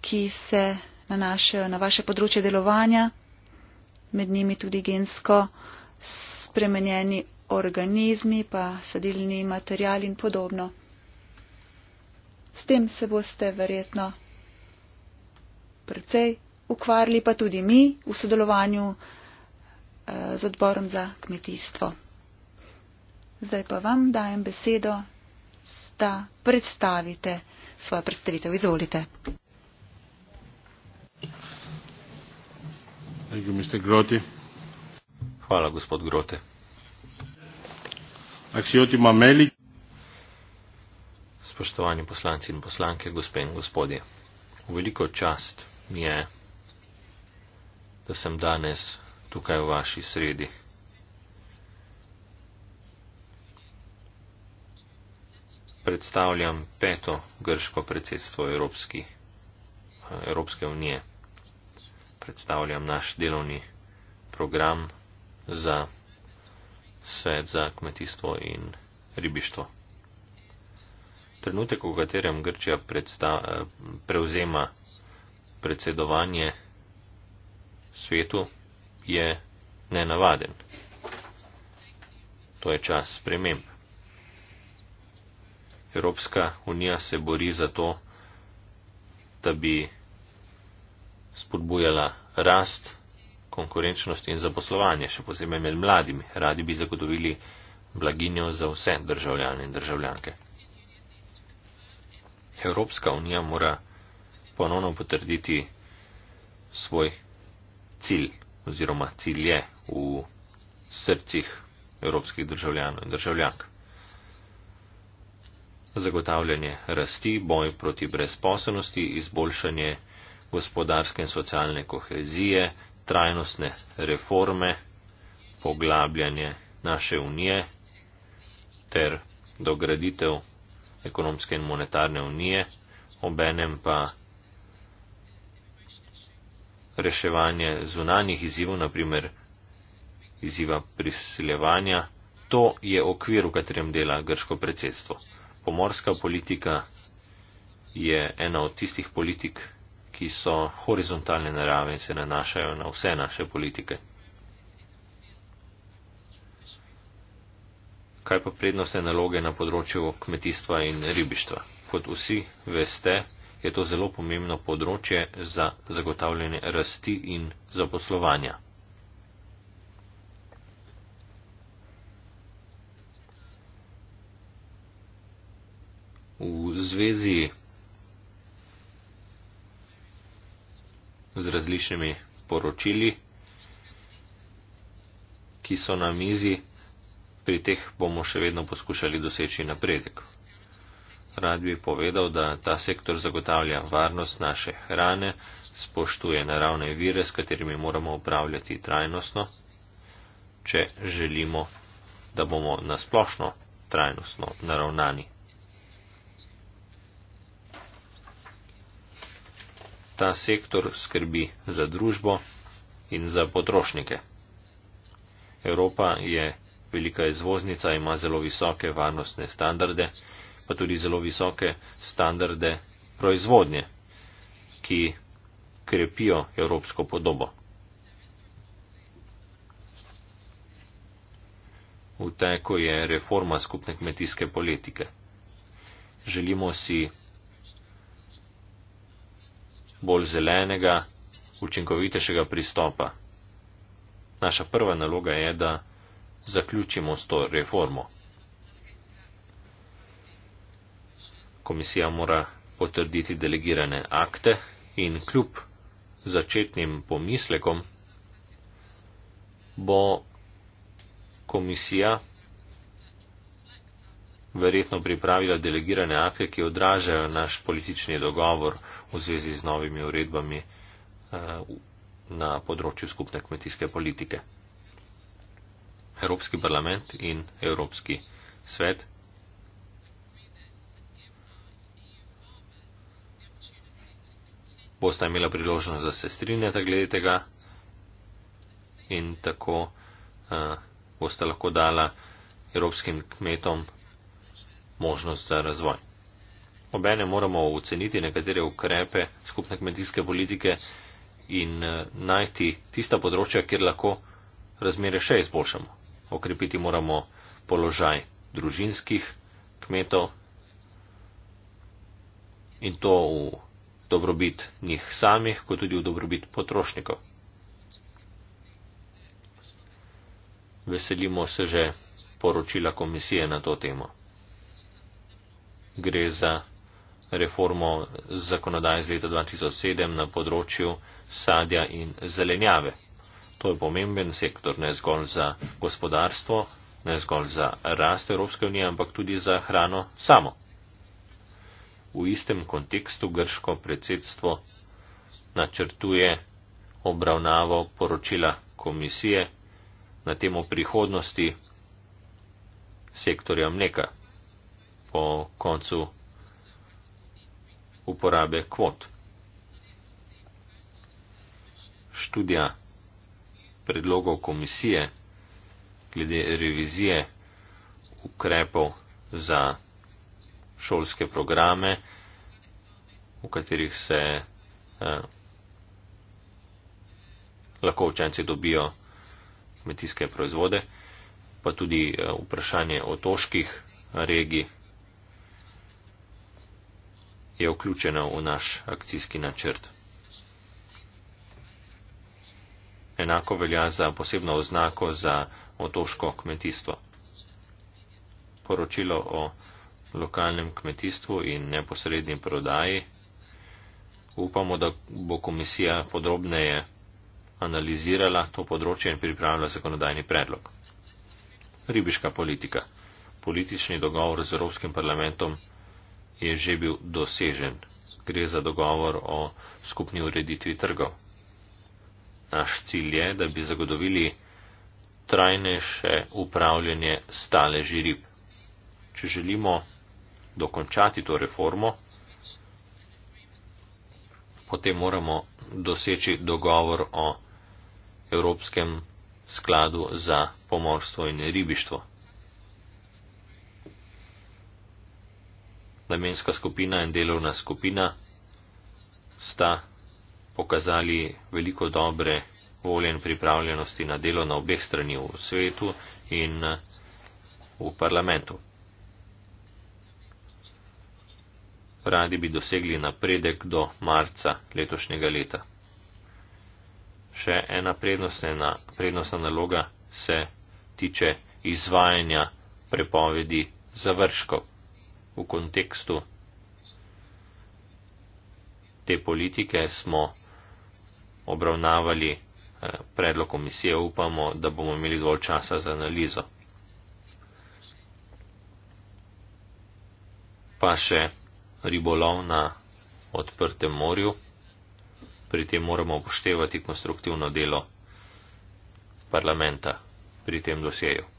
ki se nanašajo na vaše področje delovanja, med njimi tudi gensko spremenjeni organizmi, pa sadilni material in podobno. S tem se boste verjetno precej ukvarjali, pa tudi mi v sodelovanju eh, z odborom za kmetijstvo. Zdaj pa vam dajem besedo, da predstavite svojo predstavitev. Izvolite. Thank you, Mr. Grotti. Hvala, gospod Grote. Spoštovani poslanci in poslanke, gospe in gospodje, v veliko čast mi je, da sem danes tukaj v vaši sredi. Predstavljam peto grško predsedstvo Evropski, Evropske unije. Predstavljam naš delovni program za svet za kmetijstvo in ribištvo. Trenutek, v katerem Grčija predsta, prevzema predsedovanje svetu, je nenavaden. To je čas sprememb. Evropska unija se bori za to, da bi spodbujala rast konkurenčnost in zaposlovanje, še posebej med mladimi, radi bi zagotovili blaginjo za vse državljane in državljanke. Evropska unija mora ponovno potrditi svoj cilj oziroma cilje v srcih evropskih državljanov in državljank. Zagotavljanje rasti, boj proti brezposobnosti, izboljšanje gospodarske in socialne kohezije, trajnostne reforme, poglabljanje naše unije ter dograditev ekonomske in monetarne unije, obenem pa reševanje zunanjih izzivov, naprimer izziva prisiljevanja, to je okvir, v katerem dela grško predsedstvo. Pomorska politika je ena od tistih politik, ki so horizontalne narave in se nanašajo na vse naše politike. Kaj pa prednostne naloge na področju kmetijstva in ribištva? Kot vsi veste, je to zelo pomembno področje za zagotavljanje rasti in zaposlovanja. V zvezi z različnimi poročili, ki so na mizi, pri teh bomo še vedno poskušali doseči napredek. Rad bi povedal, da ta sektor zagotavlja varnost naše hrane, spoštuje naravne vire, s katerimi moramo upravljati trajnostno, če želimo, da bomo nasplošno trajnostno naravnani. ta sektor skrbi za družbo in za potrošnike. Evropa je velika izvoznica, ima zelo visoke varnostne standarde, pa tudi zelo visoke standarde proizvodnje, ki krepijo evropsko podobo. V teku je reforma skupne kmetijske politike. Želimo si bolj zelenega, učinkovitejšega pristopa. Naša prva naloga je, da zaključimo s to reformo. Komisija mora potrditi delegirane akte in kljub začetnim pomislekom bo komisija verjetno pripravila delegirane akte, ki odražajo naš politični dogovor v zvezi z novimi uredbami eh, na področju skupne kmetijske politike. Evropski parlament in Evropski svet bosta imela priložnost, da se strinjata glede tega in tako uh, bosta lahko dala evropskim kmetom možnost za razvoj. Obene moramo oceniti nekatere ukrepe skupne kmetijske politike in eh, najti tista področja, kjer lahko razmere še izboljšamo. Okrepiti moramo položaj družinskih kmetov in to v dobrobit njih samih, kot tudi v dobrobit potrošnikov. Veselimo se že poročila komisije na to temo gre za reformo zakonodaje iz leta 2007 na področju sadja in zelenjave. To je pomemben sektor ne zgolj za gospodarstvo, ne zgolj za rast Evropske unije, ampak tudi za hrano samo. V istem kontekstu grško predsedstvo načrtuje obravnavo poročila komisije na temo prihodnosti sektorja mleka po koncu uporabe kvot. Študija predlogov komisije glede revizije ukrepov za šolske programe, v katerih se eh, lahko učenci dobijo kmetijske proizvode, pa tudi eh, vprašanje otoških regij, eh, je vključena v naš akcijski načrt. Enako velja za posebno oznako za otoško kmetijstvo. Poročilo o lokalnem kmetijstvu in neposrednji prodaji. Upamo, da bo komisija podrobneje analizirala to področje in pripravila zakonodajni predlog. Ribiška politika. Politični dogovor z Evropskim parlamentom je že bil dosežen. Gre za dogovor o skupni ureditvi trgov. Naš cilj je, da bi zagotovili trajnejše upravljanje stale žirib. Če želimo dokončati to reformo, potem moramo doseči dogovor o Evropskem skladu za pomorstvo in ribištvo. namenska skupina in delovna skupina sta pokazali veliko dobre volje in pripravljenosti na delo na obeh strani v svetu in eh, v parlamentu. Radi bi dosegli napredek do marca letošnjega leta. Še ena prednostna, prednostna naloga se tiče izvajanja prepovedi završkov v kontekstu te politike smo obravnavali eh, predlog komisije, upamo, da bomo imeli dovolj časa za analizo. Pa še ribolov na odprtem morju. Pri tem moramo upoštevati konstruktivno delo parlamenta pri tem dosjeju.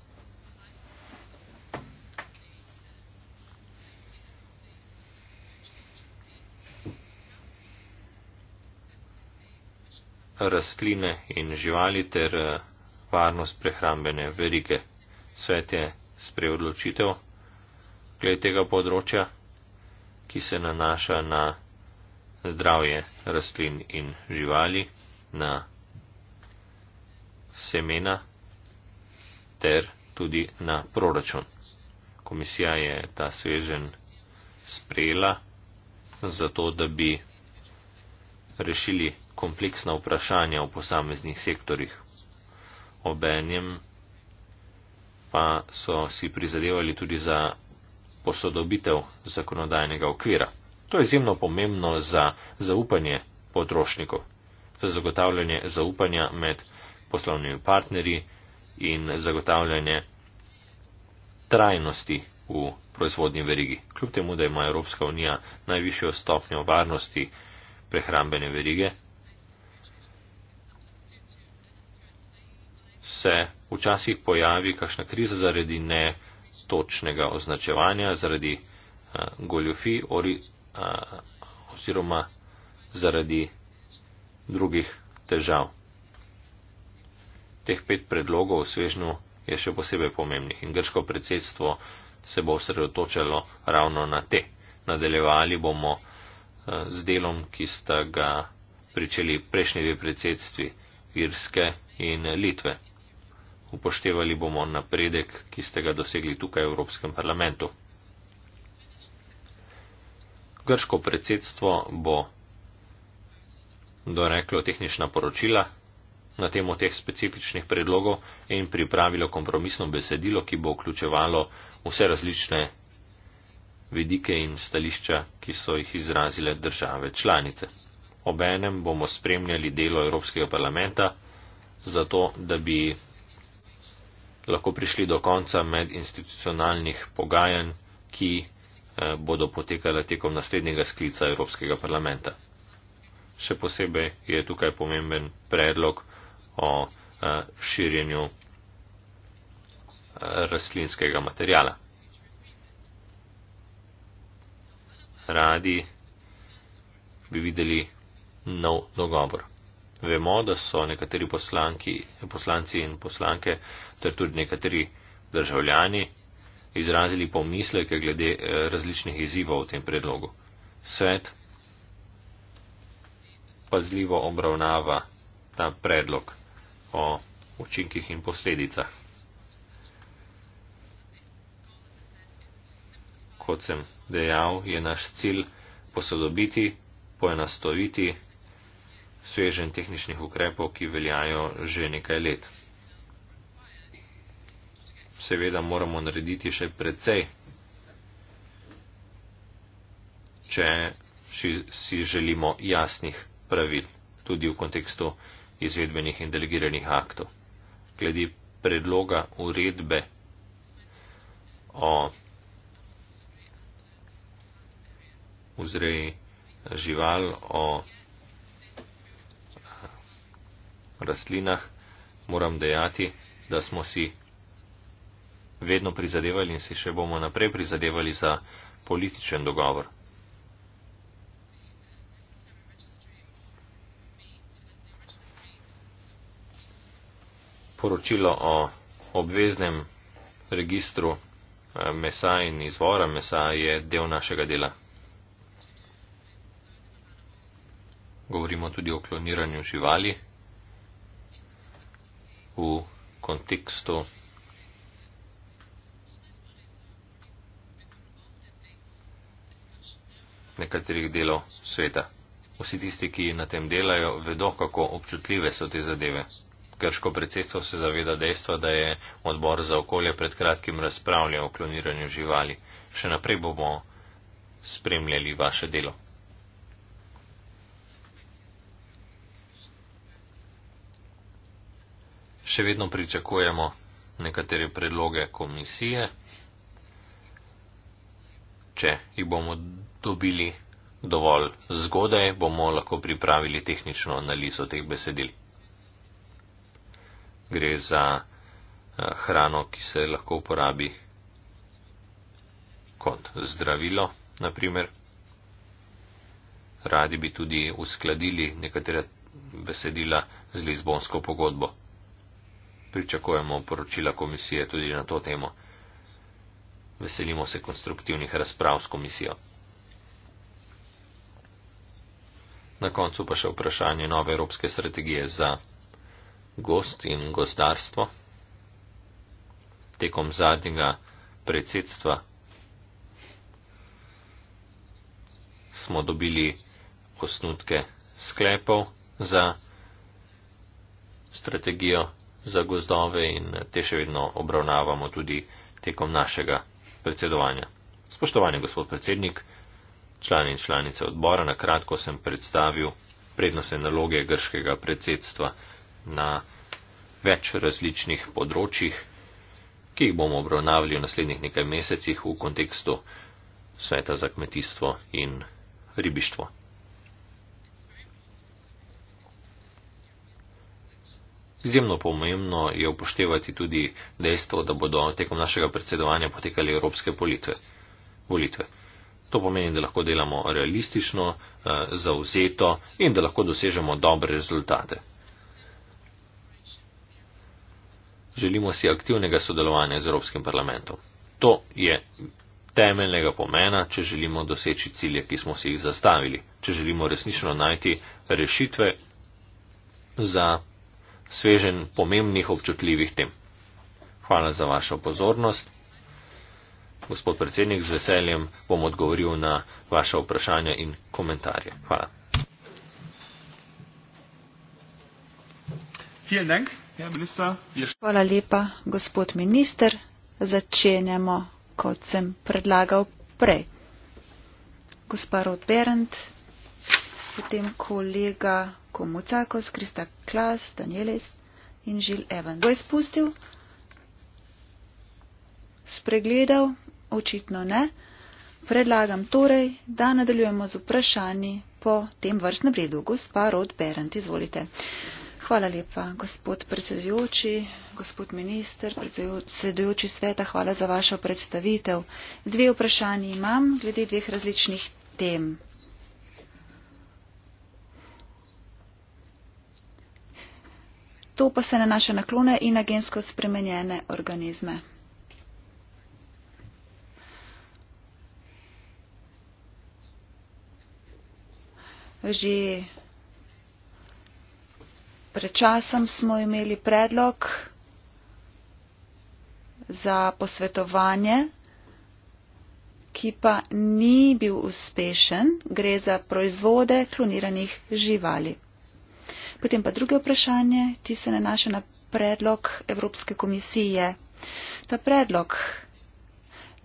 rastline in živali ter eh, varnost prehrambene verige. Svet je sprejel odločitev glede tega področja, ki se nanaša na zdravje rastlin in živali, na semena ter tudi na proračun. Komisija je ta svežen sprejela zato, da bi rešili kompleksna vprašanja v posameznih sektorjih. Obenjem pa so si prizadevali tudi za posodobitev zakonodajnega okvira. To je izjemno pomembno za zaupanje potrošnikov, za zagotavljanje zaupanja med poslovnimi partnerji in zagotavljanje trajnosti v proizvodni verigi. Kljub temu, da ima Evropska unija najvišjo stopnjo varnosti prehrambene verige, se včasih pojavi kakšna kriza zaradi netočnega označevanja, zaradi uh, eh, goljofi ori, uh, oziroma zaradi drugih težav. Teh pet predlogov v svežnju je še posebej pomembnih in grško predsedstvo se bo osredotočalo ravno na te. Nadaljevali bomo eh, z delom, ki sta ga pričeli prejšnji dve predsedstvi Irske in Litve upoštevali bomo napredek, ki ste ga dosegli tukaj v Evropskem parlamentu. Grško predsedstvo bo doreklo tehnična poročila na temo teh specifičnih predlogov in pripravilo kompromisno besedilo, ki bo vključevalo vse različne vidike in stališča, ki so jih izrazile države članice. Obenem bomo spremljali delo Evropskega parlamenta, zato da bi lahko prišli do konca medinstitucionalnih pogajanj, ki eh, bodo potekala tekom naslednjega sklica Evropskega parlamenta. Še posebej je tukaj pomemben predlog o eh, širjenju eh, rastlinskega materijala. Radi bi videli nov dogovor. No Vemo, da so nekateri poslanki, poslanci in poslanke ter tudi nekateri državljani izrazili pomisleke glede eh, različnih izzivov v tem predlogu. Svet pazljivo obravnava ta predlog o učinkih in posledicah. Kot sem dejal, je naš cilj posodobiti, poenostaviti svežen tehničnih ukrepov, ki veljajo že nekaj let. Seveda moramo narediti še precej, če si želimo jasnih pravil, tudi v kontekstu izvedbenih in delegiranih aktov. Glede predloga uredbe o vzreji žival, o rastlinah, moram dejati, da smo si vedno prizadevali in si še bomo naprej prizadevali za političen dogovor. Poročilo o obveznem registru eh, mesa in izvora mesa je del našega dela. Govorimo tudi o kloniranju živali v kontekstu nekaterih delov sveta. Vsi tisti, ki na tem delajo, vedo, kako občutljive so te zadeve. Krško predsedstvo se zaveda dejstva, da je odbor za okolje pred kratkim razpravljal o kloniranju živali. Še naprej bomo spremljali vaše delo. še vedno pričakujemo nekatere predloge komisije. Če jih bomo dobili dovolj zgodaj, bomo lahko pripravili tehnično analizo teh besedil. Gre za eh, hrano, ki se lahko uporabi kot zdravilo, naprimer. Radi bi tudi uskladili nekatere besedila z Lizbonsko pogodbo pričakujemo poročila komisije tudi na to temo. Veselimo se konstruktivnih razprav s komisijo. Na koncu pa še vprašanje nove evropske strategije za gost in gozdarstvo. Tekom zadnjega predsedstva smo dobili osnutke sklepov za strategijo za gozdove in te še vedno obravnavamo tudi tekom našega predsedovanja. Spoštovani gospod predsednik, člani in članice odbora, na kratko sem predstavil prednostne naloge grškega predsedstva na več različnih področjih, ki jih bomo obravnavali v naslednjih nekaj mesecih v kontekstu sveta za kmetijstvo in ribištvo. Izjemno pomembno je upoštevati tudi dejstvo, da bodo tekom našega predsedovanja potekali evropske politve. volitve. To pomeni, da lahko delamo realistično, eh, zauzeto in da lahko dosežemo dobre rezultate. Želimo si aktivnega sodelovanja z Evropskim parlamentom. To je temeljnega pomena, če želimo doseči cilje, ki smo si jih zastavili, če želimo resnično najti rešitve za svežen pomembnih občutljivih tem. Hvala za vašo pozornost. Gospod predsednik, z veseljem bom odgovoril na vaše vprašanja in komentarje. Hvala. Hvala lepa, gospod minister. Začenjamo, kot sem predlagal prej. Gospa Rod Berend, potem kolega Komucakos, Krista Klas, Danielis in Žil Evans. Bo izpustil? Spregledal? Očitno ne. Predlagam torej, da nadaljujemo z vprašanji po tem vrstnem redu. Gospa Rod Berant, izvolite. Hvala lepa, gospod predsedujoči, gospod minister, predsedujoči sveta, hvala za vašo predstavitev. Dve vprašanji imam glede dveh različnih tem. To pa se nanaša na klone in na gensko spremenjene organizme. Že pred časom smo imeli predlog za posvetovanje, ki pa ni bil uspešen. Gre za proizvode kloniranih živali. Potem pa druge vprašanje, ti se nanaša na predlog Evropske komisije. Ta predlog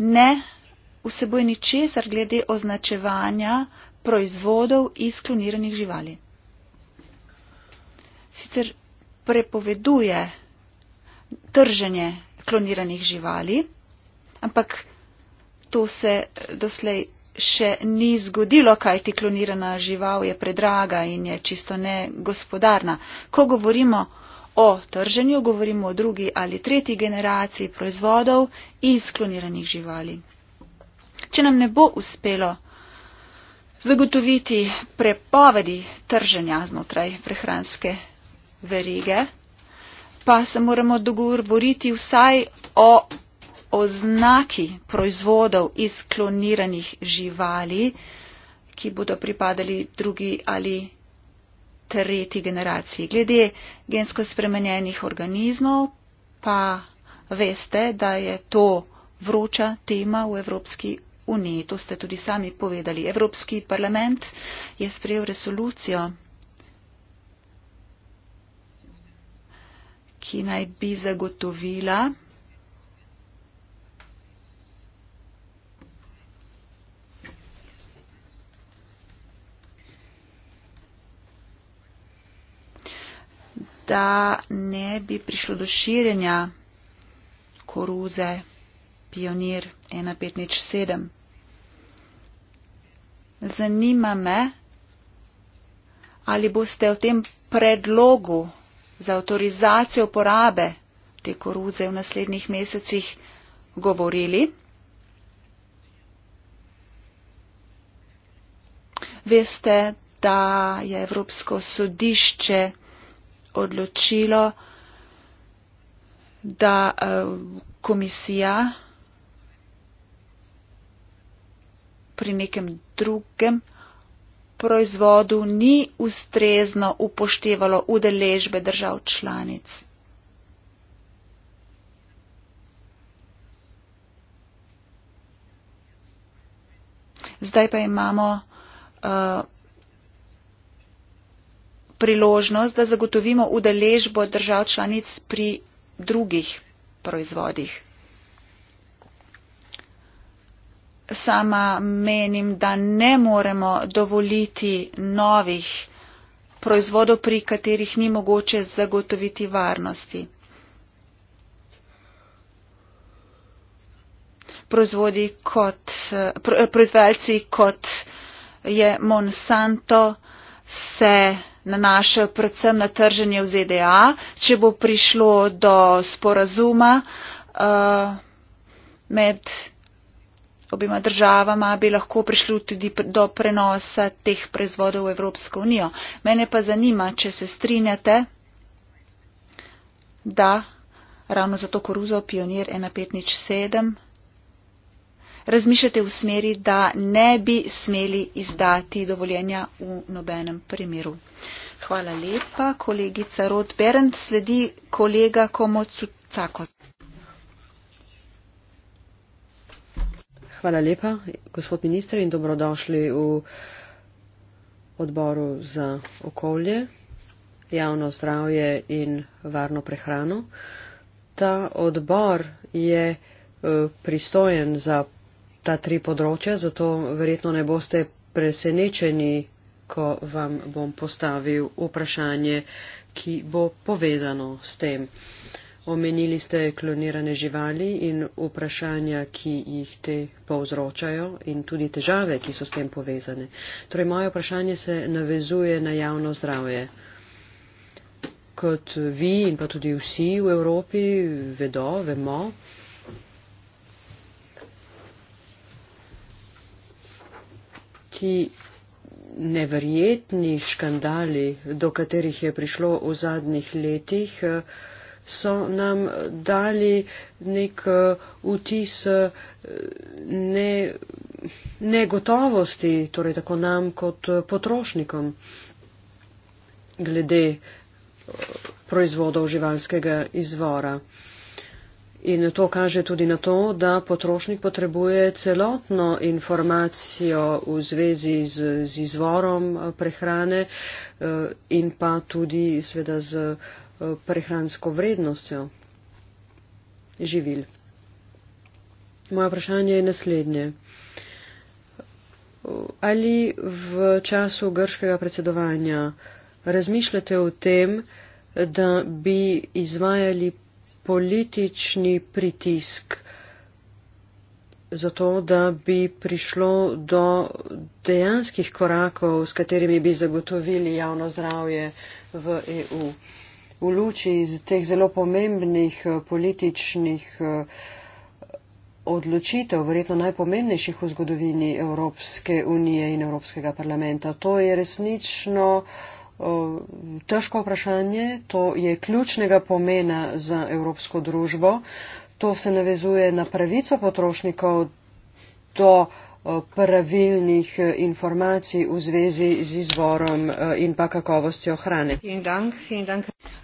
ne vseboj ničesar glede označevanja proizvodov iz kloniranih živali. Sicer prepoveduje trženje kloniranih živali, ampak to se doslej še ni zgodilo, kaj ti klonirana žival je predraga in je čisto negospodarna. Ko govorimo o trženju, govorimo o drugi ali tretji generaciji proizvodov iz kloniranih živali. Če nam ne bo uspelo zagotoviti prepovedi trženja znotraj prehranske verige, pa se moramo dogovoriti vsaj o oznaki proizvodov iz kloniranih živali, ki bodo pripadali drugi ali tretji generaciji. Glede gensko spremenjenih organizmov pa veste, da je to vroča tema v Evropski uniji. To ste tudi sami povedali. Evropski parlament je sprejel resolucijo, ki naj bi zagotovila, da ne bi prišlo do širjenja koruze Pionir 1507. Zanima me, ali boste v tem predlogu za avtorizacijo uporabe te koruze v naslednjih mesecih govorili. Veste, da je Evropsko sodišče odločilo, da eh, komisija pri nekem drugem proizvodu ni ustrezno upoštevalo udeležbe držav članic. Zdaj pa imamo uh, priložnost, da zagotovimo udeležbo držav članic pri drugih proizvodih. Sama menim, da ne moremo dovoliti novih proizvodov, pri katerih ni mogoče zagotoviti varnosti. Proizvodi kot, proizvajalci kot je Monsanto se nanašajo predvsem na trženje v ZDA, če bo prišlo do sporazuma uh, med obima državama, bi lahko prišlo tudi do prenosa teh proizvodov v Evropsko unijo. Mene pa zanima, če se strinjate, da ravno zato koruzo pionir 157 razmišljate v smeri, da ne bi smeli izdati dovoljenja v nobenem primeru. Hvala lepa, kolegica Rod Berend. Sledi kolega Komocu Cako. Hvala lepa, gospod minister in dobrodošli v odboru za okolje, javno zdravje in varno prehrano. Ta odbor je eh, pristojen za ta tri področja, zato verjetno ne boste presenečeni, ko vam bom postavil vprašanje, ki bo povedano s tem. Omenili ste klonirane živali in vprašanja, ki jih te povzročajo in tudi težave, ki so s tem povezane. Torej, moje vprašanje se navezuje na javno zdravje. Kot vi in pa tudi vsi v Evropi vedo, vemo, neki neverjetni škandali, do katerih je prišlo v zadnjih letih, so nam dali nek eh, vtis eh, ne, negotovosti, torej tako nam kot eh, potrošnikom, glede proizvodov živalskega izvora. In to kaže tudi na to, da potrošnik potrebuje celotno informacijo v zvezi z, z izvorom eh, prehrane eh, in pa tudi sveda z eh, prehransko vrednostjo živil. Moje vprašanje je naslednje. Ali v času grškega predsedovanja razmišljate o tem, da bi izvajali politični pritisk za to, da bi prišlo do dejanskih korakov, s katerimi bi zagotovili javno zdravje v EU. V luči teh zelo pomembnih eh, političnih eh, odločitev, verjetno najpomembnejših v zgodovini Evropske unije in Evropskega parlamenta. To je resnično težko vprašanje, to je ključnega pomena za evropsko družbo. To se navezuje na pravico potrošnikov do pravilnih e, informacij v zvezi z izvorom e, in pa kakovostjo hrane.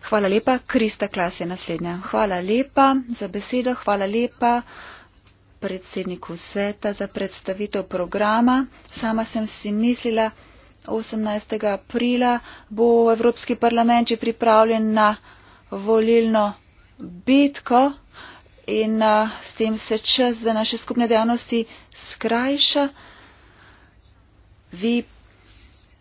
Hvala lepa. Krista Klas je naslednja. Hvala lepa za besedo. Hvala lepa predsedniku sveta za predstavitev programa. Sama sem si mislila, 18. aprila bo Evropski parlament že pripravljen na volilno bitko in a, s tem se čas za naše skupne dejavnosti skrajša. Vi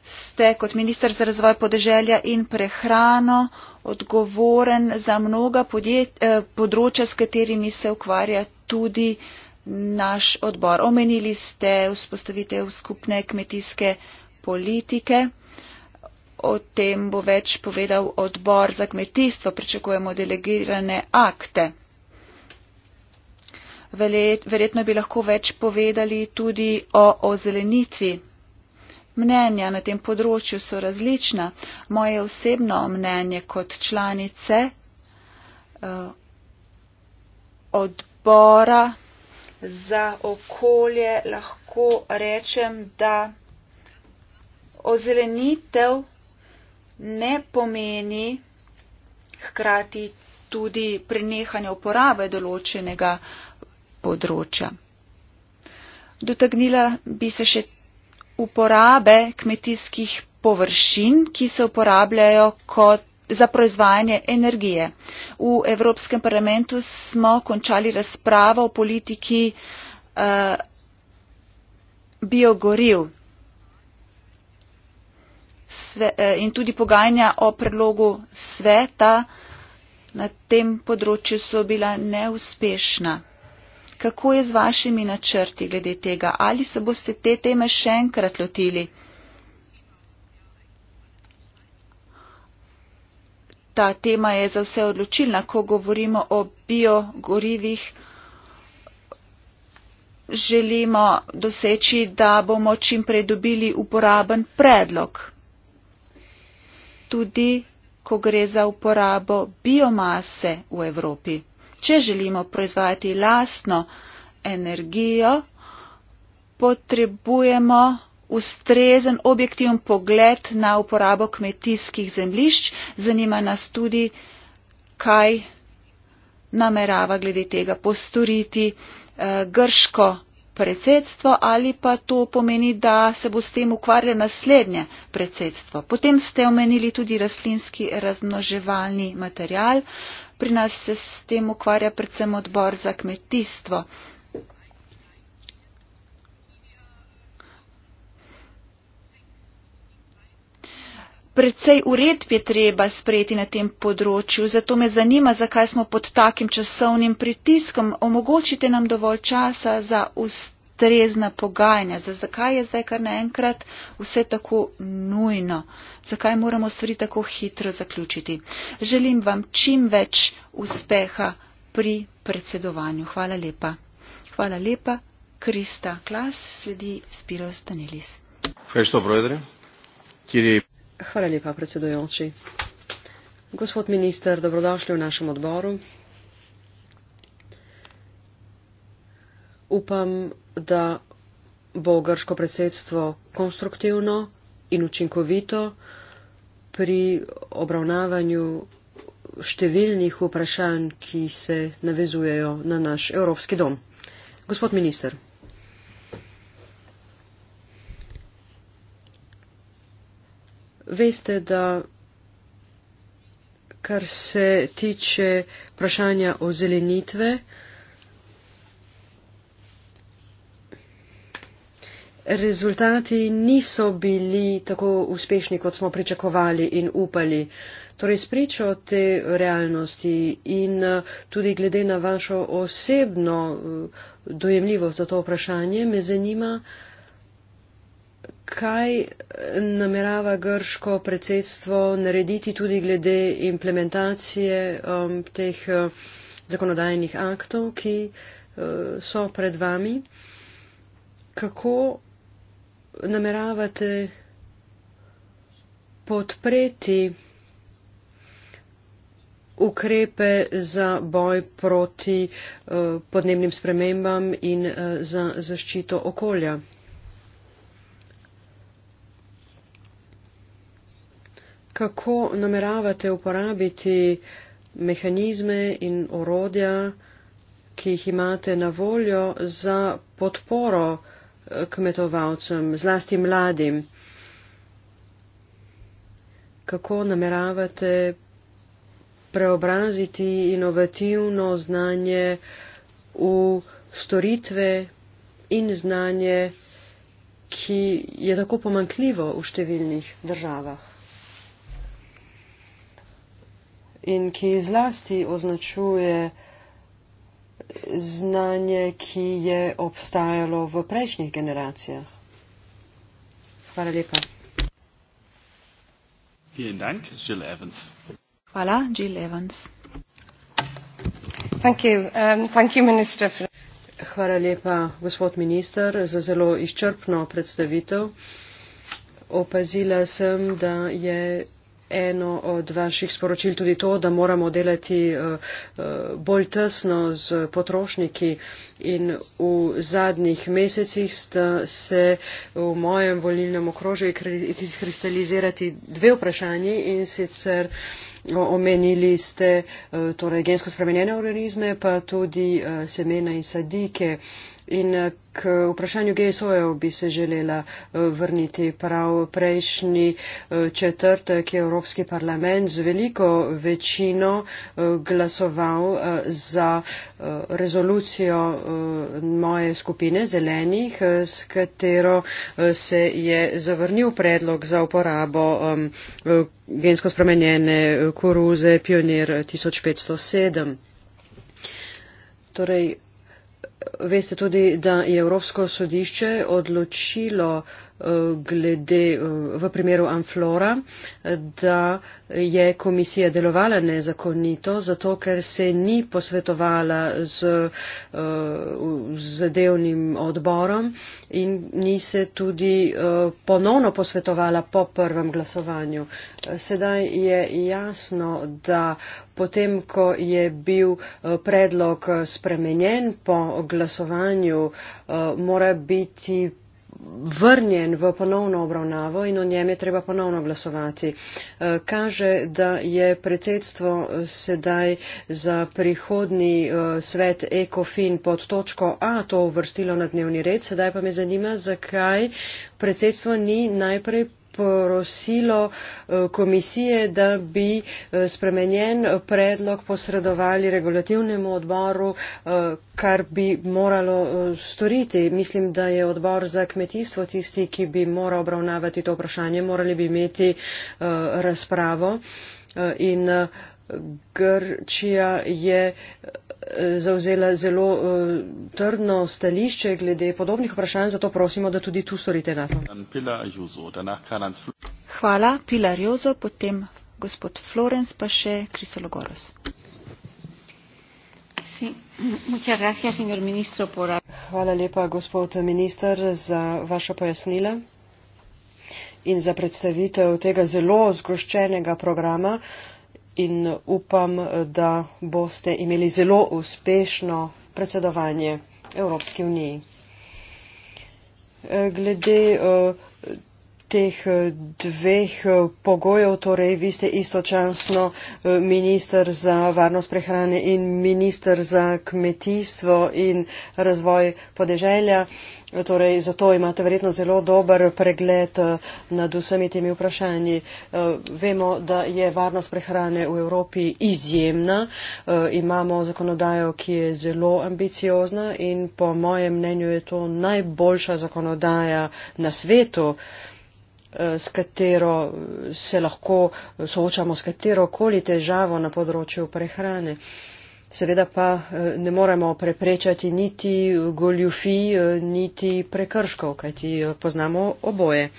ste kot minister za razvoj podeželja in prehrano odgovoren za mnoga podjet, eh, področja, s katerimi se ukvarja tudi naš odbor. Omenili ste vzpostavitev skupne kmetijske politike. O tem bo več povedal odbor za kmetijstvo. Pričakujemo delegirane akte. Verjetno bi lahko več povedali tudi o ozelenitvi. Mnenja na tem področju so različna. Moje osebno mnenje kot članice eh, odbora za okolje lahko rečem, da ozelenitev ne pomeni hkrati tudi prenehanje uporabe določenega področja. Dotaknila bi se še uporabe kmetijskih površin, ki se uporabljajo kot za proizvajanje energije. V Evropskem parlamentu smo končali razpravo o politiki uh, biogoriv. Eh, in tudi pogajanja o predlogu sveta na tem področju so bila neuspešna. Kako je z vašimi načrti glede tega? Ali se boste te teme še enkrat lotili? Ta tema je za vse odločilna, ko govorimo o biogorivih. Želimo doseči, da bomo čim prej dobili uporaben predlog tudi, ko gre za uporabo biomase v Evropi. Če želimo proizvajati lasno energijo, potrebujemo ustrezen objektivn pogled na uporabo kmetijskih zemlišč. Zanima nas tudi, kaj namerava glede tega postoriti eh, grško predsedstvo ali pa to pomeni, da se bo s tem ukvarjalo naslednje predsedstvo. Potem ste omenili tudi rastlinski razmnoževalni material. Pri nas se s tem ukvarja predvsem odbor za kmetijstvo. Predvsej uredb je treba sprejeti na tem področju, zato me zanima, zakaj smo pod takim časovnim pritiskom. Omogočite nam dovolj časa za ustrezna pogajanja, za zakaj je zdaj kar naenkrat vse tako nujno, zakaj moramo stvari tako hitro zaključiti. Želim vam čim več uspeha pri predsedovanju. Hvala lepa. Hvala lepa. Krista Klas sledi Spiro Stanelis. Hvala lepa. Hvala lepa, predsedojoči. Gospod minister, dobrodošli v našem odboru. Upam, da bo grško predsedstvo konstruktivno in učinkovito pri obravnavanju številnih vprašanj, ki se navezujejo na naš evropski dom. Gospod minister. veste, da kar se tiče vprašanja o zelenitve, rezultati niso bili tako uspešni, kot smo pričakovali in upali. Torej, spričo te realnosti in eh, tudi glede na vašo osebno eh, dojemljivost za to vprašanje, me zanima, Kaj eh, namerava grško predsedstvo narediti tudi glede implementacije um, teh uh, zakonodajnih aktov, ki uh, so pred vami? Kako nameravate podpreti ukrepe za boj proti uh, podnebnim spremembam in uh, za zaščito okolja? kako nameravate uporabiti mehanizme in orodja, ki jih imate na voljo za podporo eh, kmetovalcem, zlasti mladim. Kako nameravate preobraziti inovativno znanje v storitve in znanje, ki je tako pomankljivo v številnih državah? in ki zlasti označuje znanje, ki je obstajalo v prejšnjih generacijah. Hvala lepa. Dank, Jill Evans. Hvala, Jill Evans. Thank you. Um, thank you, minister. Hvala lepa, gospod minister, za zelo izčrpno predstavitev. Opazila sem, da je eno od vaših sporočil tudi to, da moramo delati eh, eh, bolj tesno z potrošniki in v zadnjih mesecih sta se v mojem volilnem okrožju izkristalizirati dve vprašanje in sicer omenili ste e, torej gensko spremenjene organizme, pa tudi e, semena in sadike. In e, k vprašanju GSO-jev bi se želela vrniti prav prejšnji četrtek, ki je Evropski parlament z veliko večino glasoval za rezolucijo moje skupine zelenih, s katero se je zavrnil predlog za uporabo gensko spremenjene koruze Pionir 1507. Torej, veste tudi, da je Evropsko sodišče odločilo uh, glede eh, v primeru Amflora, da je komisija delovala nezakonito, zato ker se ni posvetovala z eh, zadevnim odborom in ni se tudi eh, ponovno posvetovala po prvem glasovanju. Sedaj je jasno, da potem, ko je bil predlog spremenjen po glasovanju, mora biti vrnjen v ponovno obravnavo in o njem je treba ponovno glasovati. E, kaže, da je predsedstvo sedaj za prihodni e, svet ECOFIN pod točko A to uvrstilo na dnevni red. Sedaj pa me zanima, zakaj predsedstvo ni najprej prosilo eh, komisije, da bi eh, spremenjen predlog posredovali regulativnemu odboru, eh, kar bi moralo storiti. Mislim, da je odbor za kmetijstvo tisti, ki bi moral obravnavati to vprašanje. Morali bi imeti razpravo in Grčija je eh, zauzela zelo uh, trdno stališče glede podobnih vprašanj, zato prosimo, da tudi tu storite na to. Hvala, Pilar Jozo, potem gospod Florence, pa še Krisologoros. Hvala lepa, gospod minister, za vaša pojasnila in za predstavitev tega zelo zgoščenega programa. Uh, in upam, da boste imeli zelo uspešno predsedovanje Evropski uniji. Eh, glede eh, teh eh, dveh eh, pogojev, torej vi ste istočasno eh, minister za varnost prehrane in minister za kmetijstvo in razvoj podeželja, torej zato imate verjetno zelo dober pregled nad vsemi temi vprašanji. Vemo, da je varnost prehrane v Evropi izjemna, imamo zakonodajo, ki je zelo ambiciozna in po mojem mnenju je to najboljša zakonodaja na svetu. Eh, s katero se lahko eh, soočamo, s katero koli težavo na področju prehrane. Seveda pa eh, ne moremo preprečati niti goljufij, niti prekrškov, kajti poznamo oboje.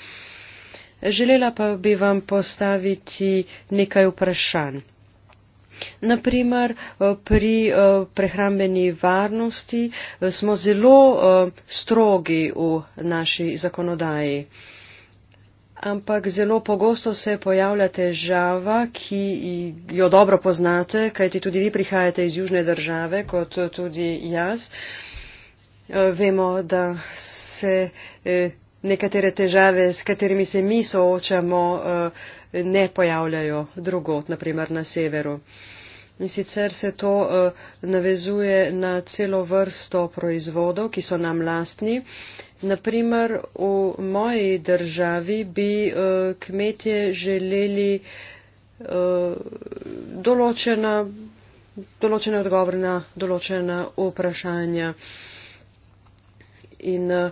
Želela pa bi vam postaviti nekaj vprašanj. Naprimer, pri prehrambeni varnosti smo zelo strogi v naši zakonodaji ampak zelo pogosto se pojavlja težava, ki jo dobro poznate, kajti tudi vi prihajate iz južne države, kot tudi jaz. E, vemo, da se e, nekatere težave, s katerimi se mi soočamo, e, ne pojavljajo drugot, naprimer na severu. In sicer se to navezuje na celo vrsto proizvodov, ki so nam lastni. Naprimer, v moji državi bi eh, kmetje želeli eh, določena, določene odgovore na določena vprašanja. In eh,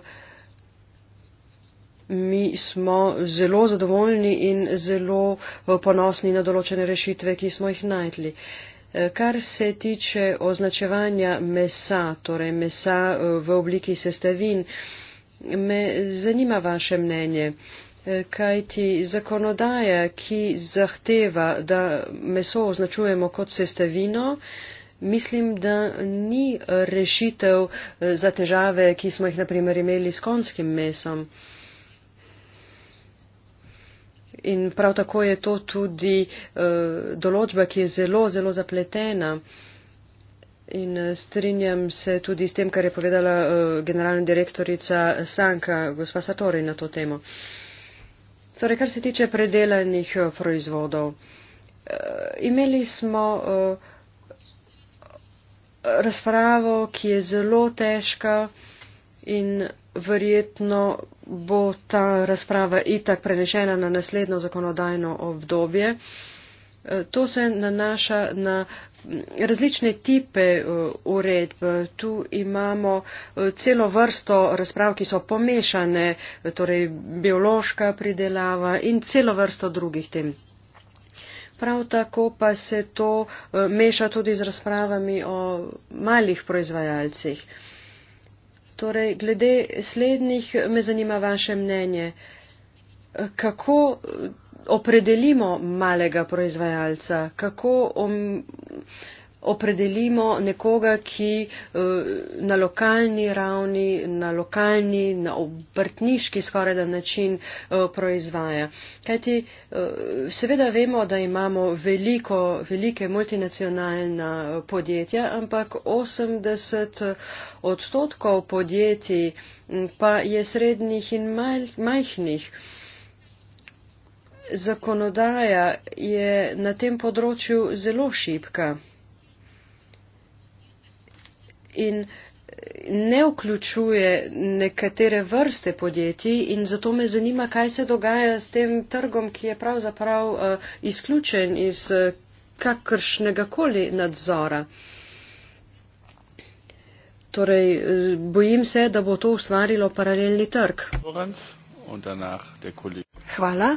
mi smo zelo zadovoljni in zelo ponosni na določene rešitve, ki smo jih najdli. Kar se tiče označevanja mesa, torej mesa v obliki sestavin, me zanima vaše mnenje, eh, kajti zakonodaja, ki zahteva, da meso označujemo kot sestavino, mislim, da ni rešitev eh, za težave, ki smo jih naprimer imeli s konskim mesom. In prav tako je to tudi uh, določba, ki je zelo, zelo zapletena. Uh, In eh, strinjam se tudi s tem, kar je povedala eh, generalna direktorica Sanka, gospa Satori, na to temo. Torej, kar se tiče predelanih eh, proizvodov, imeli smo razpravo, ki je zelo težka in verjetno bo ta razprava itak prenešena na naslednjo zakonodajno obdobje. To se nanaša na različne tipe eh, uredb. Tu imamo eh, celo vrsto razprav, ki so pomešane, eh, torej biološka pridelava in celo vrsto drugih tem. Prav tako pa se to meša tudi z razpravami o malih proizvajalcih. Torej, glede slednjih me zanima vaše mnenje. Kako opredelimo malega proizvajalca, kako om, opredelimo nekoga, ki eh, na lokalni ravni, na lokalni, na obrtniški skoraj da način eh, proizvaja. Kajti eh, seveda vemo, da imamo veliko, velike multinacionalna podjetja, ampak 80 odstotkov podjetij mm, pa je srednjih in majhnih. Maj, zakonodaja je na tem področju zelo šipka in ne vključuje nekatere vrste podjetij in zato me zanima, kaj se dogaja s tem trgom, ki je pravzaprav eh, izključen iz eh, kakršnega koli nadzora. Torej, eh, bojim se, da bo to ustvarilo paralelni trg. Hvala.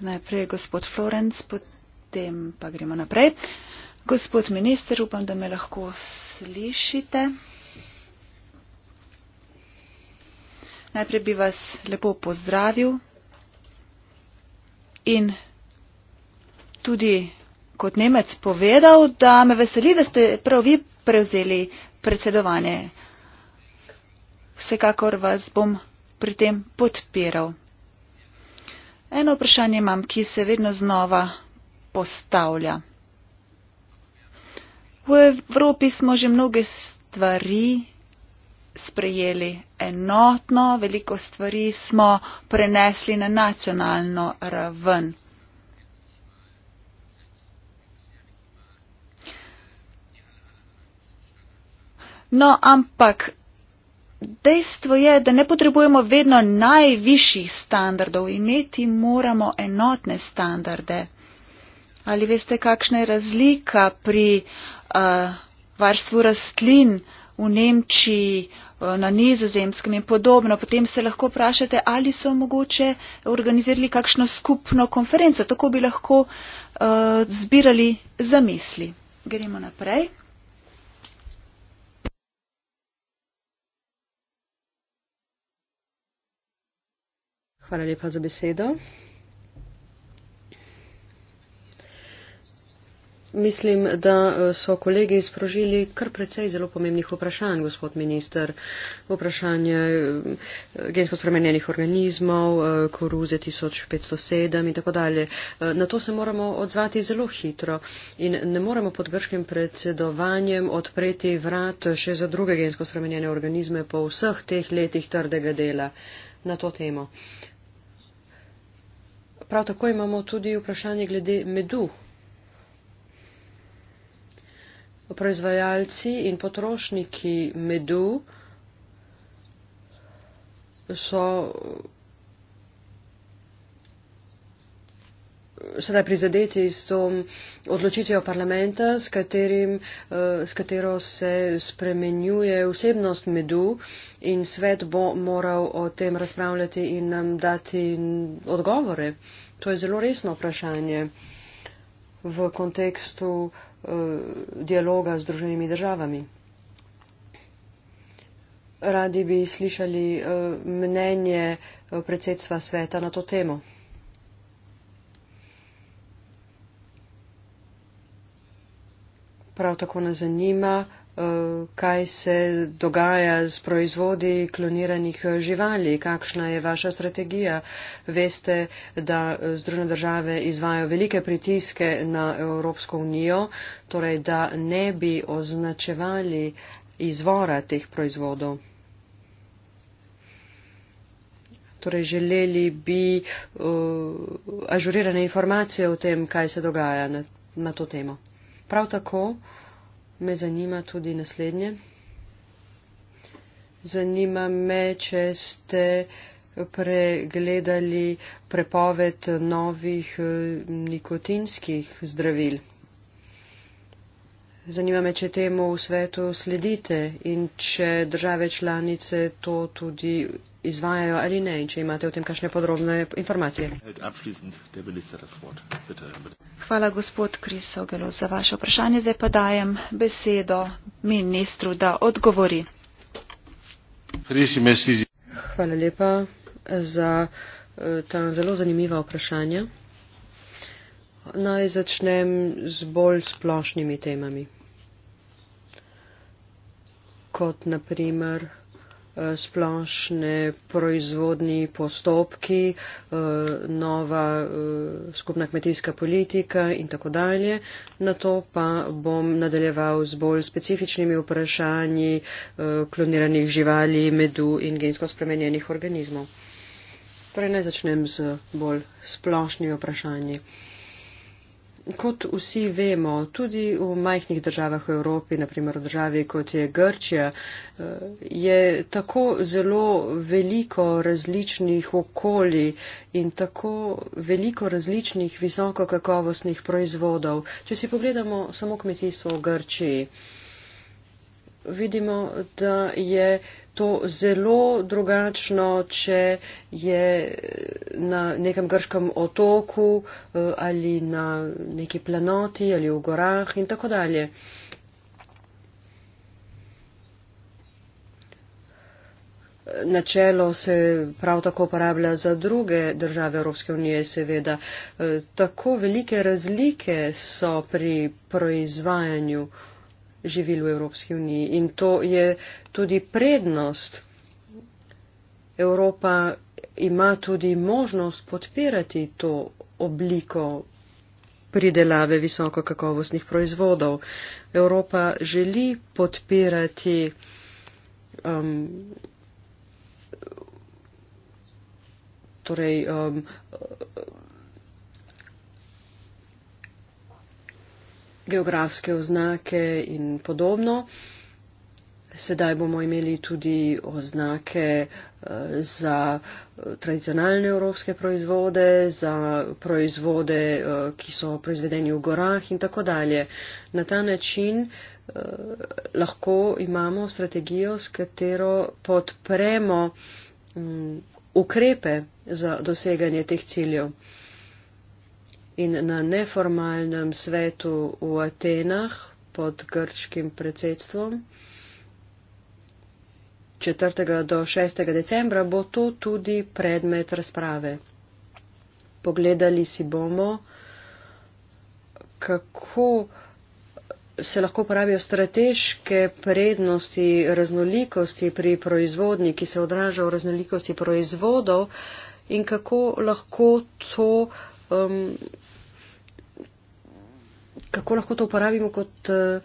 Najprej gospod Florenc, potem pa gremo naprej. Gospod minister, upam, da me lahko slišite. Najprej bi vas lepo pozdravil in tudi kot Nemec povedal, da me veseli, da ste prav vi prevzeli predsedovanje. Vsekakor vas bom pri tem podpiral. Eno vprašanje imam, ki se vedno znova postavlja. V Evropi smo že mnoge stvari sprejeli enotno, veliko stvari smo prenesli na nacionalno raven. No, ampak dejstvo je, da ne potrebujemo vedno najvišjih standardov, imeti moramo enotne standarde. Ali veste, kakšna je razlika pri uh, varstvu rastlin v Nemčiji, uh, na nizozemskem in podobno? Potem se lahko vprašate, ali so mogoče organizirali kakšno skupno konferenco. Tako bi lahko uh, zbirali zamisli. Gremo naprej. Hvala lepa za besedo. Mislim, da eh, so kolegi sprožili kar precej zelo pomembnih vprašanj, gospod minister. Vprašanje eh, gensko spremenjenih organizmov, eh, koruze 1507 in tako dalje. Na to se moramo odzvati zelo hitro in ne moremo pod grškim predsedovanjem odpreti vrat še za druge gensko spremenjene organizme po vseh teh letih trdega dela na to temo. Prav tako imamo tudi vprašanje glede medu. Proizvajalci in potrošniki medu so sedaj prizadeti s to odločitvijo parlamenta, s, katerim, eh, s katero se spremenjuje vsebnost medu in svet bo moral o tem razpravljati in nam dati odgovore. To je zelo resno vprašanje v kontekstu eh, dialoga z druženimi državami. Radi bi slišali eh, mnenje predsedstva sveta na to temo. prav tako ne zanima, eh, kaj se dogaja z proizvodi kloniranih eh, živali, kakšna je vaša strategija. Veste, da eh, Združene države izvajo velike pritiske na Evropsko unijo, torej da ne bi označevali izvora teh proizvodov. Torej želeli bi uh, ažurirane informacije o tem, kaj se dogaja na, na to temo. Prav tako me zanima tudi naslednje. Zanima me, če ste pregledali prepoved novih eh, nikotinskih zdravil. Zanima me, če temu v svetu sledite in če države članice to tudi izvajajo ali ne in če imate v tem kakšne podrobne informacije. Hvala gospod Krisogelo za vaše vprašanje. Zdaj pa dajem besedo ministru, da odgovori. Hvala lepa za eh, ta zelo zanimiva vprašanja. Naj začnem z bolj splošnimi temami. Kot naprimer splošne proizvodni postopki, eh, nova eh, skupna kmetijska politika in tako dalje. Na to pa bom nadaljeval z bolj specifičnimi vprašanji eh, kloniranih živali, medu in gensko spremenjenih organizmov. Torej naj začnem z bolj splošnimi vprašanji kot vsi vemo, tudi v majhnih državah v Evropi, naprimer v državi kot je Grčija, eh, je tako zelo veliko različnih okoli in tako veliko različnih visokokakovostnih proizvodov. Če si pogledamo samo kmetijstvo v Grčiji, vidimo, da je to zelo drugačno, če je na nekem grškem otoku eh, ali na neki planoti ali v gorah in tako dalje. Načelo se prav tako uporablja za druge države Evropske unije, seveda. Eh, tako velike razlike so pri proizvajanju živil v Evropski uniji. In to je tudi prednost. Evropa ima tudi možnost podpirati to obliko pridelave visoko kakovostnih proizvodov. Evropa želi podpirati um, torej, um, geografske oznake in podobno. Sedaj bomo imeli tudi oznake eh, za eh, tradicionalne evropske proizvode, za proizvode, eh, ki so proizvedeni v gorah in tako dalje. Na ta način lahko imamo strategijo, s katero podpremo mm, ukrepe za doseganje teh ciljev in na neformalnem svetu v Atenah pod grčkim predsedstvom 4. do 6. decembra bo to tudi predmet razprave. Pogledali si bomo, kako se lahko pravijo strateške prednosti raznolikosti pri proizvodni, ki se odraža v raznolikosti proizvodov in kako lahko to um, kako lahko to uporabimo kot uh,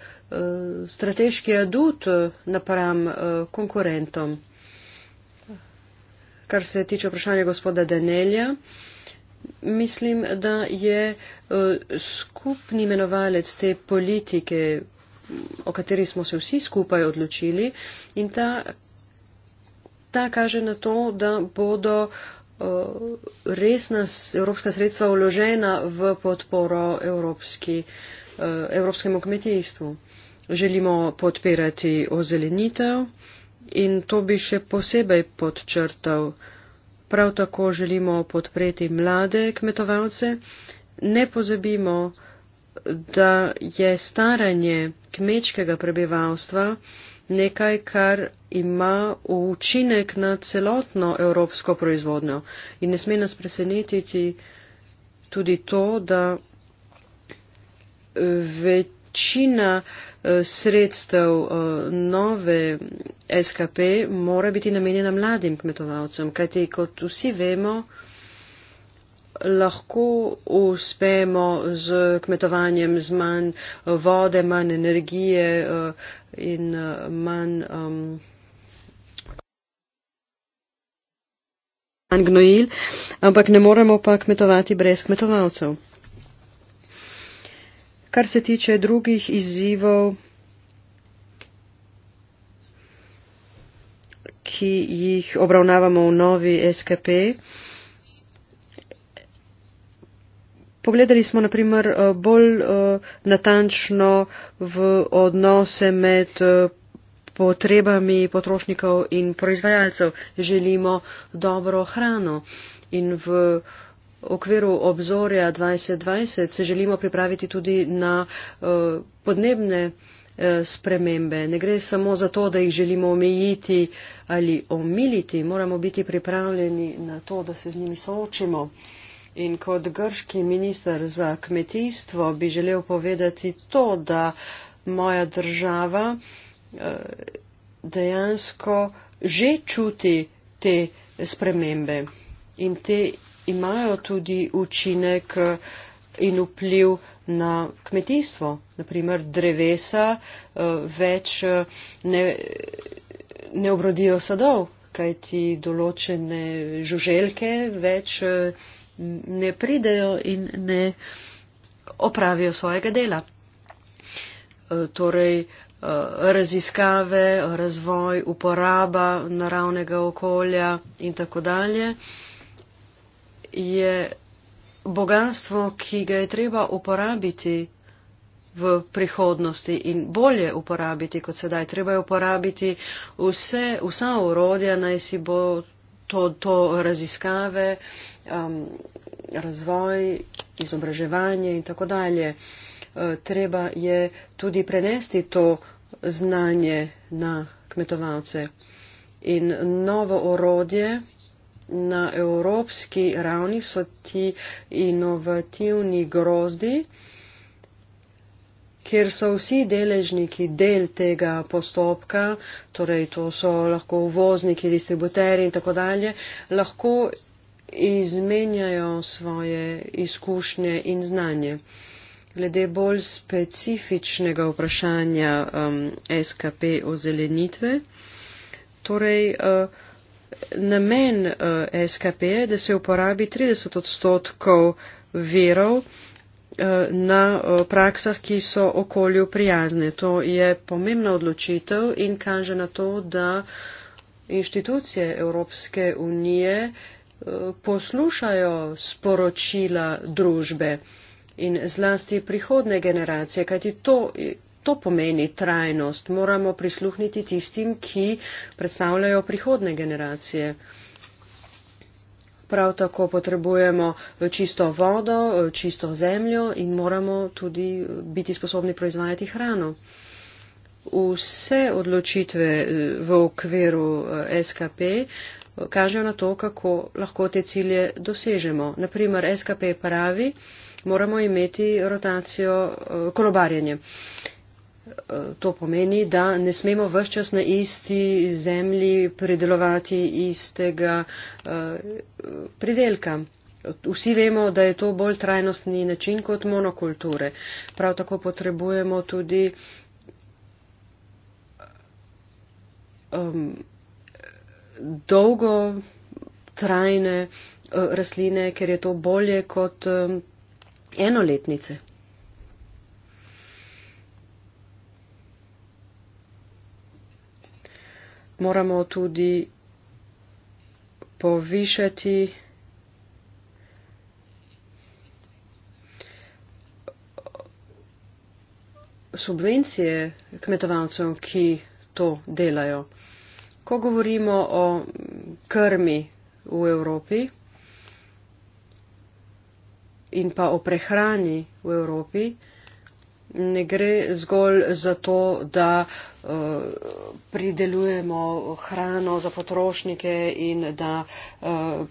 strateški adut eh, napram uh, konkurentom. Kar se tiče vprašanja gospoda Danelja, mislim, da je uh, skupni imenovalec te politike, o kateri smo se vsi skupaj odločili, in ta, ta kaže na to, da bodo uh, Eh, resna evropska sredstva uložena v podporo evropski, eh, evropskemu kmetijstvu. Želimo podpirati ozelenitev in to bi še posebej podčrtal. Prav tako želimo podpreti mlade kmetovalce. Ne pozabimo, da je staranje kmečkega prebivalstva nekaj, kar ima učinek na celotno evropsko proizvodnjo. In ne sme nas presenetiti tudi to, da eh, večina eh, sredstev eh, nove SKP mora biti namenjena mladim kmetovalcem, kajti kot vsi vemo, lahko uspemo z kmetovanjem, z manj eh, vode, manj energije eh, in eh, manj. Um, Gnojil, ampak ne moremo pa kmetovati brez kmetovalcev. Kar se tiče drugih izzivov, ki jih obravnavamo v novi SKP, Pogledali smo naprimer eh, bolj eh, natančno v odnose med eh, potrebami potrošnikov in proizvajalcev. Želimo dobro hrano in v okviru obzorja 2020 se želimo pripraviti tudi na podnebne spremembe. Ne gre samo za to, da jih želimo omejiti ali omiliti, moramo biti pripravljeni na to, da se z njimi soočimo. In kot grški minister za kmetijstvo bi želel povedati to, da moja država eh, dejansko že čuti te spremembe in te imajo tudi učinek eh, in vpliv na kmetijstvo. Naprimer, drevesa eh, več ne, ne obrodijo sadov, kajti določene žuželke več ne pridejo in ne opravijo svojega dela. E, torej, e, raziskave, razvoj, uporaba naravnega okolja in tako dalje je bogatstvo, ki ga je treba uporabiti v prihodnosti in bolje uporabiti kot sedaj. Treba je uporabiti vse, vsa urodja, naj si bo to, to raziskave, um, razvoj, izobraževanje in tako dalje. Uh, treba je tudi prenesti to znanje na kmetovalce. In novo orodje na evropski ravni so ti inovativni grozdi, kjer so vsi deležniki del tega postopka, torej to so lahko uvozniki, distributeri in tako dalje, lahko izmenjajo svoje izkušnje in znanje. Glede bolj specifičnega vprašanja um, SKP o zelenitve, torej uh, namen uh, SKP je, da se uporabi 30 odstotkov verov, Eh, na eh, praksah, ki so okolju prijazne. To je pomembna odločitev in kaže na to, da inštitucije Evropske unije eh, poslušajo sporočila družbe in zlasti prihodne generacije, kajti to, to pomeni trajnost. Moramo prisluhniti tistim, ki predstavljajo prihodne generacije prav tako potrebujemo eh, čisto vodo, eh, čisto zemljo in moramo tudi eh, biti sposobni proizvajati hrano. Vse odločitve v okviru SKP kažejo na to, kako lahko te cilje dosežemo. Naprimer, SKP pravi, moramo imeti rotacijo kolobarjenje to pomeni, da ne smemo vse čas na isti zemlji predelovati istega eh, pridelka. Vsi vemo, da je to bolj trajnostni način kot monokulture. Prav tako potrebujemo tudi um, dolgo trajne uh, rastline, ker je to bolje kot um, enoletnice. moramo tudi povišati subvencije kmetovalcev, ki to delajo. Ko govorimo o krmi v Evropi in pa o prehrani v Evropi, ne gre zgolj za to, da eh, pridelujemo hrano za potrošnike in da eh,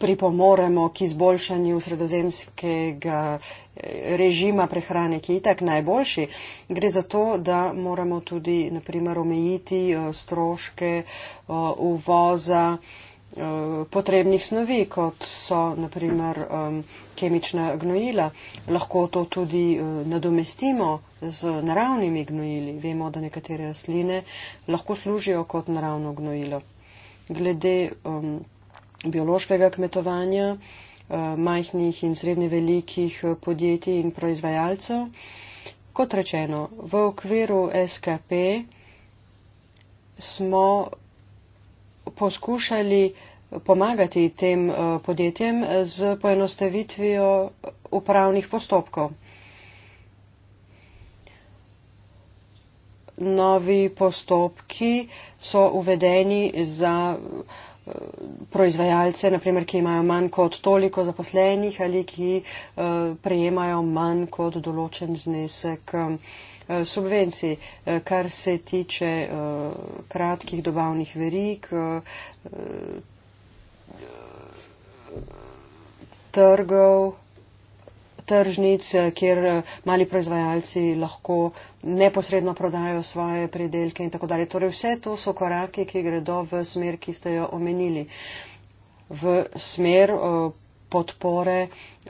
pripomoremo k izboljšanju sredozemskega eh, režima prehrane, ki je itak najboljši. Gre za to, da moramo tudi, naprimer, omejiti stroške uvoza. Uh, Eh, potrebnih snovi, kot so naprimer kemična gnojila. Lahko to tudi eh, nadomestimo z naravnimi gnojili. Vemo, da nekatere rastline lahko služijo kot naravno gnojilo. Glede um, biološkega kmetovanja eh, majhnih in srednje velikih podjetij in proizvajalcev, kot rečeno, v okviru SKP smo poskušali pomagati tem eh, podjetjem z poenostavitvijo upravnih postopkov. Novi postopki so uvedeni za eh, proizvajalce, naprimer, ki imajo manj kot toliko zaposlenih ali ki eh, prejemajo manj kot določen znesek Eh, subvencij, eh, kar se tiče eh, kratkih dobavnih verik, trgov, tržnic, kjer mali proizvajalci lahko neposredno prodajo svoje predelke in tako dalje. Torej vse to so korake, ki gredo v smer, ki ste jo omenili, v smer podpore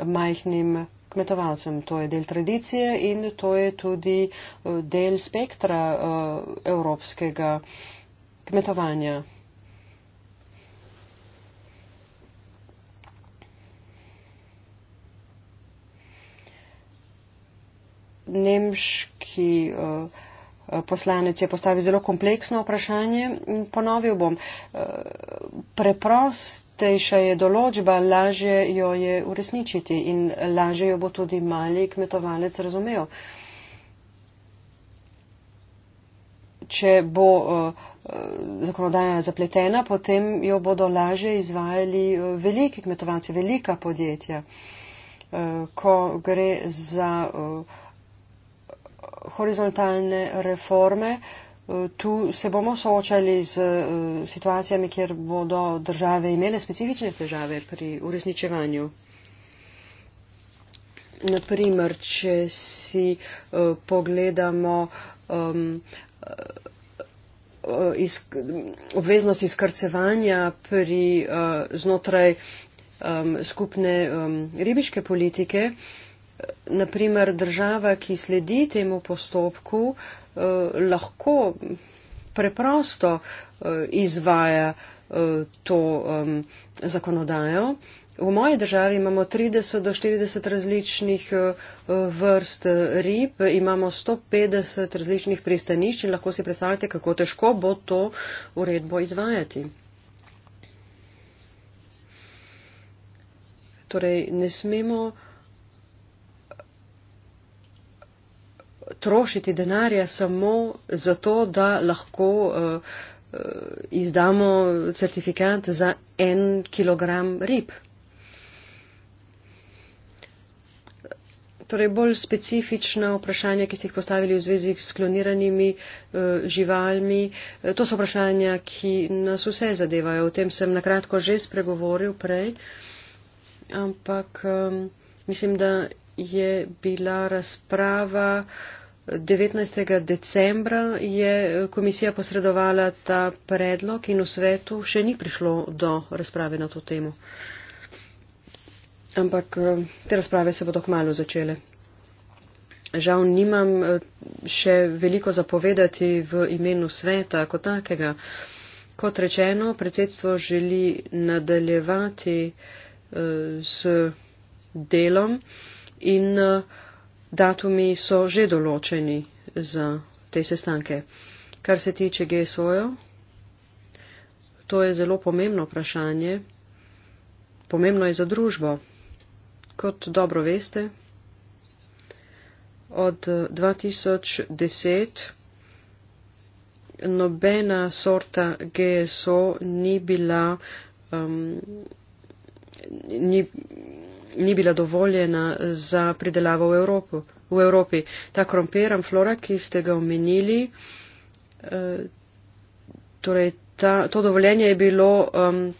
majhnim kmetovalcem. To je del tradicije in to je tudi eh, del spektra eh, evropskega kmetovanja. Nemški uh, poslanec je postavil zelo kompleksno vprašanje. Ponovil bom, e, preprostejša je določba, lažje jo je uresničiti in lažje jo bo tudi mali kmetovalec razumel. Če bo e, e, zakonodaja zapletena, potem jo bodo lažje izvajali veliki kmetovalci, velika podjetja. Ko gre za uh, horizontalne reforme. E, tu se bomo soočali z e, situacijami, kjer bodo države imele specifične težave pri uresničevanju. Naprimer, če si e, pogledamo um, iz, obveznost izkrcevanja pri uh, znotraj um, skupne um, ribiške politike, uh, naprimer država, ki sledi temu postopku, eh, lahko preprosto eh, izvaja eh, to zakonodajo. V moji državi imamo 30 do 40 različnih vrst rib, imamo 150 različnih pristanišč in lahko si predstavljate, kako težko bo to uredbo izvajati. Torej, ne smemo uh, trošiti denarja samo zato, da lahko uh, izdamo certifikat za en kilogram rib. Torej, bolj specifična vprašanja, ki ste jih postavili v zvezi s kloniranimi uh, živalmi, to so vprašanja, ki nas vse zadevajo. O tem sem nakratko že spregovoril prej, ampak um, mislim, da je bila razprava uh, 19. decembra je komisija posredovala ta predlog in v svetu še ni prišlo do razprave na to temo. Ampak eh, te razprave se bodo kmalo začele. Žal nimam eh, še veliko zapovedati v imenu sveta kot takega. Kot rečeno, predsedstvo želi nadaljevati uh, s delom in uh, datumi so že določeni za te sestanke. Kar se tiče GSO-jo, to je zelo pomembno vprašanje. Pomembno je za družbo. Kot dobro veste, od 2010 nobena sorta GSO ni bila. Um, ni, ni bila dovoljena za pridelavo v, Evropo, v Evropi. Ta krompir, amflora, ki ste ga omenili, eh, torej ta, to dovoljenje je bilo, um,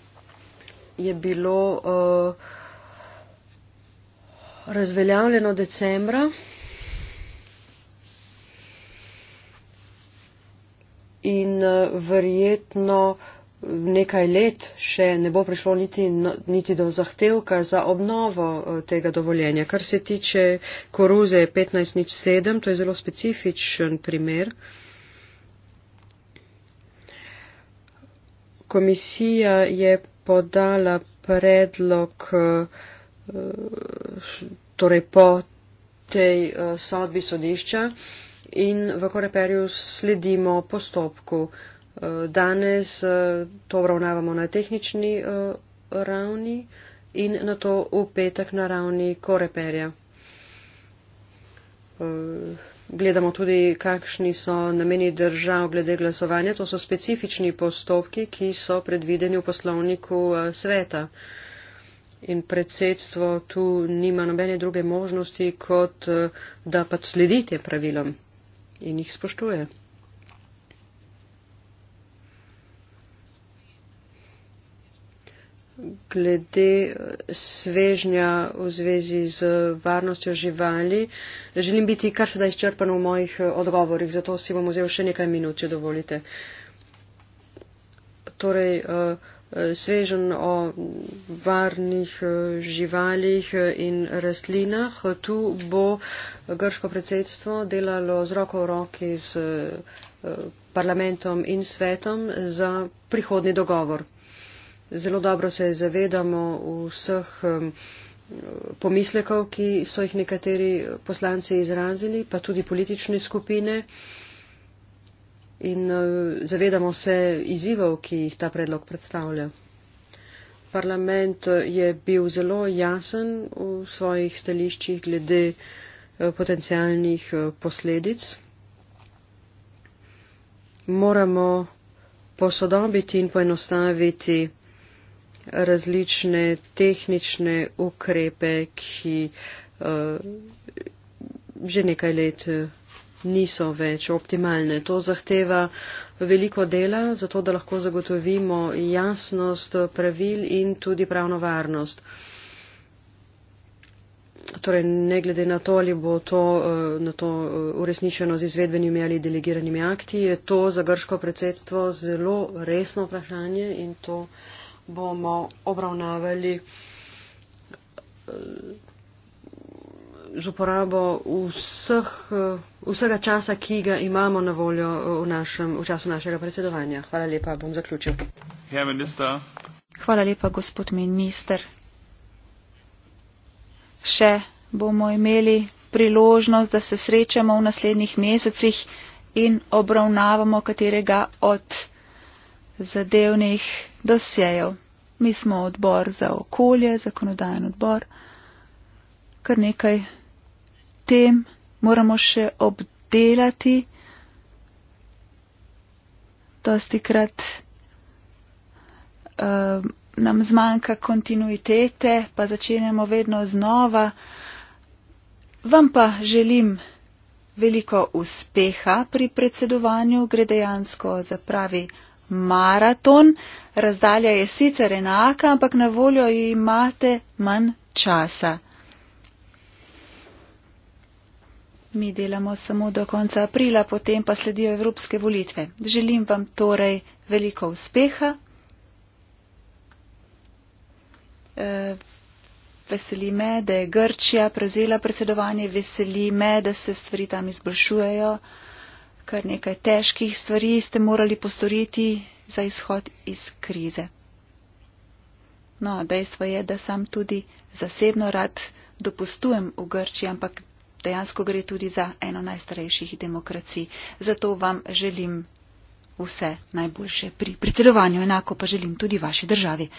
je bilo uh, razveljavljeno decembra. In uh, verjetno uh, nekaj let še ne bo prišlo niti, no, niti do zahtevka za obnovo eh, tega dovoljenja. Kar se tiče koruze 1507, to je zelo specifičen primer. Komisija je podala predlog, eh, torej po tej eh, sodbi sodišča in v Koreperju sledimo postopku. Danes eh, to obravnavamo na tehnični eh, ravni in na to v petek na ravni koreperja. Eh, gledamo tudi, kakšni so nameni držav glede glasovanja. To so specifični postopki, ki so predvideni v poslovniku sveta. In predsedstvo tu nima nobene druge možnosti, kot da pa sledi tem pravilom in jih spoštuje. glede eh, svežnja v zvezi z varnostjo živali. Želim biti kar se da izčrpan v mojih eh, odgovorih, zato si bom vzel še nekaj minut, če dovolite. Torej, eh, svežen o varnih živalih in rastlinah. Tu bo grško predsedstvo delalo z roko v roki z parlamentom in svetom za prihodni dogovor. Zelo dobro se zavedamo vseh pomislekov, ki so jih nekateri poslanci izrazili, pa tudi politične skupine. In zavedamo se izzivov, ki jih ta predlog predstavlja. Parlament eh, je bil zelo jasen v svojih stališčih glede eh, potencijalnih eh, posledic. Moramo posodobiti in poenostaviti različne tehnične ukrepe, ki uh, že nekaj let eh, niso več optimalne. To zahteva veliko dela, zato da lahko zagotovimo jasnost pravil in tudi pravno varnost. Torej, ne glede na to, ali bo to, eh, na to uresničeno z izvedbenimi ali delegiranimi akti, je to za grško predsedstvo zelo resno vprašanje in to bomo obravnavali eh, z uporabo vseh, eh, vsega časa, ki ga imamo na voljo eh, v, našem, v času našega predsedovanja. Hvala lepa, bom zaključil. Hvala lepa, gospod minister. Še bomo imeli priložnost, da se srečamo v naslednjih mesecih in obravnavamo katerega od zadevnih dosjejev. Mi smo odbor za okolje, zakonodajen odbor, kar nekaj tem moramo še obdelati. Dosti krat uh, eh, nam zmanjka kontinuitete, pa začenjamo vedno znova. Vam pa želim veliko uspeha pri predsedovanju, gre dejansko za pravi maraton. Razdalja je sicer enaka, ampak na voljo imate manj časa. Mi delamo samo do konca aprila, potem pa sledijo evropske volitve. Želim vam torej veliko uspeha. E, veseli me, da je Grčija prevzela predsedovanje, veseli me, da se stvari tam izboljšujejo kar nekaj težkih stvari ste morali postoriti za izhod iz krize. No, dejstvo je, da sam tudi zasebno rad dopustujem v Grči, ampak dejansko gre tudi za eno najstarejših demokracij. Zato vam želim vse najboljše pri predsedovanju, enako pa želim tudi vaši državi.